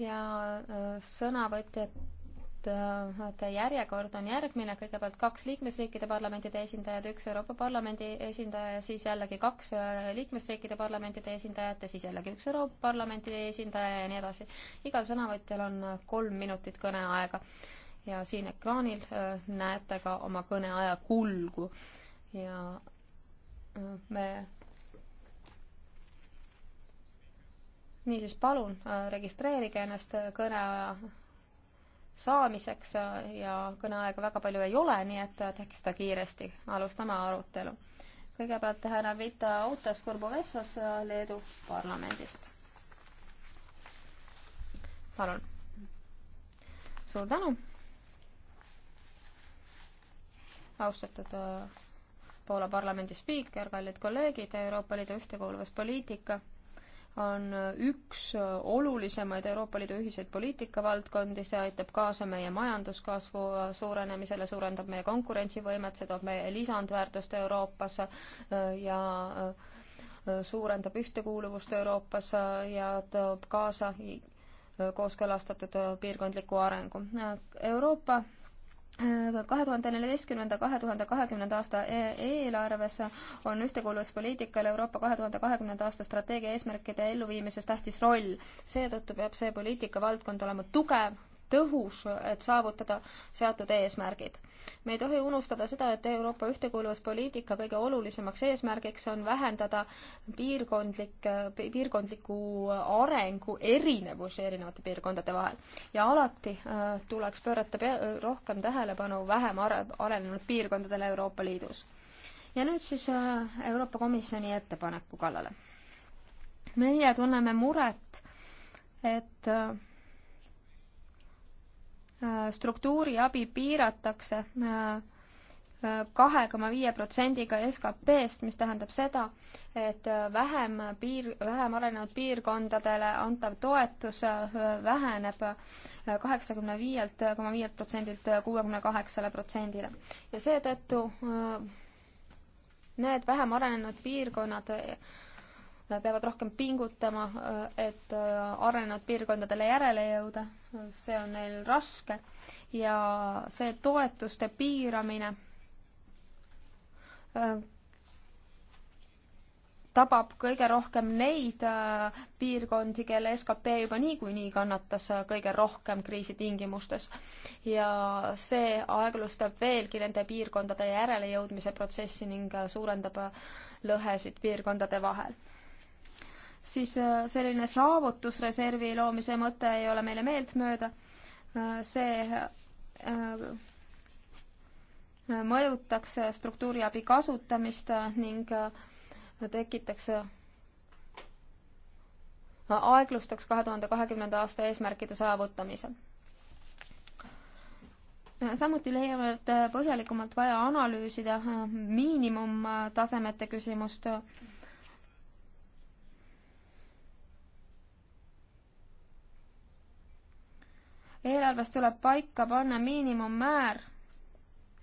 E: ja äh, sõnavõtjate äh, järjekord on järgmine, kõigepealt kaks liikmesriikide parlamentide esindajad, üks Euroopa Parlamendi esindaja ja siis jällegi kaks liikmesriikide parlamentide esindajat ja siis jällegi üks Euroopa Parlamendi esindaja ja nii edasi. igal sõnavõtjal on kolm minutit kõneaega ja siin ekraanil äh, näete ka oma kõneaja kulgu ja äh, me niisiis palun äh, registreerige ennast kõneaja saamiseks ja kõneaega väga palju ei ole, nii et tehke seda kiiresti, alustame arutelu. kõigepealt härra Vita Autos Kurbovessas Leedu parlamendist. palun. suur tänu austatud äh, Poola parlamendi spiiker, kallid kolleegid, Euroopa Liidu ühtekuuluvuspoliitika on äh, üks äh, olulisemaid Euroopa Liidu ühiseid poliitikavaldkondi, see aitab kaasa meie majanduskasvu suurenemisele, suurendab meie konkurentsivõimet, see toob meie lisandväärtust Euroopasse ja suurendab ühtekuuluvust Euroopas ja toob kaasa kooskõlastatud piirkondliku arengu. Euroopa kahe tuhande neljateistkümnenda, kahe tuhande kahekümnenda aasta e-, eelarves on ühtekuuluvuspoliitikal Euroopa kahe tuhande kahekümnenda aasta strateegia eesmärkide elluviimises tähtis roll. seetõttu peab see poliitikavaldkond olema tugev tõhus, et saavutada seatud eesmärgid. me ei tohi unustada seda, et Euroopa ühtekuuluvuspoliitika kõige olulisemaks eesmärgiks on vähendada piirkondlik, piirkondliku arengu erinevusi erinevate piirkondade vahel. ja alati äh, tuleks pöörata pea, rohkem tähelepanu vähem are-, arenenud piirkondadele Euroopa Liidus. ja nüüd siis äh, Euroopa Komisjoni ettepaneku kallale meie tunneme muret, et äh, Äh, struktuuriabi piiratakse äh, kahe koma viie protsendiga SKP-st, mis tähendab seda, et äh, vähem piir, vähem arenenud piirkondadele antav toetus väheneb kaheksakümne viielt koma viielt protsendilt kuuekümne kaheksale protsendile. ja seetõttu need vähem arenenud piirkonnad peavad rohkem pingutama, äh, et äh, arenenud piirkondadele järele jõuda, see on neil raske ja see toetuste piiramine äh, tabab kõige rohkem neid piirkondi, kelle skp juba niikuinii kannatas kõige rohkem kriisi tingimustes. ja see aeglustab veelgi nende piirkondade järelejõudmise protsessi ning suurendab lõhesid piirkondade vahel siis äh, selline saavutusreservi loomise mõte ei ole meile meeltmööda. Äh, see äh, mõjutaks struktuuriabi kasutamist ning tekitaks aeglustaks kahe tuhande kahekümnenda aasta eesmärkide saavutamise. samuti leiame, et põhjalikumalt vaja analüüsida miinimumtasemete küsimust eelarves tuleb paika panna miinimummäär,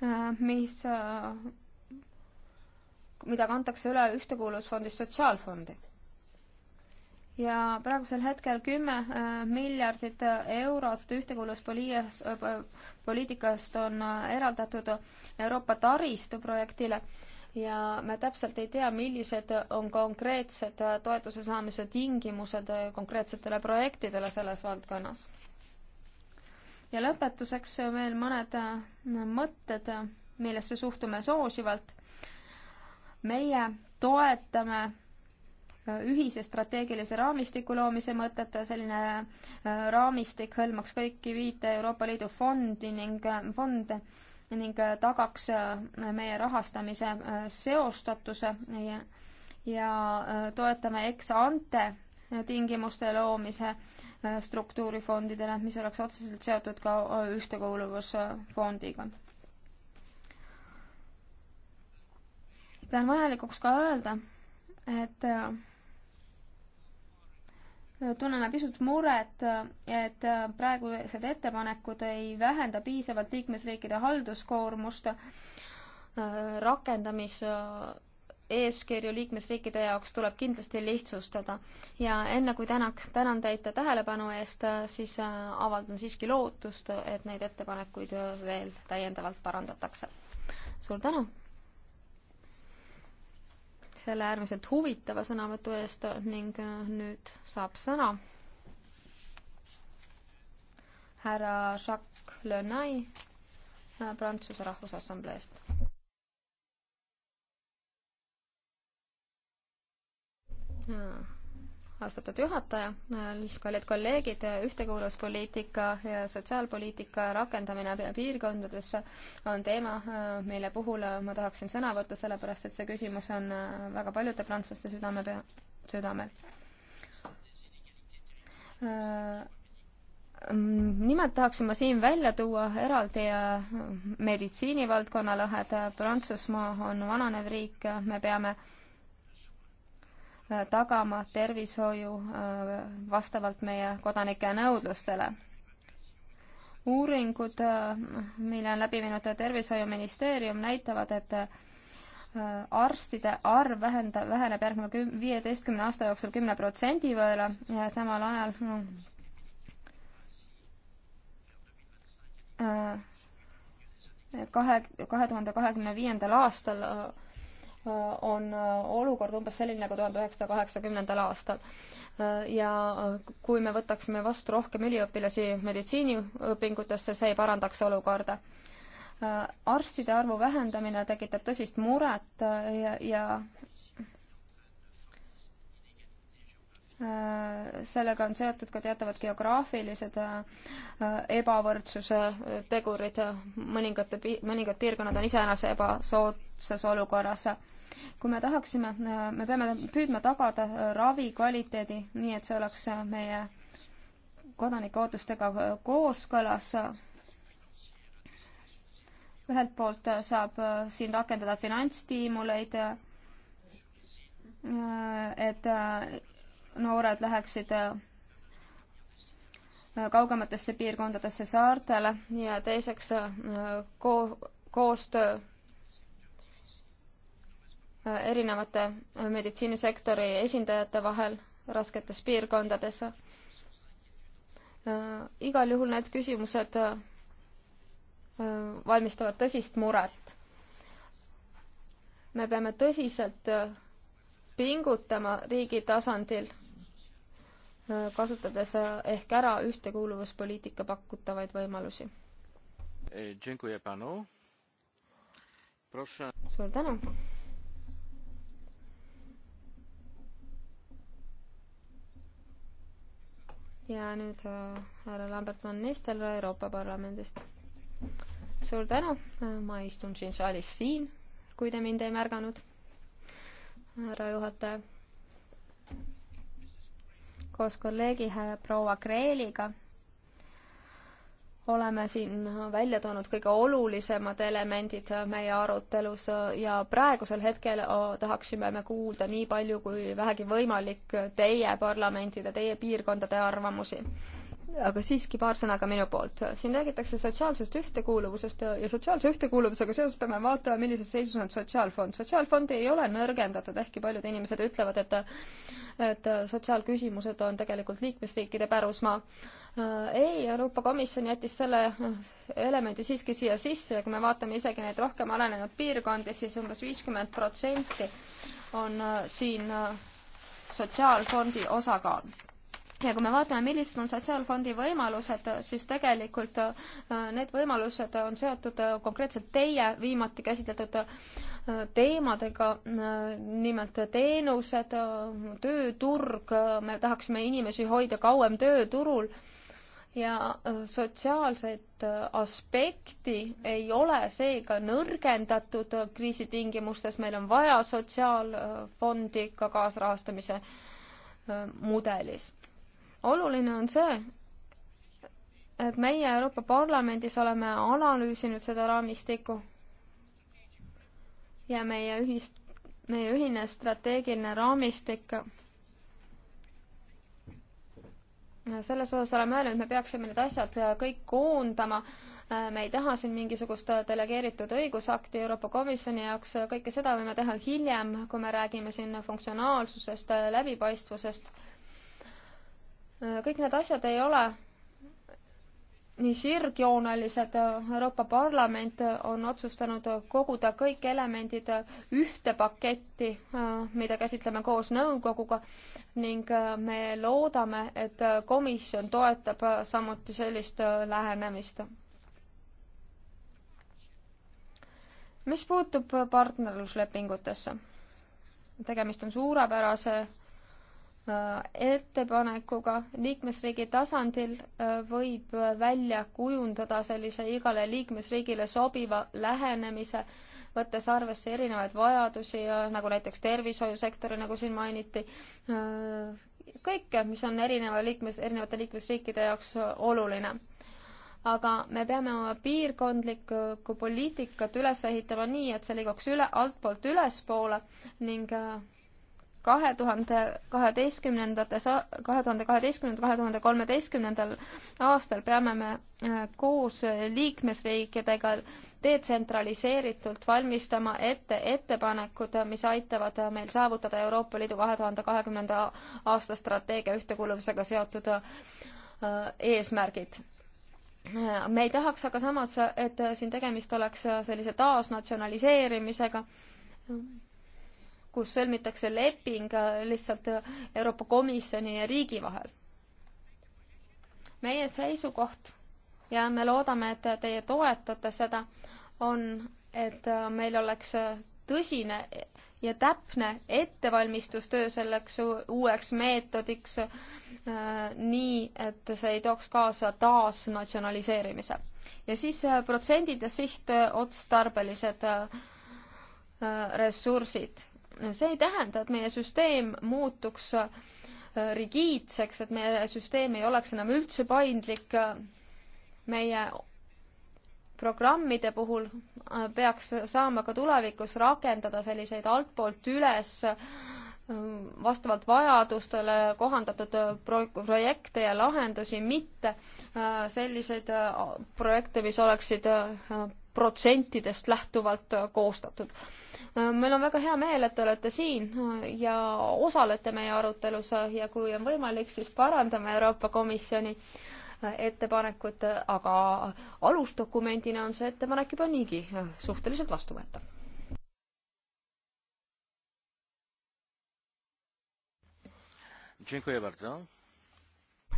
E: äh, mis, äh, mida kantakse üle Ühtekuuluvusfondist Sotsiaalfondi. ja praegusel hetkel kümme äh, miljardit eurot ühtekuuluvuspoliitikast on eraldatud Euroopa taristuprojektile ja me täpselt ei tea, millised on konkreetsed toetuse saamise tingimused konkreetsetele projektidele selles valdkonnas ja lõpetuseks veel mõned äh, mõtted, millesse suhtume soosivalt. meie toetame äh, ühise strateegilise raamistiku loomise mõtet, selline äh, raamistik hõlmaks kõiki viite Euroopa Liidu fondi ning fonde ning tagaks meie rahastamise seostatuse ja, ja toetame ex ante tingimuste loomise äh, struktuurifondidele, mis oleks otseselt seotud ka ühtekuuluvusfondiga. pean vajalikuks ka öelda, et tunneme pisut muret, et praegused ettepanekud ei vähenda piisavalt liikmesriikide halduskoormust rakendamis- eeskirju liikmesriikide jaoks tuleb kindlasti lihtsustada. ja enne kui tänaks, tänan teid tähelepanu eest, siis äh, avaldan siiski lootust, et neid ettepanekuid äh, veel täiendavalt parandatakse. suur tänu! selle äärmiselt huvitava sõnavõtu eest ning äh, nüüd saab sõna härra Jacques Le Nay Prantsuse Rahvusassambleest. austatud juhataja, äh, kallid kolleegid, äh, ühtekuuluvuspoliitika ja sotsiaalpoliitika rakendamine piirkondades on teema, äh, mille puhul ma tahaksin sõna võtta, sellepärast et see küsimus on väga paljude prantslaste südame pea, südamel. Nimelt tahaksin ma siin välja tuua eraldi meditsiinivaldkonna lõhed. Prantsusmaa on vananev riik, me peame äh, Äh, tagama tervishoiu äh, vastavalt meie kodanike nõudlustele. uuringud, äh, mille on läbi viinud Tervishoiuministeerium, näitavad, et arstide arv vähenda, väheneb järgneva küm-, viieteistkümne aasta jooksul kümne protsendi võrra ja samal ajal no, kahe, kahe tuhande kahekümne viiendal aastal Äh, on äh, olukord umbes selline nagu tuhande üheksasaja kaheksakümnendal aastal. Äh, ja kui me võtaksime vastu rohkem üliõpilasi meditsiiniõpingutesse, see ei parandaks olukorda. arstide arvu vähendamine tekitab tõsist muret ja, ja sellega on seotud ka teatavad geograafilised ebavõrdsuse tegurid, mõningate, mõningad piirkonnad on iseenesest ebasoodsas olukorras kui me tahaksime, me peame püüdma tagada ravi kvaliteedi, nii et see oleks meie kodanike ootustega kooskõlas. ühelt poolt saab siin rakendada finantsstiimuleid, et noored läheksid kaugematesse piirkondadesse saartele ja teiseks ko koostöö erinevate äh, meditsiinisektori esindajate vahel rasketes piirkondades. Äh, igal juhul need küsimused äh, valmistavad tõsist muret. me peame tõsiselt pingutama riigi tasandil, kasutades ehk ära ühtekuuluvuspoliitika pakutavaid võimalusi. Eh, suur tänu! ja nüüd äh, härra Lambert von Nistelrooy Euroopa Parlamendist. suur tänu, äh, ma istun siin saalis siin, kui te mind ei märganud, härra juhataja. koos kolleegi äh, proua Kreeliga oleme siin välja toonud kõige olulisemad elemendid meie arutelus ja praegusel hetkel äh, tahaksime me kuulda nii palju kui vähegi võimalik teie parlamentide, teie piirkondade arvamusi. aga siiski paar sõna ka minu poolt. siin räägitakse sotsiaalsest ühtekuuluvusest ja sotsiaalse ühtekuuluvusega seoses peame vaatama, millises seisus on sotsiaalfond. sotsiaalfondi ei ole nõrgendatud, ehkki paljud inimesed ütlevad, et et sotsiaalküsimused on tegelikult liikmesriikide pärusmaa Äh, ei, Euroopa Komisjon jättis selle äh, elemendi siiski siia sisse ja kui me vaatame isegi neid rohkem arenenud piirkondi, siis umbes viiskümmend protsenti on äh, siin sotsiaalfondi osakaal. ja kui me vaatame, millised on sotsiaalfondi võimalused, siis tegelikult need võimalused on seotud konkreetselt teie viimati käsitletud teemadega, nimelt teenused, tööturg, me tahaksime inimesi hoida kauem tööturul ja äh, sotsiaalset äh, aspekti ei ole seega nõrgendatud äh, kriisi tingimustes, meil on vaja sotsiaalfondi ka kaasrahastamise mudelis. oluline on see, et meie Euroopa Parlamendis oleme analüüsinud seda raamistikku ja meie ühist, meie ühine strateegiline raamistik selles osas oleme öelnud, me peaksime need asjad äh, kõik koondama. Äh, me ei taha siin mingisugust äh, delegeeritud õigusakti Euroopa Komisjoni jaoks, kõike seda võime teha hiljem, kui me räägime siin funktsionaalsusest, läbipaistvusest. kõik need asjad ei ole nii sirgjoonelised, äh, Euroopa Parlament äh, on otsustanud koguda kõik elemendid äh, ühte paketti, mida käsitleme koos nõukoguga ning me loodame, et komisjon toetab samuti sellist lähenemist. mis puutub partnerluslepingutesse, tegemist on suurepärase Äh, ettepanekuga liikmesriigi tasandil äh, võib äh, välja kujundada sellise igale liikmesriigile sobiva lähenemise, võttes arvesse erinevaid vajadusi, nagu näiteks tervishoiusektori, nagu siin mainiti, kõike, mis on erineva liikmes, erinevate liikmesriikide jaoks oluline aga me peame oma piirkondlikku poliitikat üles ehitama nii, et see liiguks üle, altpoolt ülespoole ning kahe tuhande kaheteistkümnendates, kahe tuhande kaheteistkümnendal, kahe tuhande kolmeteistkümnendal aastal peame me äh, koos liikmesriikidega detsentraliseeritult valmistama ette ettepanekud, mis aitavad meil saavutada Euroopa Liidu kahe tuhande kahekümnenda aasta strateegia ühtekuuluvusega seotud äh, eesmärgid me ei tahaks aga samas, et siin tegemist oleks sellise taasnatsionaliseerimisega kus sõlmitakse leping lihtsalt Euroopa Komisjoni ja riigi vahel. meie seisukoht ja me loodame, et teie toetate seda, on, et meil oleks tõsine ja täpne ettevalmistustöö selleks uueks meetodiks äh, nii, et see ei tooks kaasa taasnatsionaliseerimise. ja siis äh, protsendid ja sihtotstarbelised äh, ressursid see ei tähenda, et meie süsteem muutuks äh, rigiidseks, et meie süsteem ei oleks enam üldse paindlik. Äh, meie programmide puhul äh, peaks saama ka tulevikus rakendada selliseid altpoolt üles vastavalt vajadustele kohandatud pro-, projekte ja lahendusi, mitte selliseid projekte, mis oleksid protsentidest lähtuvalt koostatud meil on väga hea meel, et te olete siin ja osalete meie arutelus ja kui on võimalik, siis parandame Euroopa Komisjoni ettepanekut, aga alusdokumendina on see ettepanek juba niigi suhteliselt vastuvõetav.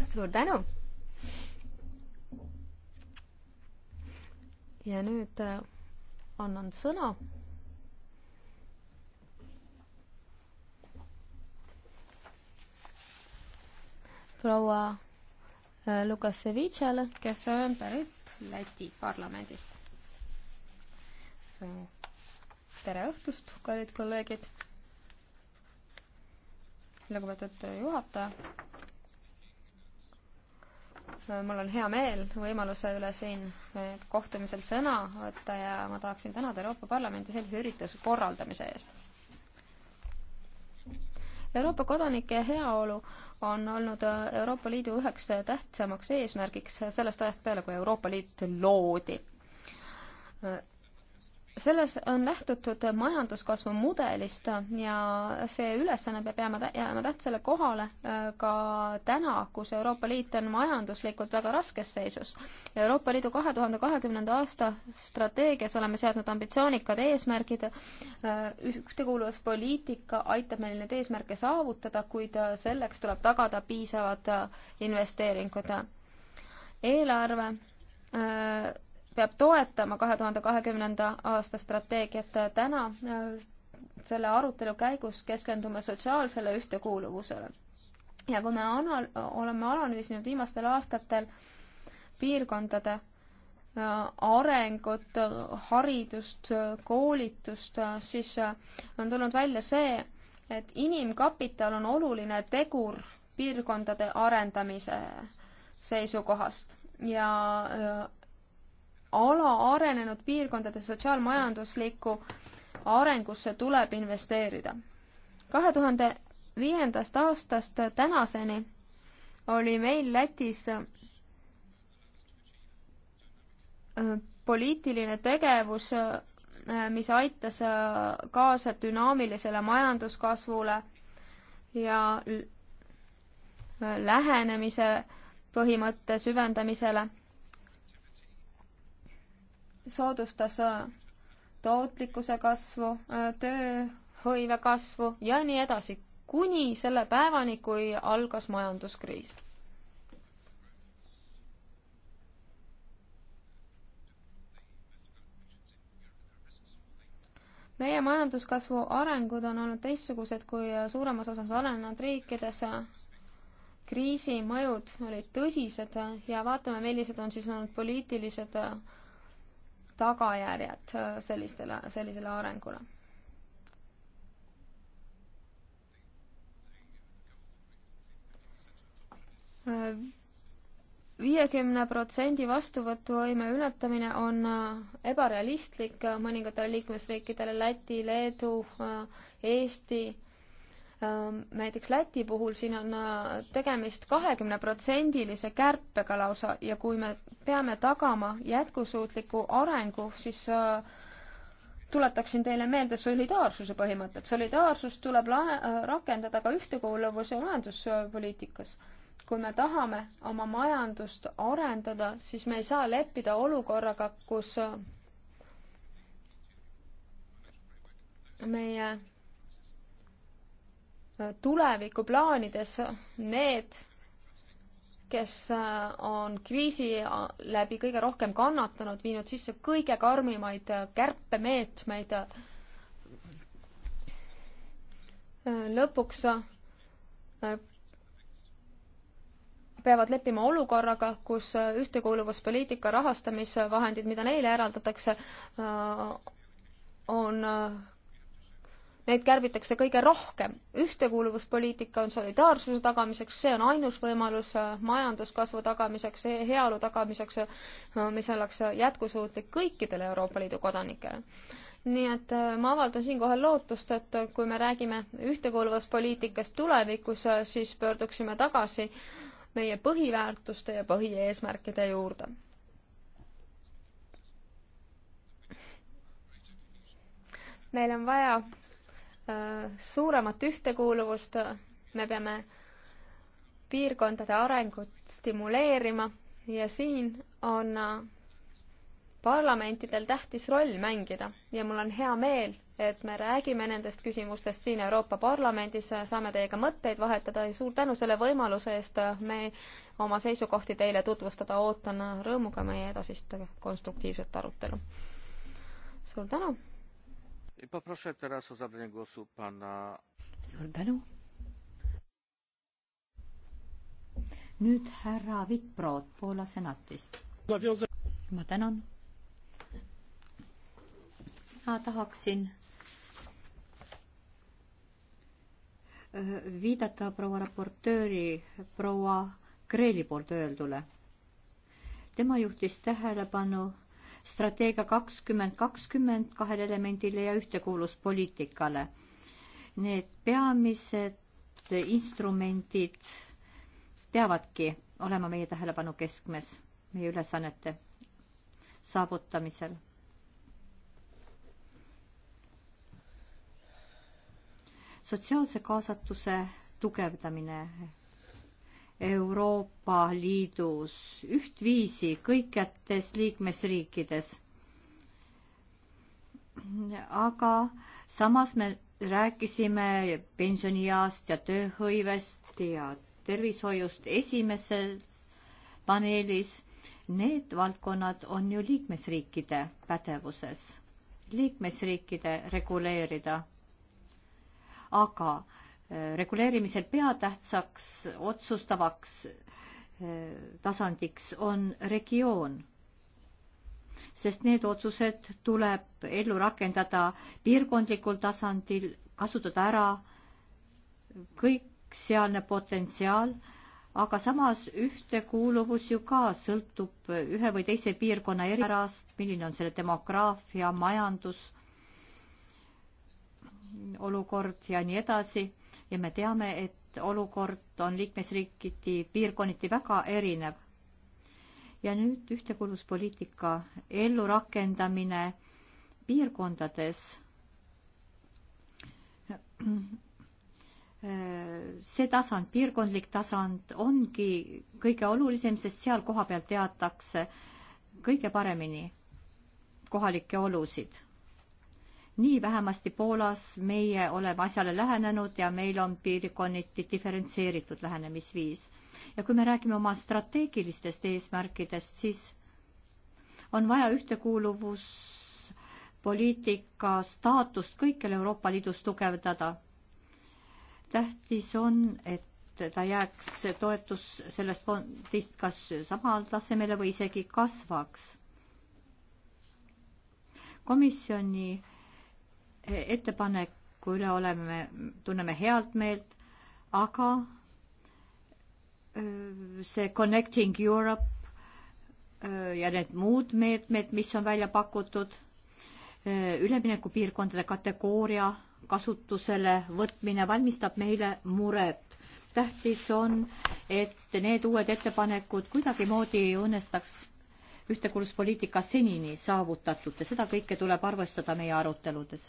E: suur tänu! ja nüüd äh, annan sõna proua äh, Lukasevitšale, kes on pärit Läti parlamendist. tere õhtust, kallid kolleegid! lugupeetud juhataja! Äh, mul on hea meel võimaluse üle siin äh, kohtumisel sõna võtta ja ma tahaksin tänada Euroopa Parlamendi sellise ürituse korraldamise eest Euroopa kodanike heaolu on olnud äh, Euroopa Liidu üheks tähtsamaks eesmärgiks sellest ajast peale, kui Euroopa Liit loodi äh, selles on lähtutud majanduskasvu mudelist ja see ülesanne peab jääma, jääma tähtsale kohale äh, ka täna, kus Euroopa Liit on majanduslikult väga raskes seisus. Euroopa Liidu kahe tuhande kahekümnenda aasta strateegias oleme seadnud ambitsioonikad eesmärgid. Äh, ühtekuuluvuspoliitika aitab meil neid eesmärke saavutada, kuid äh, selleks tuleb tagada piisavad investeeringud. eelarve peab toetama kahe tuhande kahekümnenda aasta strateegiat täna äh, selle arutelu käigus keskendume sotsiaalsele ühtekuuluvusele. ja kui me anal-, oleme analüüsinud viimastel aastatel piirkondade äh, arengut, haridust, koolitust, siis äh, on tulnud välja see, et inimkapital on oluline tegur piirkondade arendamise seisukohast ja alaarenenud piirkondade sotsiaalmajanduslikku arengusse tuleb investeerida. kahe tuhande viiendast aastast tänaseni oli meil Lätis äh, poliitiline tegevus, äh, mis aitas äh, kaasa dünaamilisele majanduskasvule ja lähenemise põhimõtte süvendamisele soodustas äh, tootlikkuse kasvu, äh, tööhõive kasvu ja nii edasi, kuni selle päevani, kui algas majanduskriis. meie majanduskasvu arengud on olnud teistsugused kui suuremas osas arenenud riikides. kriisi mõjud olid tõsised ja vaatame, millised on siis olnud poliitilised tagajärjed äh, sellistele, sellisele arengule. Äh, viiekümne protsendi vastuvõtuvõime ületamine on äh, ebarealistlik mõningatele liikmesriikidele, Läti, Leedu, Eesti näiteks Läti puhul siin on äh, tegemist kahekümneprotsendilise kärpega lausa ja kui me peame tagama jätkusuutliku arengu, siis äh, tuletaksin teile meelde solidaarsuse põhimõtet. solidaarsust tuleb lae-, äh, rakendada ka ühtekuuluvus- ja majanduspoliitikas. kui me tahame oma majandust arendada, siis me ei saa leppida olukorraga, kus meie tulevikuplaanides need, kes äh, on kriisi äh, läbi kõige rohkem kannatanud, viinud sisse kõige karmimaid äh, kärpemeetmeid. lõpuks peavad leppima olukorraga, kus ühtekuuluvuspoliitika rahastamisvahendid, mida neile eraldatakse, on neid kärbitakse kõige rohkem. ühtekuuluvuspoliitika on solidaarsuse tagamiseks, see on ainus võimalus äh, majanduskasvu tagamiseks, heaolu tagamiseks, äh, mis oleks äh, jätkusuutlik kõikidele Euroopa Liidu kodanikele nii et ma avaldan siinkohal lootust, et kui me räägime ühtekuuluvuspoliitikast tulevikus, siis pöörduksime tagasi meie põhiväärtuste ja põhieesmärkide juurde. meil on vaja suuremat ühtekuuluvust, me peame piirkondade arengut stimuleerima ja siin on parlamentidel tähtis roll mängida ja mul on hea meel, et me räägime nendest küsimustest siin Euroopa Parlamendis, saame teiega mõtteid vahetada ja suur tänu selle võimaluse eest, me oma seisukohti teile tutvustada, ootan rõõmuga meie edasist konstruktiivset arutelu. suur
B: tänu!
A: Poproszę teraz o zabranie głosu pana...
B: Suur tänu. Nüüd härra Vitprood Poola senatist. Ma tänan. Ma tahaksin äh, viidata proua raportööri proua Kreeli poolt öeldule. tema juhtis tähelepanu strateegia kakskümmend kakskümmend kahele elemendile ja ühtekuuluvuspoliitikale. Need peamised instrumendid peavadki olema meie tähelepanu keskmes meie ülesannete saavutamisel. sotsiaalse kaasatuse tugevdamine Euroopa Liidus ühtviisi kõikjates liikmesriikides. aga samas me rääkisime pensionieast ja tööhõivest ja tervishoiust esimeses paneelis. Need valdkonnad on ju liikmesriikide pädevuses, liikmesriikide reguleerida. aga reguleerimisel peatähtsaks otsustavaks eh, tasandiks on regioon, sest need otsused tuleb ellu rakendada piirkondlikul tasandil, kasutada ära kõik sealne potentsiaal, aga samas ühtekuuluvus ju ka sõltub ühe või teise piirkonna eripärast, milline on selle demograafia, majandus, olukord ja nii edasi ja me teame, et olukord on liikmesriikide piirkonniti väga erinev. ja nüüd ühtekuuluvuspoliitika ellurakendamine piirkondades see tasand, piirkondlik tasand ongi kõige olulisem, sest seal kohapeal teatakse kõige paremini kohalikke olusid nii vähemasti Poolas meie oleme asjale lähenenud ja meil on piirkonniti diferentseeritud lähenemisviis. ja kui me räägime oma strateegilistest eesmärkidest, siis on vaja ühtekuuluvuspoliitika staatust kõikjal Euroopa Liidus tugevdada. tähtis on, et ta jääks toetus sellest fondist kas samale tasemele või isegi kasvaks. komisjoni ettepaneku üle oleme, tunneme head meelt, aga see Connecting Europe ja need muud meetmed, mis on välja pakutud, üleminekupiirkondade kategooria kasutusele võtmine valmistab meile muret. tähtis on, et need uued ettepanekud kuidagimoodi ei õnnestaks ühtekuuluvuspoliitika senini saavutatut ja seda kõike tuleb arvestada meie aruteludes.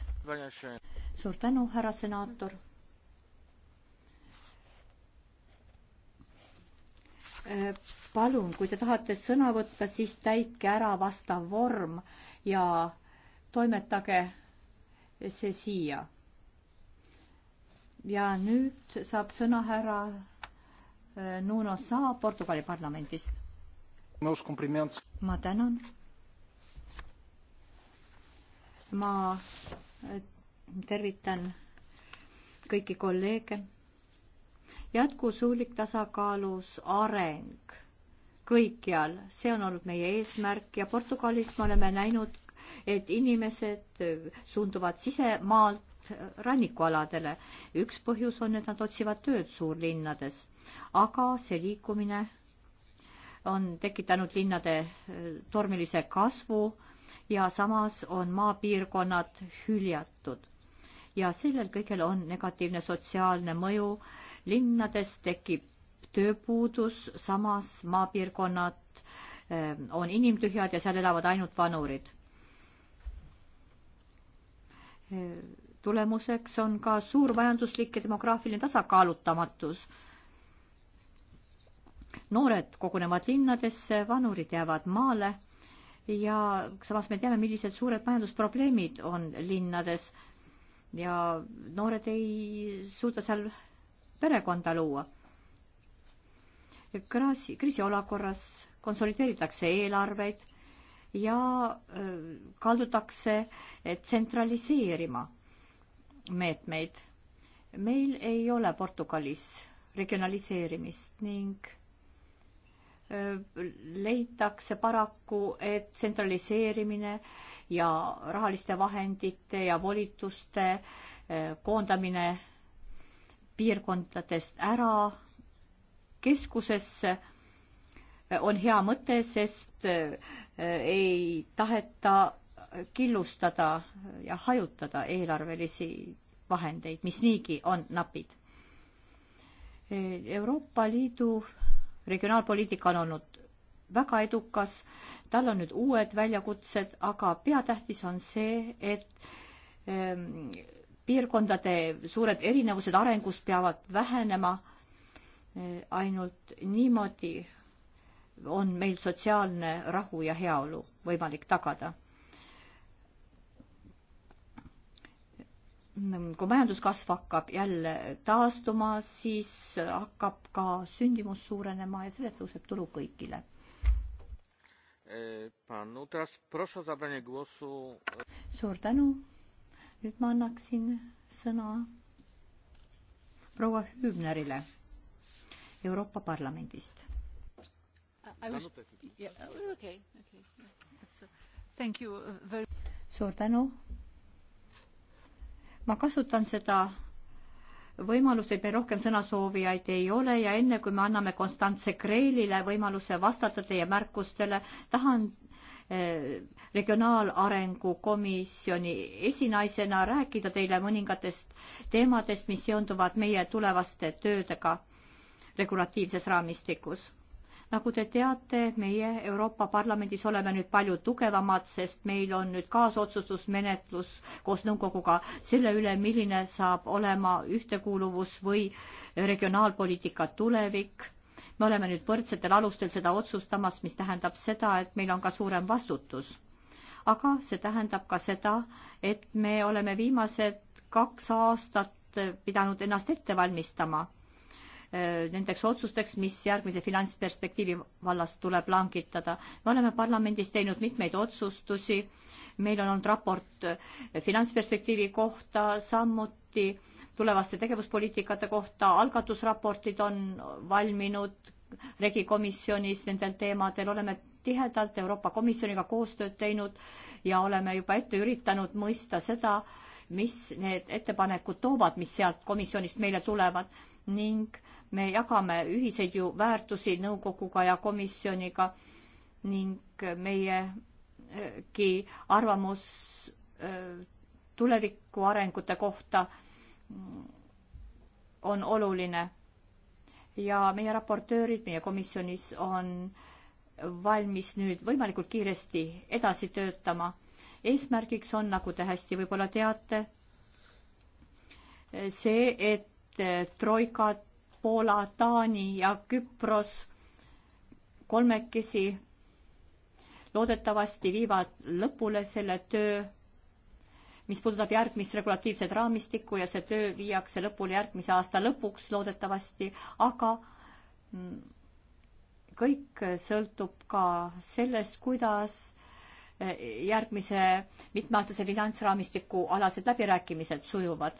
B: suur tänu, härra senaator. palun, kui te tahate sõna võtta, siis täitke ära vastav vorm ja toimetage see siia. ja nüüd saab sõna härra Nuno Saa Portugali parlamendist ma tänan. ma äh, tervitan kõiki kolleege. jätkusuulik tasakaalus areng kõikjal, see on olnud meie eesmärk ja Portugalis me oleme näinud, et inimesed äh, suunduvad sisemaalt äh, rannikualadele. üks põhjus on, et nad otsivad tööd suurlinnades, aga see liikumine on tekitanud linnade eh, tormilise kasvu ja samas on maapiirkonnad hüljatud. ja sellel kõigel on negatiivne sotsiaalne mõju. linnades tekib tööpuudus, samas maapiirkonnad eh, on inimtühjad ja seal elavad ainult vanurid. Eh, tulemuseks on ka suur majanduslik ja demograafiline tasakaalutamatus noored kogunevad linnadesse, vanurid jäävad maale ja samas me teame, millised suured majandusprobleemid on linnades ja noored ei suuda seal perekonda luua. kriisi, kriisiolukorras konsolideeritakse eelarveid ja kaldutakse eh, tsentraliseerima meetmeid. meil ei ole Portugalis regionaliseerimist ning leitakse paraku, et tsentraliseerimine ja rahaliste vahendite ja volituste koondamine piirkondadest ära keskusesse on hea mõte, sest ei taheta killustada ja hajutada eelarvelisi vahendeid, mis niigi on napid. Euroopa Liidu regionaalpoliitika on olnud väga edukas, tal on nüüd uued väljakutsed, aga peatähtis on see, et ähm, piirkondade suured erinevused arengus peavad vähenema. E, ainult niimoodi on meil sotsiaalne rahu ja heaolu võimalik tagada kui majanduskasv hakkab jälle taastuma, siis hakkab ka sündimus suurenema ja sellest tõuseb tulu kõigile. Eh, suur tänu. nüüd ma annaksin sõna proua Hübnerile Euroopa Parlamendist.
D: Uh,
B: suur tänu ma kasutan seda võimalust, et meil rohkem sõnasoovijaid ei ole ja enne kui me anname Konstantse Kreelile võimaluse vastata teie märkustele, tahan eh, regionaalarengu komisjoni esinaisena rääkida teile mõningatest teemadest, mis seonduvad meie tulevaste töödega regulatiivses raamistikus nagu te teate, meie Euroopa Parlamendis oleme nüüd palju tugevamad, sest meil on nüüd kaasotsustusmenetlus koos nõukoguga selle üle, milline saab olema ühtekuuluvus või regionaalpoliitika tulevik. me oleme nüüd võrdsetel alustel seda otsustamas, mis tähendab seda, et meil on ka suurem vastutus. aga see tähendab ka seda, et me oleme viimased kaks aastat pidanud ennast ette valmistama Äh, nendeks otsusteks, mis järgmise finantsperspektiivi vallas tuleb langitada. me oleme parlamendis teinud mitmeid otsustusi, meil on olnud raport äh, finantsperspektiivi kohta, samuti tulevaste tegevuspoliitikate kohta, algatusraportid on valminud regikomisjonis nendel teemadel, oleme tihedalt Euroopa Komisjoniga koostööd teinud ja oleme juba ette üritanud mõista seda, mis need ettepanekud toovad, mis sealt komisjonist meile tulevad ning me jagame ühiseid ju väärtusi nõukoguga ja komisjoniga ning meiegi arvamus äh, tuleviku arengute kohta mm, on oluline. ja meie raportöörid meie komisjonis on valmis nüüd võimalikult kiiresti edasi töötama. eesmärgiks on, nagu te hästi võib-olla teate, see, et äh, troikad Poola, Taani ja Küpros kolmekesi loodetavasti viivad lõpule selle töö, mis puudutab järgmist regulatiivset raamistikku ja see töö viiakse lõpule järgmise aasta lõpuks loodetavasti, aga mm, kõik sõltub ka sellest, kuidas eh, järgmise mitmeaastase finantsraamistiku alased läbirääkimised sujuvad.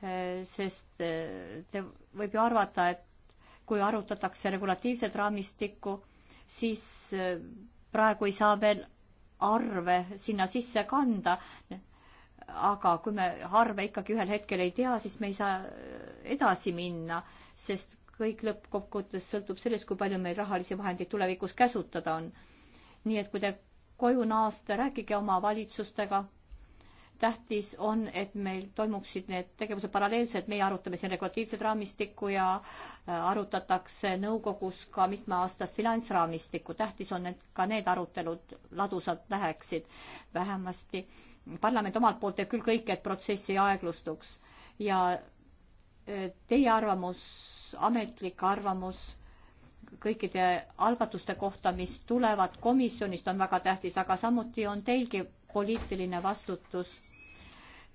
B: Äh, sest äh, te võib ju arvata, et kui arutatakse regulatiivset raamistikku, siis äh, praegu ei saa veel arve sinna sisse kanda. aga kui me arve ikkagi ühel hetkel ei tea, siis me ei saa edasi minna, sest kõik lõppkokkuvõttes sõltub sellest, kui palju meil rahalisi vahendeid tulevikus käsutada on. nii et kui te koju naaste, rääkige oma valitsustega tähtis on, et meil toimuksid need tegevused paralleelselt, meie arutame siin regulatiivset raamistikku ja äh, arutatakse nõukogus ka mitmeaastast finantsraamistikku, tähtis on, et ka need arutelud ladusalt läheksid vähemasti. parlament omalt poolt teeb küll kõike, et protsess ei aeglustuks ja äh, teie arvamus, ametlik arvamus kõikide algatuste kohta, mis tulevad komisjonist, on väga tähtis, aga samuti on teilgi poliitiline vastutus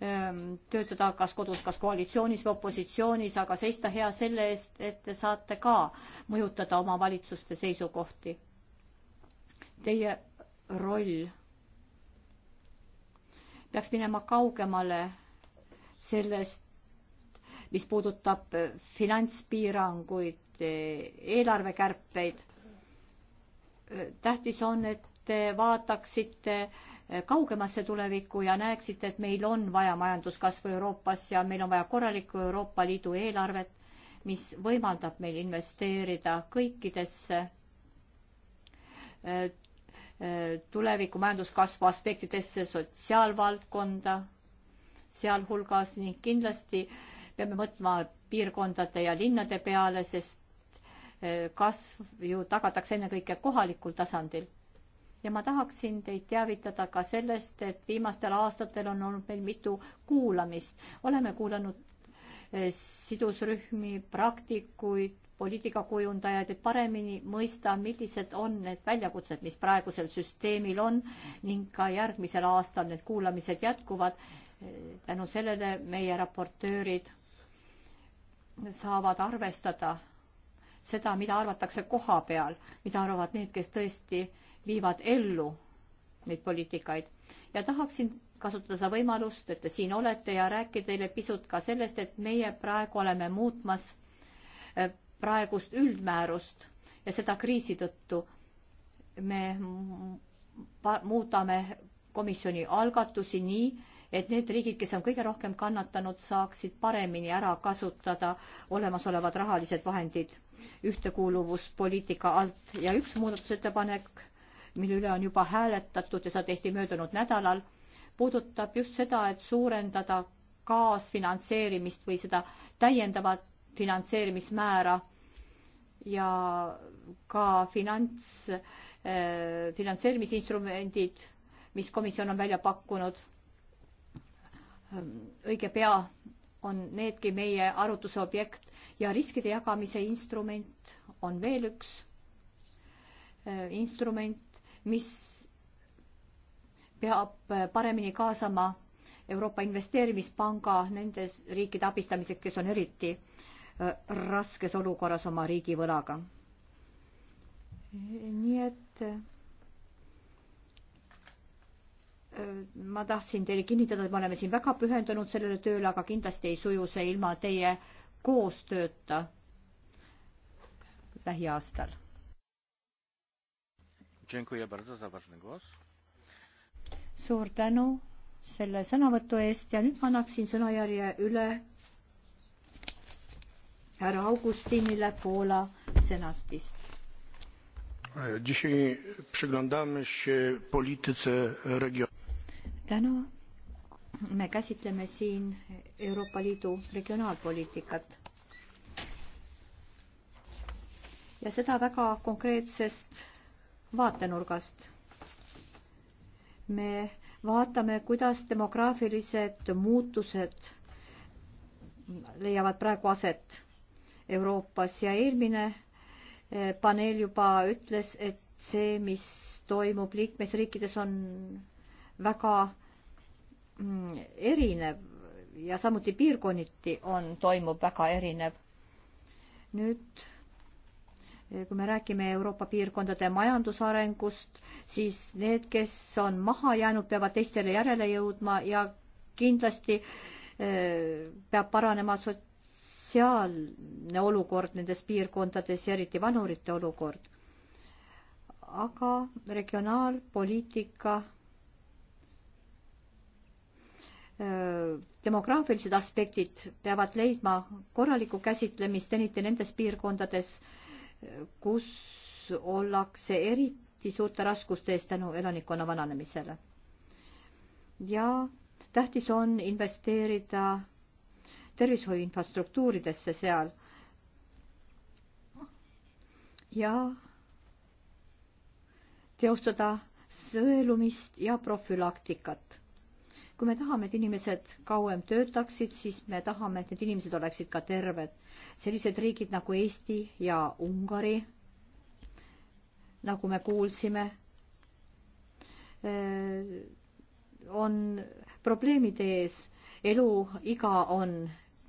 B: Ehm, töötada kas kodus, kas koalitsioonis või opositsioonis, aga seista hea selle eest, et te saate ka mõjutada oma valitsuste seisukohti. Teie roll peaks minema kaugemale sellest, mis puudutab finantspiiranguid, eelarvekärpeid. tähtis on, et te vaataksite äh, kaugemasse tulevikku ja näeksite, et meil on vaja majanduskasvu Euroopas ja meil on vaja korralikku Euroopa Liidu eelarvet, mis võimaldab meil investeerida kõikidesse äh, äh, tuleviku majanduskasvu aspektidesse, sotsiaalvaldkonda sealhulgas ning kindlasti peame mõtlema piirkondade ja linnade peale, sest äh, kasv ju tagatakse ennekõike kohalikul tasandil ja ma tahaksin teid teavitada ka sellest, et viimastel aastatel on olnud meil mitu kuulamist. oleme kuulanud eh, sidusrühmi, praktikuid, poliitikakujundajaid, et paremini mõista, millised on need väljakutsed, mis praegusel süsteemil on ning ka järgmisel aastal need kuulamised jätkuvad. Eh, tänu sellele meie raportöörid saavad arvestada seda, mida arvatakse koha peal, mida arvavad need, kes tõesti äh, viivad ellu neid poliitikaid ja tahaksin kasutada seda võimalust, et te siin olete ja rääkida teile pisut ka sellest, et meie praegu oleme muutmas eh, praegust üldmäärust ja seda kriisi tõttu me muudame komisjoni algatusi nii, et need riigid, kes on kõige rohkem kannatanud, saaksid paremini ära kasutada olemasolevad rahalised vahendid ühtekuuluvuspoliitika alt ja üks muudatusettepanek mille üle on juba hääletatud ja seda tehti möödunud nädalal, puudutab just seda, et suurendada kaasfinantseerimist või seda täiendavat finantseerimismäära ja ka finants äh,, finantseerimisinstrumendid, mis komisjon on välja pakkunud õige pea on needki meie arutluse objekt ja riskide jagamise instrument on veel üks eh, instrument, mis peab paremini kaasama Euroopa Investeerimispanga nendes riikide abistamiseks, kes on eriti äh, raskes olukorras oma riigivõlaga. nii et äh, ma tahtsin teile kinnitada, et me oleme siin väga pühendunud sellele tööle, aga kindlasti ei suju see ilma teie koostööta lähiaastal suur tänu selle sõnavõtu eest ja nüüd ma annaksin sõnajärje üle härra Augustinile Poola senatist. täna me käsitleme siin Euroopa Liidu regionaalpoliitikat ja seda väga konkreetsest vaatenurgast. me vaatame, kuidas demograafilised muutused leiavad praegu aset Euroopas ja eelmine eh, paneel juba ütles, et see, mis toimub liikmesriikides, on väga mm, erinev ja samuti piirkonniti on, toimub väga erinev. nüüd kui me räägime Euroopa piirkondade majandusarengust, siis need, kes on maha jäänud, peavad teistele järele jõudma ja kindlasti eh, peab paranema sotsiaalne olukord nendes piirkondades ja eriti vanurite olukord. aga regionaalpoliitika eh, demograafilised aspektid peavad leidma korralikku käsitlemist, eriti nendes piirkondades, kus ollakse eriti suurte raskuste eest tänu elanikkonna vananemisele. ja tähtis on investeerida tervishoiu infrastruktuuridesse seal. ja teostada sõelumist ja profülaktikat kui me tahame, et inimesed kauem töötaksid, siis me tahame, et need inimesed oleksid ka terved. sellised riigid nagu Eesti ja Ungari, nagu me kuulsime, eh, on probleemide ees, eluiga on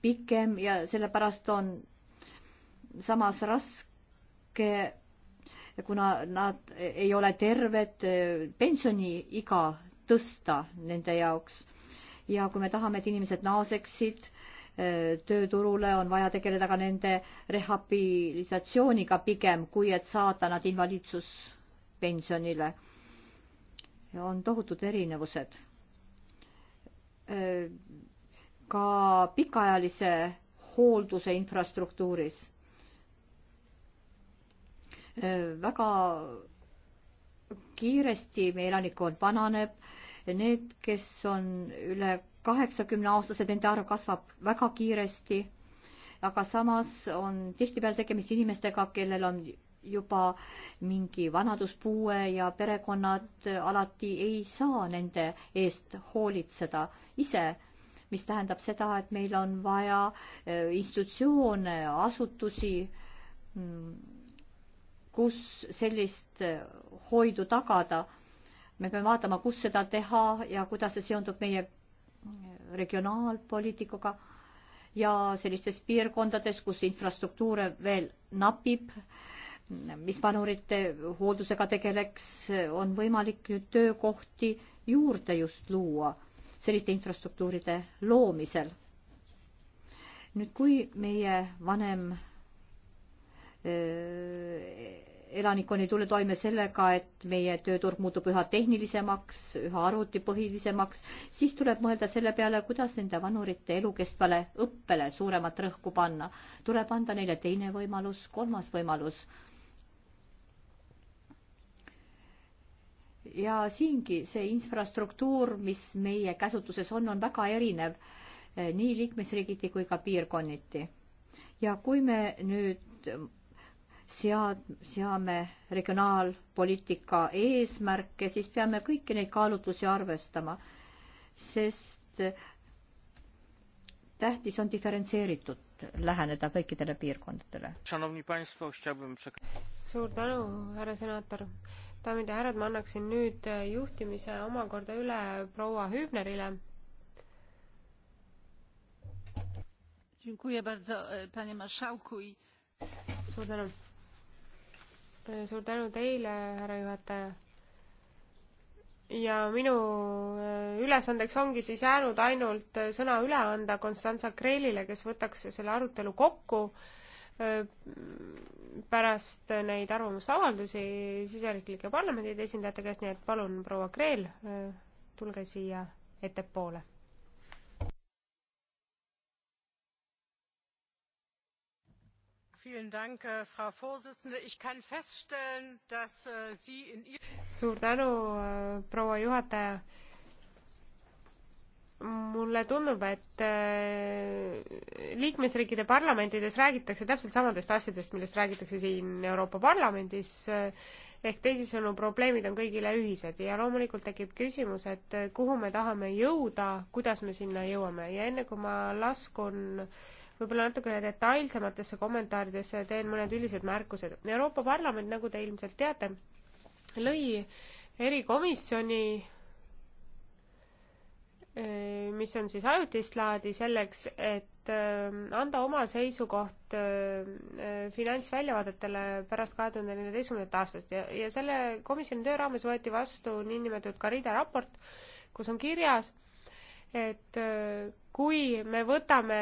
B: pikem ja sellepärast on samas raske kuna nad ei ole terved, eh, pensioniiga tõsta nende jaoks. ja kui me tahame, et inimesed naaseksid äh, tööturule, on vaja tegeleda ka nende rehabilitatsiooniga pigem, kui et saada nad invaliidsuspensionile. on tohutud erinevused. Äh, ka pikaajalise hoolduse infrastruktuuris äh, väga kiiresti meie elanikkond vananeb, need, kes on üle kaheksakümne aastased, nende arv kasvab väga kiiresti, aga samas on tihtipeale tegemist inimestega, kellel on juba mingi vanaduspuue ja perekonnad alati ei saa nende eest hoolitseda ise mis tähendab seda, et meil on vaja eh, institutsioone, asutusi, mm, kus sellist äh, hoidu tagada. me peame vaatama, kus seda teha ja kuidas see seondub meie äh, regionaalpoliitikaga ja sellistes piirkondades, kus infrastruktuure veel napib, mis vanurite hooldusega tegeleks, on võimalik nüüd töökohti juurde just luua selliste infrastruktuuride loomisel. nüüd, kui meie vanem elanikkonni tulla toime sellega, et meie tööturg muutub üha tehnilisemaks, üha arvutipõhilisemaks, siis tuleb mõelda selle peale, kuidas nende vanurite elukestvale õppele suuremat rõhku panna. tuleb anda neile teine võimalus, kolmas võimalus. ja siingi see infrastruktuur, mis meie käsutuses on, on väga erinev eh, nii liikmesriigiti kui ka piirkonniti. ja kui me nüüd sead-, seame regionaalpoliitika eesmärke, siis peame kõiki neid kaalutlusi arvestama, sest tähtis on diferentseeritud läheneda kõikidele piirkondadele.
C: suur tänu, härra senaator. daamid ja härrad, ma annaksin nüüd juhtimise omakorda üle proua Hübnerile
D: e, suur tänu!
C: suur tänu teile, härra juhataja. ja minu äh, ülesandeks ongi siis jäänud ainult äh, sõna üle anda Konstanza Kreelile, kes võtaks selle arutelu kokku äh, pärast neid arvamusavaldusi siseriiklike parlamendide esindajate käest, nii et palun, proua Kreel, tulge siia ettepoole
A: Äh, äh,
C: suur tänu, äh, proua juhataja. mulle tundub, et liikmesriikide parlamentides räägitakse täpselt samadest asjadest, millest räägitakse siin Euroopa Parlamendis ehk teisisõnu, probleemid on kõigile ühised ja loomulikult tekib küsimus, et kuhu me tahame jõuda, kuidas me sinna jõuame ja enne kui ma laskun äh, võib-olla natukene detailsematesse kommentaaridesse teen mõned üldised märkused. Euroopa Parlament, nagu te ilmselt teate, lõi erikomisjoni, eh, mis on siis ajutist laadi, selleks, et eh, anda oma seisukoht eh, finantsväljavaadetele pärast kahe tuhande neljateistkümnendat aastast ja, ja selle komisjoni töö raames võeti vastu niinimetatud Carida raport, kus on kirjas, et kui me võtame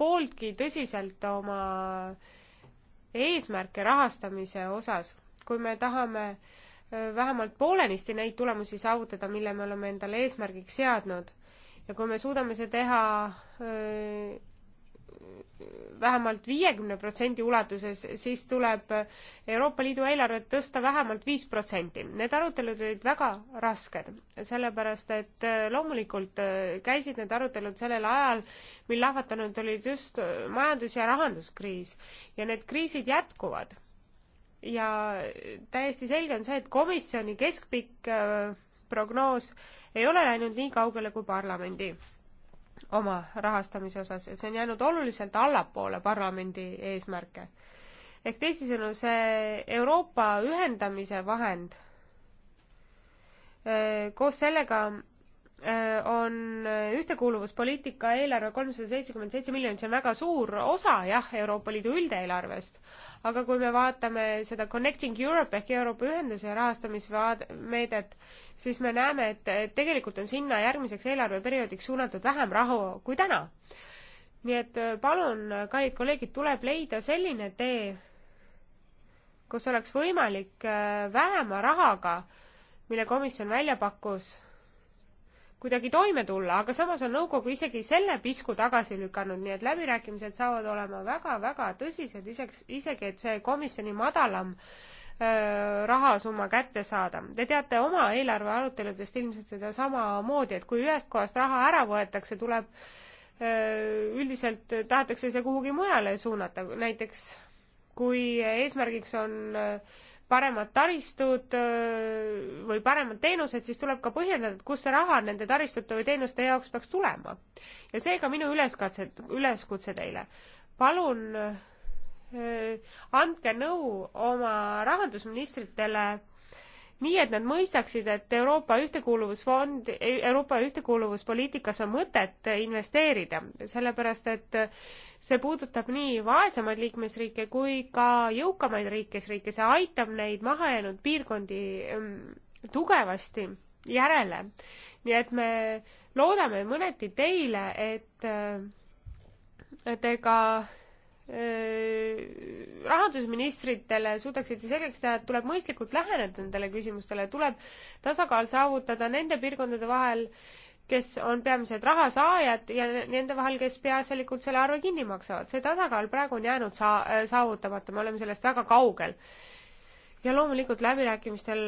C: pooltki tõsiselt oma eesmärke rahastamise osas, kui me tahame äh, vähemalt poolenisti neid tulemusi saavutada, mille me oleme endale eesmärgiks seadnud ja kui me suudame see teha öö, äh, vähemalt viiekümne protsendi ulatuses, siis tuleb Euroopa Liidu eelarvet tõsta vähemalt viis protsenti. Need arutelud olid väga rasked, sellepärast et äh, loomulikult äh, käisid need arutelud sellel ajal, mil lahvatanud olid just äh, majandus- ja rahanduskriis ja need kriisid jätkuvad. ja täiesti selge on see, et komisjoni keskpikk prognoos ei ole läinud nii kaugele kui parlamendi oma rahastamise osas ja see on jäänud oluliselt allapoole parlamendi eesmärke. ehk teisisõnu, see Euroopa ühendamise vahend koos sellega, Äh, on äh, ühtekuuluvuspoliitika eelarve kolmsada seitsekümmend seitse miljonit, see on väga suur osa jah, Euroopa Liidu üldeelarvest, aga kui me vaatame seda Connecting Europe ehk Euroopa Ühenduse rahastamisvaad-, meedet, siis me näeme, et tegelikult on sinna järgmiseks eelarveperioodiks suunatud vähem raha kui täna. nii et äh, palun, kallid kolleegid, tuleb leida selline tee, kus oleks võimalik vähema rahaga, mille komisjon välja pakkus kuidagi toime tulla, aga samas on nõukogu isegi selle pisku tagasi lükanud, nii et läbirääkimised saavad olema väga-väga tõsised, iseks, isegi et see komisjoni madalam öö, rahasumma kätte saada. Te teate oma eelarve aruteludest ilmselt seda samamoodi, et kui ühest kohast raha ära võetakse, tuleb öö, üldiselt tahetakse see kuhugi mujale suunata, näiteks kui eesmärgiks on öö, paremad taristud või paremad teenused, siis tuleb ka põhjendada, et kust see raha nende taristute või teenuste jaoks peaks tulema. ja seega minu üleskatse, üleskutse teile. palun andke nõu oma rahandusministritele nii et nad mõistaksid, et Euroopa Ühtekuuluvusfond, Euroopa Ühtekuuluvuspoliitikas on mõtet investeerida, sellepärast et see puudutab nii vaesemaid liikmesriike kui ka jõukamaid riikesriike, see aitab neid mahajäänud piirkondi mm, tugevasti järele. nii et me loodame mõneti teile, et te ka Äh, rahandusministritele suudaksite selgeks teha, et tuleb mõistlikult läheneda nendele küsimustele, tuleb tasakaal saavutada nende piirkondade vahel, kes on peamised rahasaajad ja nende vahel, kes peaasjalikult selle arve kinni maksavad. see tasakaal praegu on jäänud saa-, äh, saavutamata, me oleme sellest väga kaugel. ja loomulikult läbirääkimistel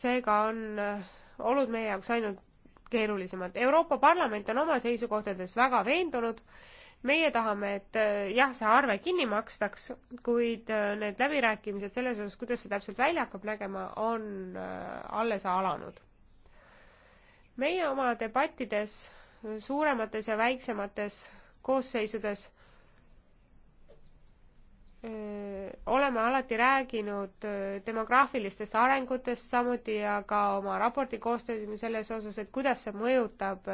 C: seega on äh, olud meie jaoks ainult keerulisemad. Euroopa Parlament on oma seisukohtades väga veendunud äh, meie tahame, et äh, jah, see arve kinni makstaks, kuid äh, need läbirääkimised selles osas, kuidas see täpselt välja hakkab nägema, on äh, alles alanud. meie oma debattides suuremates ja väiksemates koosseisudes oleme alati rääkinud demograafilistest arengutest samuti ja ka oma raporti koostasime selles osas, et kuidas see mõjutab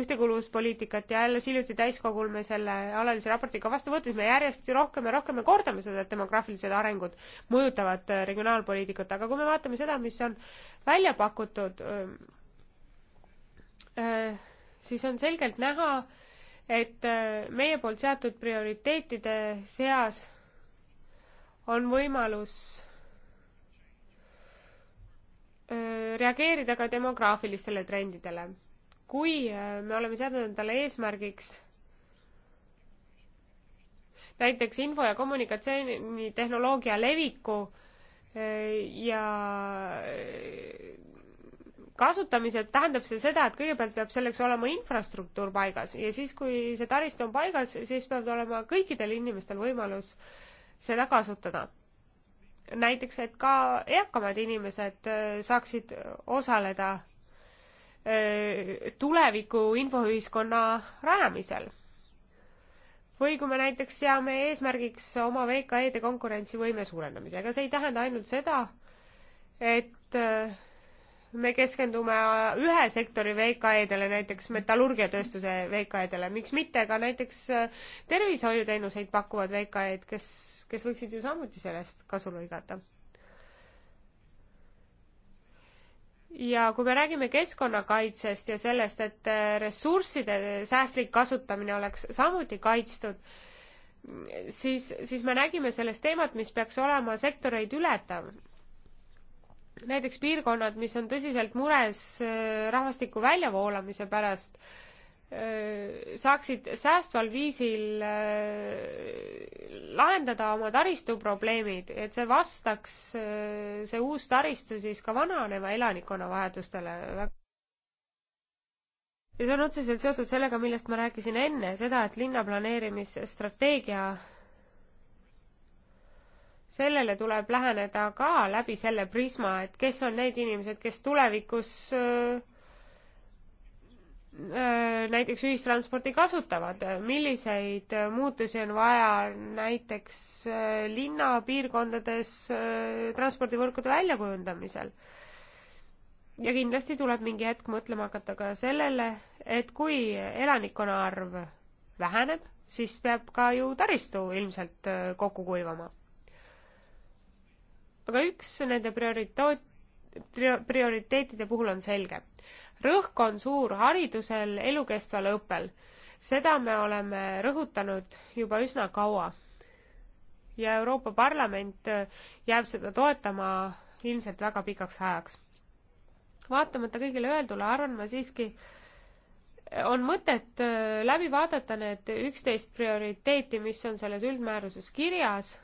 C: ühtekuuluvuspoliitikat ja alles hiljuti täiskogul me selle alalise raportiga vastu võtsime järjest rohkem ja rohkem me kordame seda, et demograafilised arengud mõjutavad regionaalpoliitikat, aga kui me vaatame seda, mis on välja pakutud, siis on selgelt näha, et meie poolt seatud prioriteetide seas on võimalus reageerida ka demograafilistele trendidele. kui me oleme seadnud endale eesmärgiks näiteks info- ja kommunikatsioonitehnoloogia leviku ja kasutamisel tähendab see seda, et kõigepealt peab selleks olema infrastruktuur paigas ja siis, kui see taristu on paigas, siis peab olema kõikidel inimestel võimalus äh, seda kasutada. näiteks, et ka eakamad inimesed äh, saaksid osaleda äh, tuleviku infoühiskonna rajamisel. või kui me näiteks seame eesmärgiks oma VKE-de konkurentsivõime suurendamise, aga see ei tähenda ainult seda, et äh, me keskendume ühe sektori VKE-dele, näiteks metallurgiatööstuse VKE-dele, miks mitte ka näiteks äh, tervishoiuteenuseid pakuvad VKE-d, kes, kes võiksid ju samuti sellest kasu lõigata. ja kui me räägime keskkonnakaitsest ja sellest, et äh, ressursside säästlik kasutamine oleks samuti kaitstud, siis, siis me nägime sellest teemat, mis peaks olema sektoreid ületav näiteks piirkonnad, mis on tõsiselt mures äh, rahvastiku väljavoolamise pärast, äh, saaksid säästval viisil äh, lahendada oma taristu probleemid, et see vastaks, see uus taristu siis ka vananeva elanikkonna vajadustele. ja see on otseselt seotud sellega, millest ma rääkisin enne, seda, et linnaplaneerimisstrateegia sellele tuleb läheneda ka läbi selle prisma, et kes on need inimesed, kes tulevikus öö, näiteks ühistransporti kasutavad, milliseid muutusi on vaja näiteks linnapiirkondades transpordivõrkude väljakujundamisel. ja kindlasti tuleb mingi hetk mõtlema hakata ka sellele, et kui elanikkonna arv väheneb, siis peab ka ju taristu ilmselt kokku kuivama aga üks nende prioriteet, prioriteetide puhul on selge. rõhk on suur haridusel, elukestval õppel. seda me oleme rõhutanud juba üsna kaua. ja Euroopa Parlament äh, jääb seda toetama ilmselt väga pikaks ajaks. vaatamata kõigile öeldule, arvan ma siiski, on mõtet äh, läbi vaadata need üksteist prioriteeti, mis on selles üldmääruses kirjas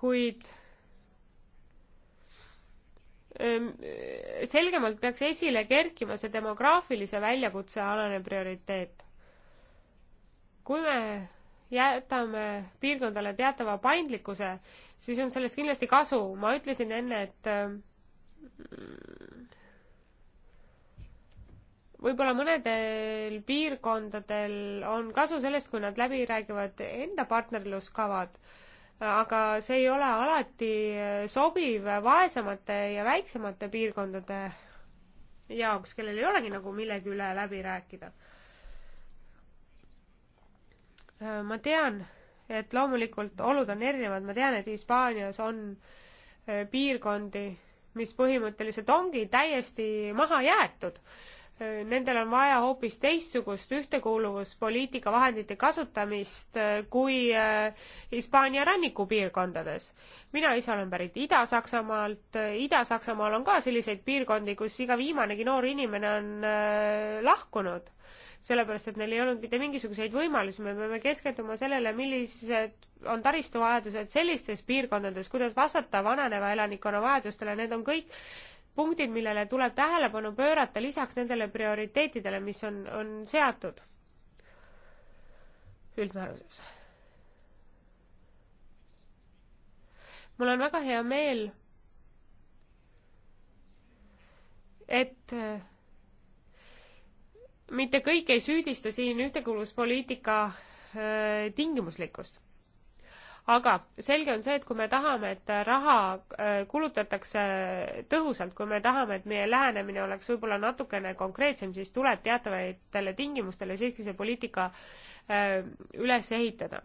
C: kuid ehm, selgemalt peaks esile kerkima see demograafilise väljakutse alane prioriteet. kui me jätame piirkondadele teatava paindlikkuse, siis on sellest kindlasti kasu. ma ütlesin enne, et ehm, võib-olla mõnedel piirkondadel on kasu sellest, kui nad läbi räägivad enda partnerluskavad aga see ei ole alati sobiv vaesemate ja väiksemate piirkondade jaoks, kellel ei olegi nagu millegi üle läbi rääkida. ma tean, et loomulikult olud on erinevad, ma tean, et Hispaanias on eh, piirkondi, mis põhimõtteliselt ongi täiesti maha jäetud nendel on vaja hoopis teistsugust ühtekuuluvuspoliitika vahendite kasutamist äh, kui äh, Hispaania rannikupiirkondades. mina ise olen pärit Ida-Saksamaalt, Ida-Saksamaal on ka selliseid piirkondi, kus iga viimanegi noor inimene on äh, lahkunud, sellepärast et neil ei olnud mitte mingisuguseid võimalusi, me peame keskenduma sellele, millised on taristuvajadused sellistes piirkondades, kuidas vastata vananeva elanikkonna vajadustele, need on kõik punktid, millele tuleb tähelepanu pöörata lisaks nendele prioriteetidele, mis on, on seatud üldmääruses. mul on väga hea meel, et mitte kõik ei süüdista siin ühtekuuluvuspoliitika äh, tingimuslikkust aga selge on see, et kui me tahame, et raha äh, kulutatakse äh, tõhusalt, kui me tahame, et meie lähenemine oleks võib-olla natukene konkreetsem, siis tuleb teatavatele tingimustele siiski see poliitika äh, üles ehitada.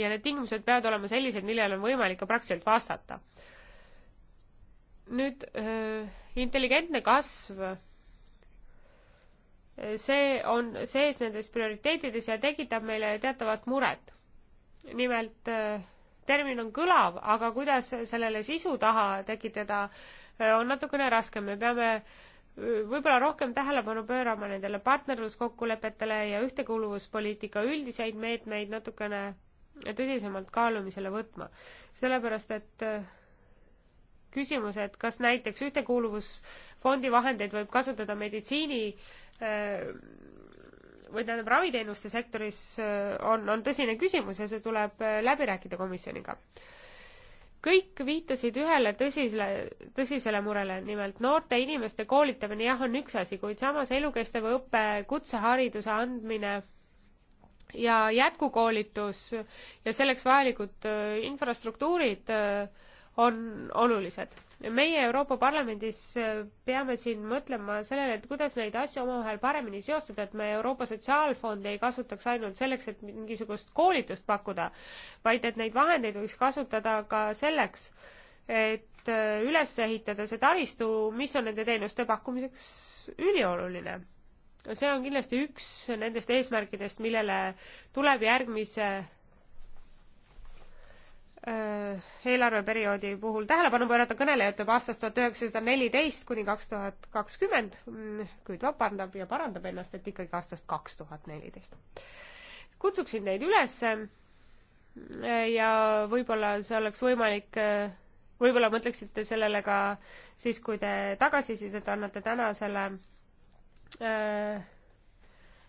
C: ja need tingimused peavad olema sellised, millele on võimalik ka praktiliselt vastata. nüüd intelligentne kasv see on sees nendes prioriteetides ja tekitab meile teatavat muret. nimelt äh, termin on kõlav, aga kuidas sellele sisu taha tekitada, äh, on natukene raskem, me peame äh, võib-olla rohkem tähelepanu pöörama nendele partnerluskokkulepetele ja ühtekuuluvuspoliitika üldiseid meetmeid natukene tõsisemalt kaalumisele võtma. sellepärast, et küsimus, et kas näiteks ühtekuuluvus fondi vahendeid võib kasutada meditsiini või tähendab, raviteenuste sektoris äh, on, on tõsine küsimus ja see tuleb äh, läbi rääkida komisjoniga. kõik viitasid ühele tõsisele, tõsisele murele, nimelt noorte inimeste koolitamine, jah, on üks asi, kuid samas elukestev õpe, kutsehariduse andmine ja jätkukoolitus ja selleks vajalikud äh, infrastruktuurid on olulised meie Euroopa Parlamendis äh, peame siin mõtlema sellele, et kuidas neid asju omavahel paremini seostada, et me Euroopa Sotsiaalfondi ei kasutaks ainult selleks, et mingisugust koolitust pakkuda, vaid et neid vahendeid võiks kasutada ka selleks, et äh, üles ehitada see taristu, mis on nende teenuste pakkumiseks ülioluline. see on kindlasti üks nendest eesmärkidest, millele tuleb järgmise Äh, eelarveperioodi puhul tähelepanu pöörata, kõneleja ütleb aastast tuhat üheksasada neliteist kuni kaks tuhat kakskümmend, kuid vabandab ja parandab ennast, et ikkagi aastast kaks tuhat neliteist. kutsuksin teid üles äh, ja võib-olla see oleks võimalik, äh, võib-olla mõtleksite sellele ka siis, kui te tagasisidet annate tänasele äh,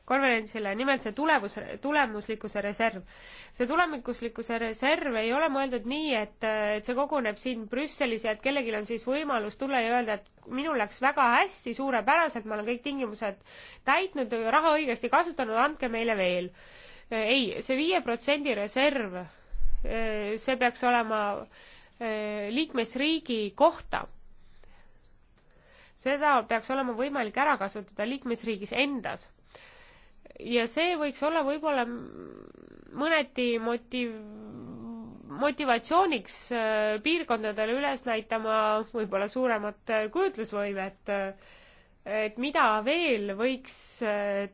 C: konverentsile, nimelt see tulevus, tulemuslikkuse reserv. see tulemuslikkuse reserv ei ole mõeldud nii, et, et see koguneb siin Brüsselis ja et kellelgi on siis võimalus tulla ja öelda, et minul läks väga hästi, suurepäraselt, ma olen kõik tingimused täitnud, raha õigesti kasutanud, andke meile veel. ei, see viie protsendi reserv, see peaks olema liikmesriigi kohta seda peaks olema võimalik ära kasutada liikmesriigis endas ja see võiks olla võib-olla mõneti motiv-, motivatsiooniks äh, piirkondadele üles näitama võib-olla suuremat äh, kujutlusvõimet, äh, et mida veel võiks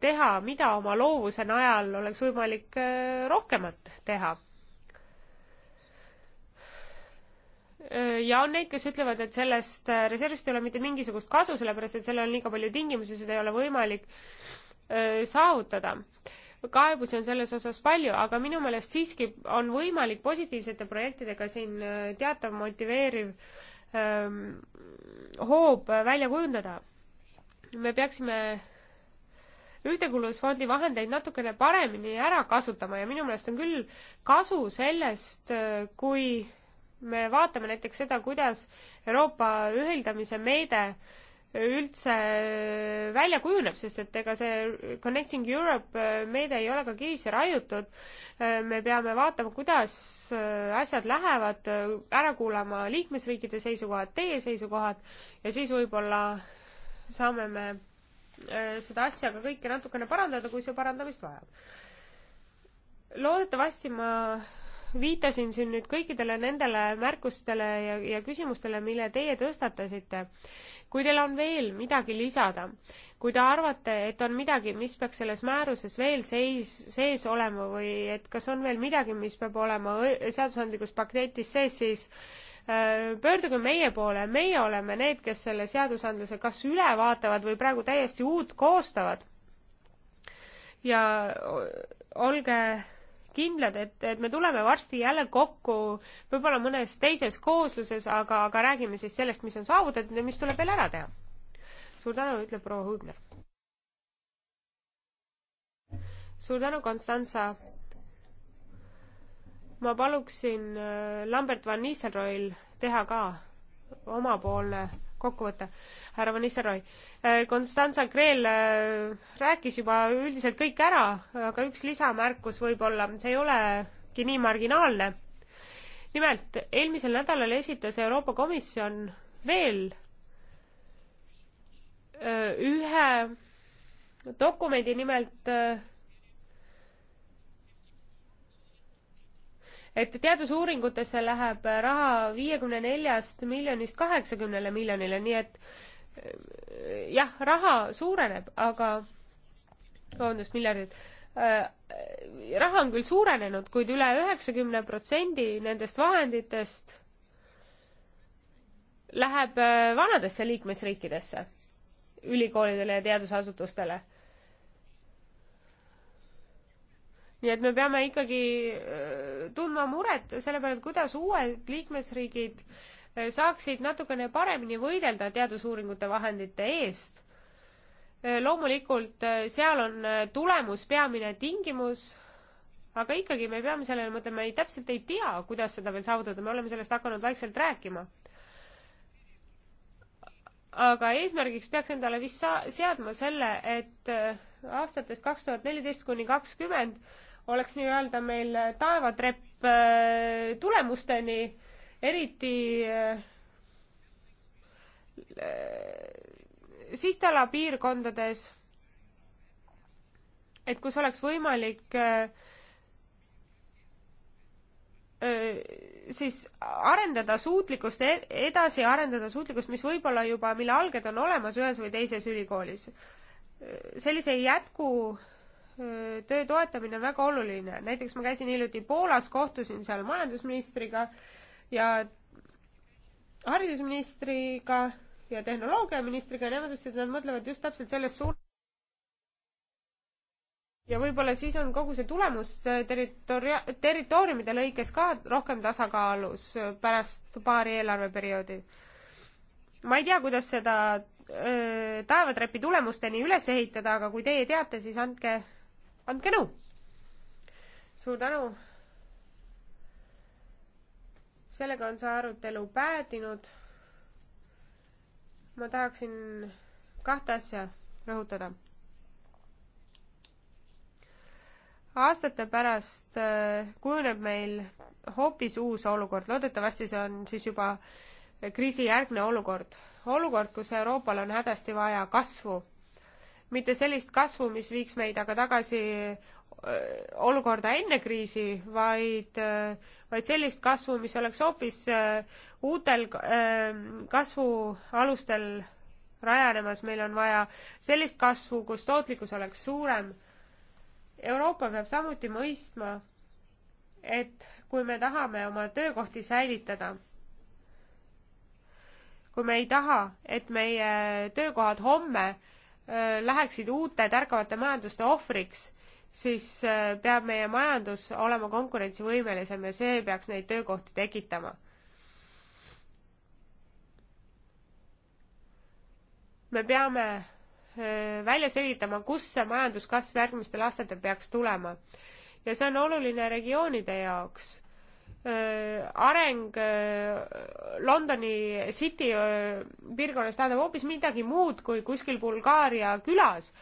C: teha, mida oma loovuse najal oleks võimalik rohkemat teha ja on neid, kes ütlevad, et sellest reservist ei ole mitte mingisugust kasu, sellepärast et sellel on liiga palju tingimusi, seda ei ole võimalik saavutada kaebusi on selles osas palju, aga minu meelest siiski on võimalik positiivsete projektidega siin teatav motiveeriv ähm, hoob välja kujundada. me peaksime ühtekuuluvusfondi vahendeid natukene paremini ära kasutama ja minu meelest on küll kasu sellest, kui me vaatame näiteks seda, kuidas Euroopa ühildamise meede äh, üldse välja kujuneb, sest et ega see Connecting Europe äh, meede ei ole ka kivisse raiutud. Äh, me peame vaatama, kuidas äh, asjad lähevad, ära kuulama liikmesriikide seisukohad, teie seisukohad ja siis võib-olla saame me seda asja ka kõike natukene parandada, kui see parandamist vajab. loodetavasti ma viitasin siin nüüd kõikidele nendele märkustele ja, ja küsimustele, mille teie tõstatasite. kui teil on veel midagi lisada, kui te arvate, et on midagi, mis peaks selles määruses veel seis, sees olema või et kas on veel midagi, mis peab olema seadusandlikus paketis sees, siis äh, pöörduge meie poole, meie oleme need, kes selle seadusandluse kas üle vaatavad või praegu täiesti uut koostavad. ja olge kindlad, et, et me tuleme varsti jälle kokku võib-olla mõnes teises koosluses, aga, aga räägime siis sellest, mis on saavutatud ja mis tuleb veel ära teha. suur tänu, ütleb proua Hübner. suur tänu, Konstantsa. ma paluksin äh, Lambert Van Nistelrooil teha ka omapoolne kokku võtta. härra Van Nistelrooy, Konstanza äh, Kreel äh, rääkis juba üldiselt kõik ära, aga üks lisamärkus võib-olla, see ei olegi nii marginaalne. nimelt, eelmisel nädalal esitas Euroopa Komisjon veel äh, ühe dokumendi, nimelt et teadusuuringutesse läheb raha viiekümne neljast miljonist kaheksakümnele miljonile, nii et äh, jah, raha suureneb, aga vabandust, miljardid äh, raha on küll suurenenud, kuid üle üheksakümne protsendi nendest vahenditest läheb äh, vanadesse liikmesriikidesse, ülikoolidele ja teadusasutustele. nii et me peame ikkagi äh, tundma muret selle peale, et kuidas uued liikmesriigid äh, saaksid natukene paremini võidelda teadusuuringute vahendite eest. Äh, loomulikult seal on tulemus peamine tingimus, aga ikkagi me peame sellele mõtlema, ei täpselt ei tea, kuidas seda veel saavutada, me oleme sellest hakanud vaikselt rääkima. aga eesmärgiks peaks endale vist sa-, seadma selle, et aastatest kaks tuhat neliteist kuni kakskümmend 20 oleks nii-öelda meil taevatrepp äh, tulemusteni, eriti äh, äh, sihtala piirkondades, et kus oleks võimalik siis arendada suutlikkust, e-, edasi arendada suutlikkust, mis võib-olla juba, mille alged on olemas ühes või teises ülikoolis. sellise jätku töö toetamine on väga oluline. näiteks ma käisin hiljuti Poolas, kohtusin seal majandusministriga ja haridusministriga ja tehnoloogiaministriga ja nemad ütlesid, et nad mõtlevad just täpselt selles suunas. ja võib-olla siis on kogu see tulemus territoria-, territooriumide lõikes ka rohkem tasakaalus pärast paari eelarveperioodi. ma ei tea, kuidas seda taevatrepi tulemusteni üles ehitada, aga kui teie teate, siis andke andke nõu. suur tänu. sellega on see arutelu päädinud. ma tahaksin kahte asja rõhutada. aastate pärast äh, kujuneb meil hoopis uus olukord, loodetavasti see on siis juba kriisijärgne olukord, olukord, kus Euroopal on hädasti vaja kasvu mitte sellist kasvu, mis viiks meid aga tagasi olukorda enne kriisi, vaid, vaid sellist kasvu, mis oleks hoopis uutel kasvualustel rajanemas, meil on vaja sellist kasvu, kus tootlikkus oleks suurem. Euroopa peab samuti mõistma, et kui me tahame oma töökohti säilitada, kui me ei taha, et meie töökohad homme äh, läheksid uute tärkavate majanduste ohvriks, siis äh, peab meie majandus olema konkurentsivõimelisem ja see peaks neid töökohti tekitama. me peame äh, välja selgitama, kust see majanduskasv järgmistel aastatel peaks tulema. ja see on oluline regioonide jaoks areng Londoni City piirkonnas tähendab hoopis midagi muud kui kuskil Bulgaaria külas.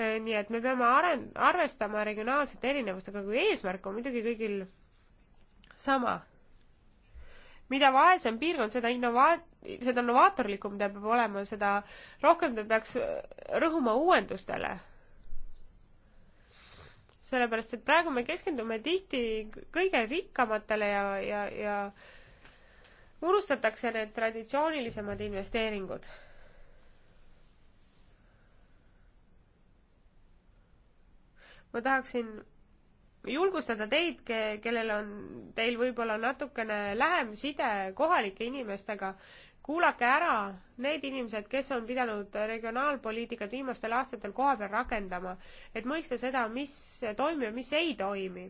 C: nii et me peame aren-, arvestama regionaalsete erinevustega, kui eesmärk on muidugi kõigil sama. mida vaesem piirkond, seda innova-, seda novaatorlikum ta peab olema, seda rohkem ta peaks rõhuma uuendustele sellepärast et praegu me keskendume tihti kõige rikkamatele ja, ja, ja unustatakse need traditsioonilisemad investeeringud. ma tahaksin julgustada teid, kellel on, teil võib-olla natukene lähem side kohalike inimestega, kuulake ära need inimesed, kes on pidanud regionaalpoliitikat viimastel aastatel kohapeal rakendama, et mõista seda, mis toimib ja mis ei toimi.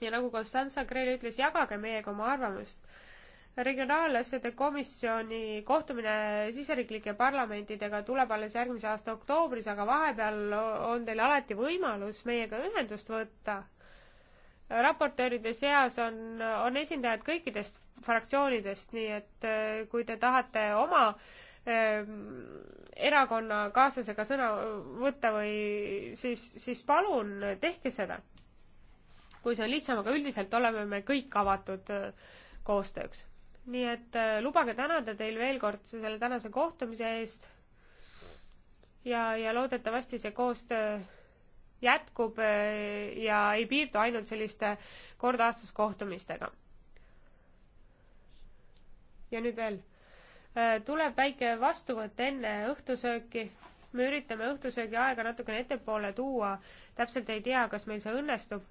C: ja nagu Konstantin Kreel ütles, jagage meiega oma arvamust. regionaalasjade komisjoni kohtumine siseriiklike parlamentidega tuleb alles järgmise aasta oktoobris, aga vahepeal on teil alati võimalus meiega ühendust võtta raportööride seas on, on esindajad kõikidest fraktsioonidest, nii et äh, kui te tahate oma ähm, erakonnakaaslasega sõna võtta või siis, siis palun tehke seda. kui see on lihtsam, aga üldiselt oleme me kõik avatud äh, koostööks. nii et äh, lubage tänada teil veel kord selle tänase kohtumise eest ja, ja loodetavasti see koostöö jätkub eh, ja ei piirdu ainult selliste kord aastas kohtumistega. ja nüüd veel. Eh, tuleb väike vastuvõtt enne õhtusööki. me üritame õhtusöögi aega natukene ettepoole tuua, täpselt ei tea, kas meil see õnnestub,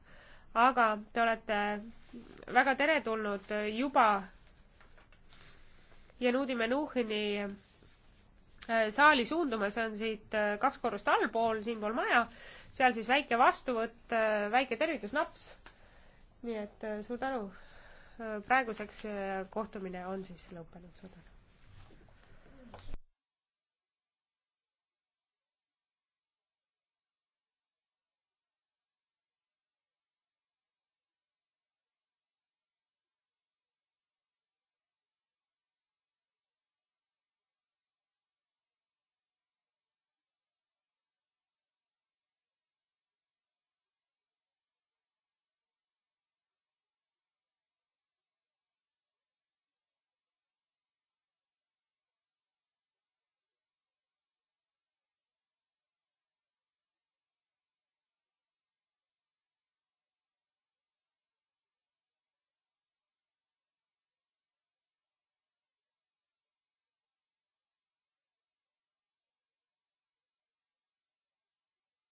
C: aga te olete väga teretulnud juba Janudi Menuhini eh, saali suunduma, see on siit kaks korrust allpool, siinpool maja seal siis väike vastuvõtt, äh, väike tervitusnaps. nii et äh, suur tänu. Äh, praeguseks kohtumine on siis lõppenud, suur tänu.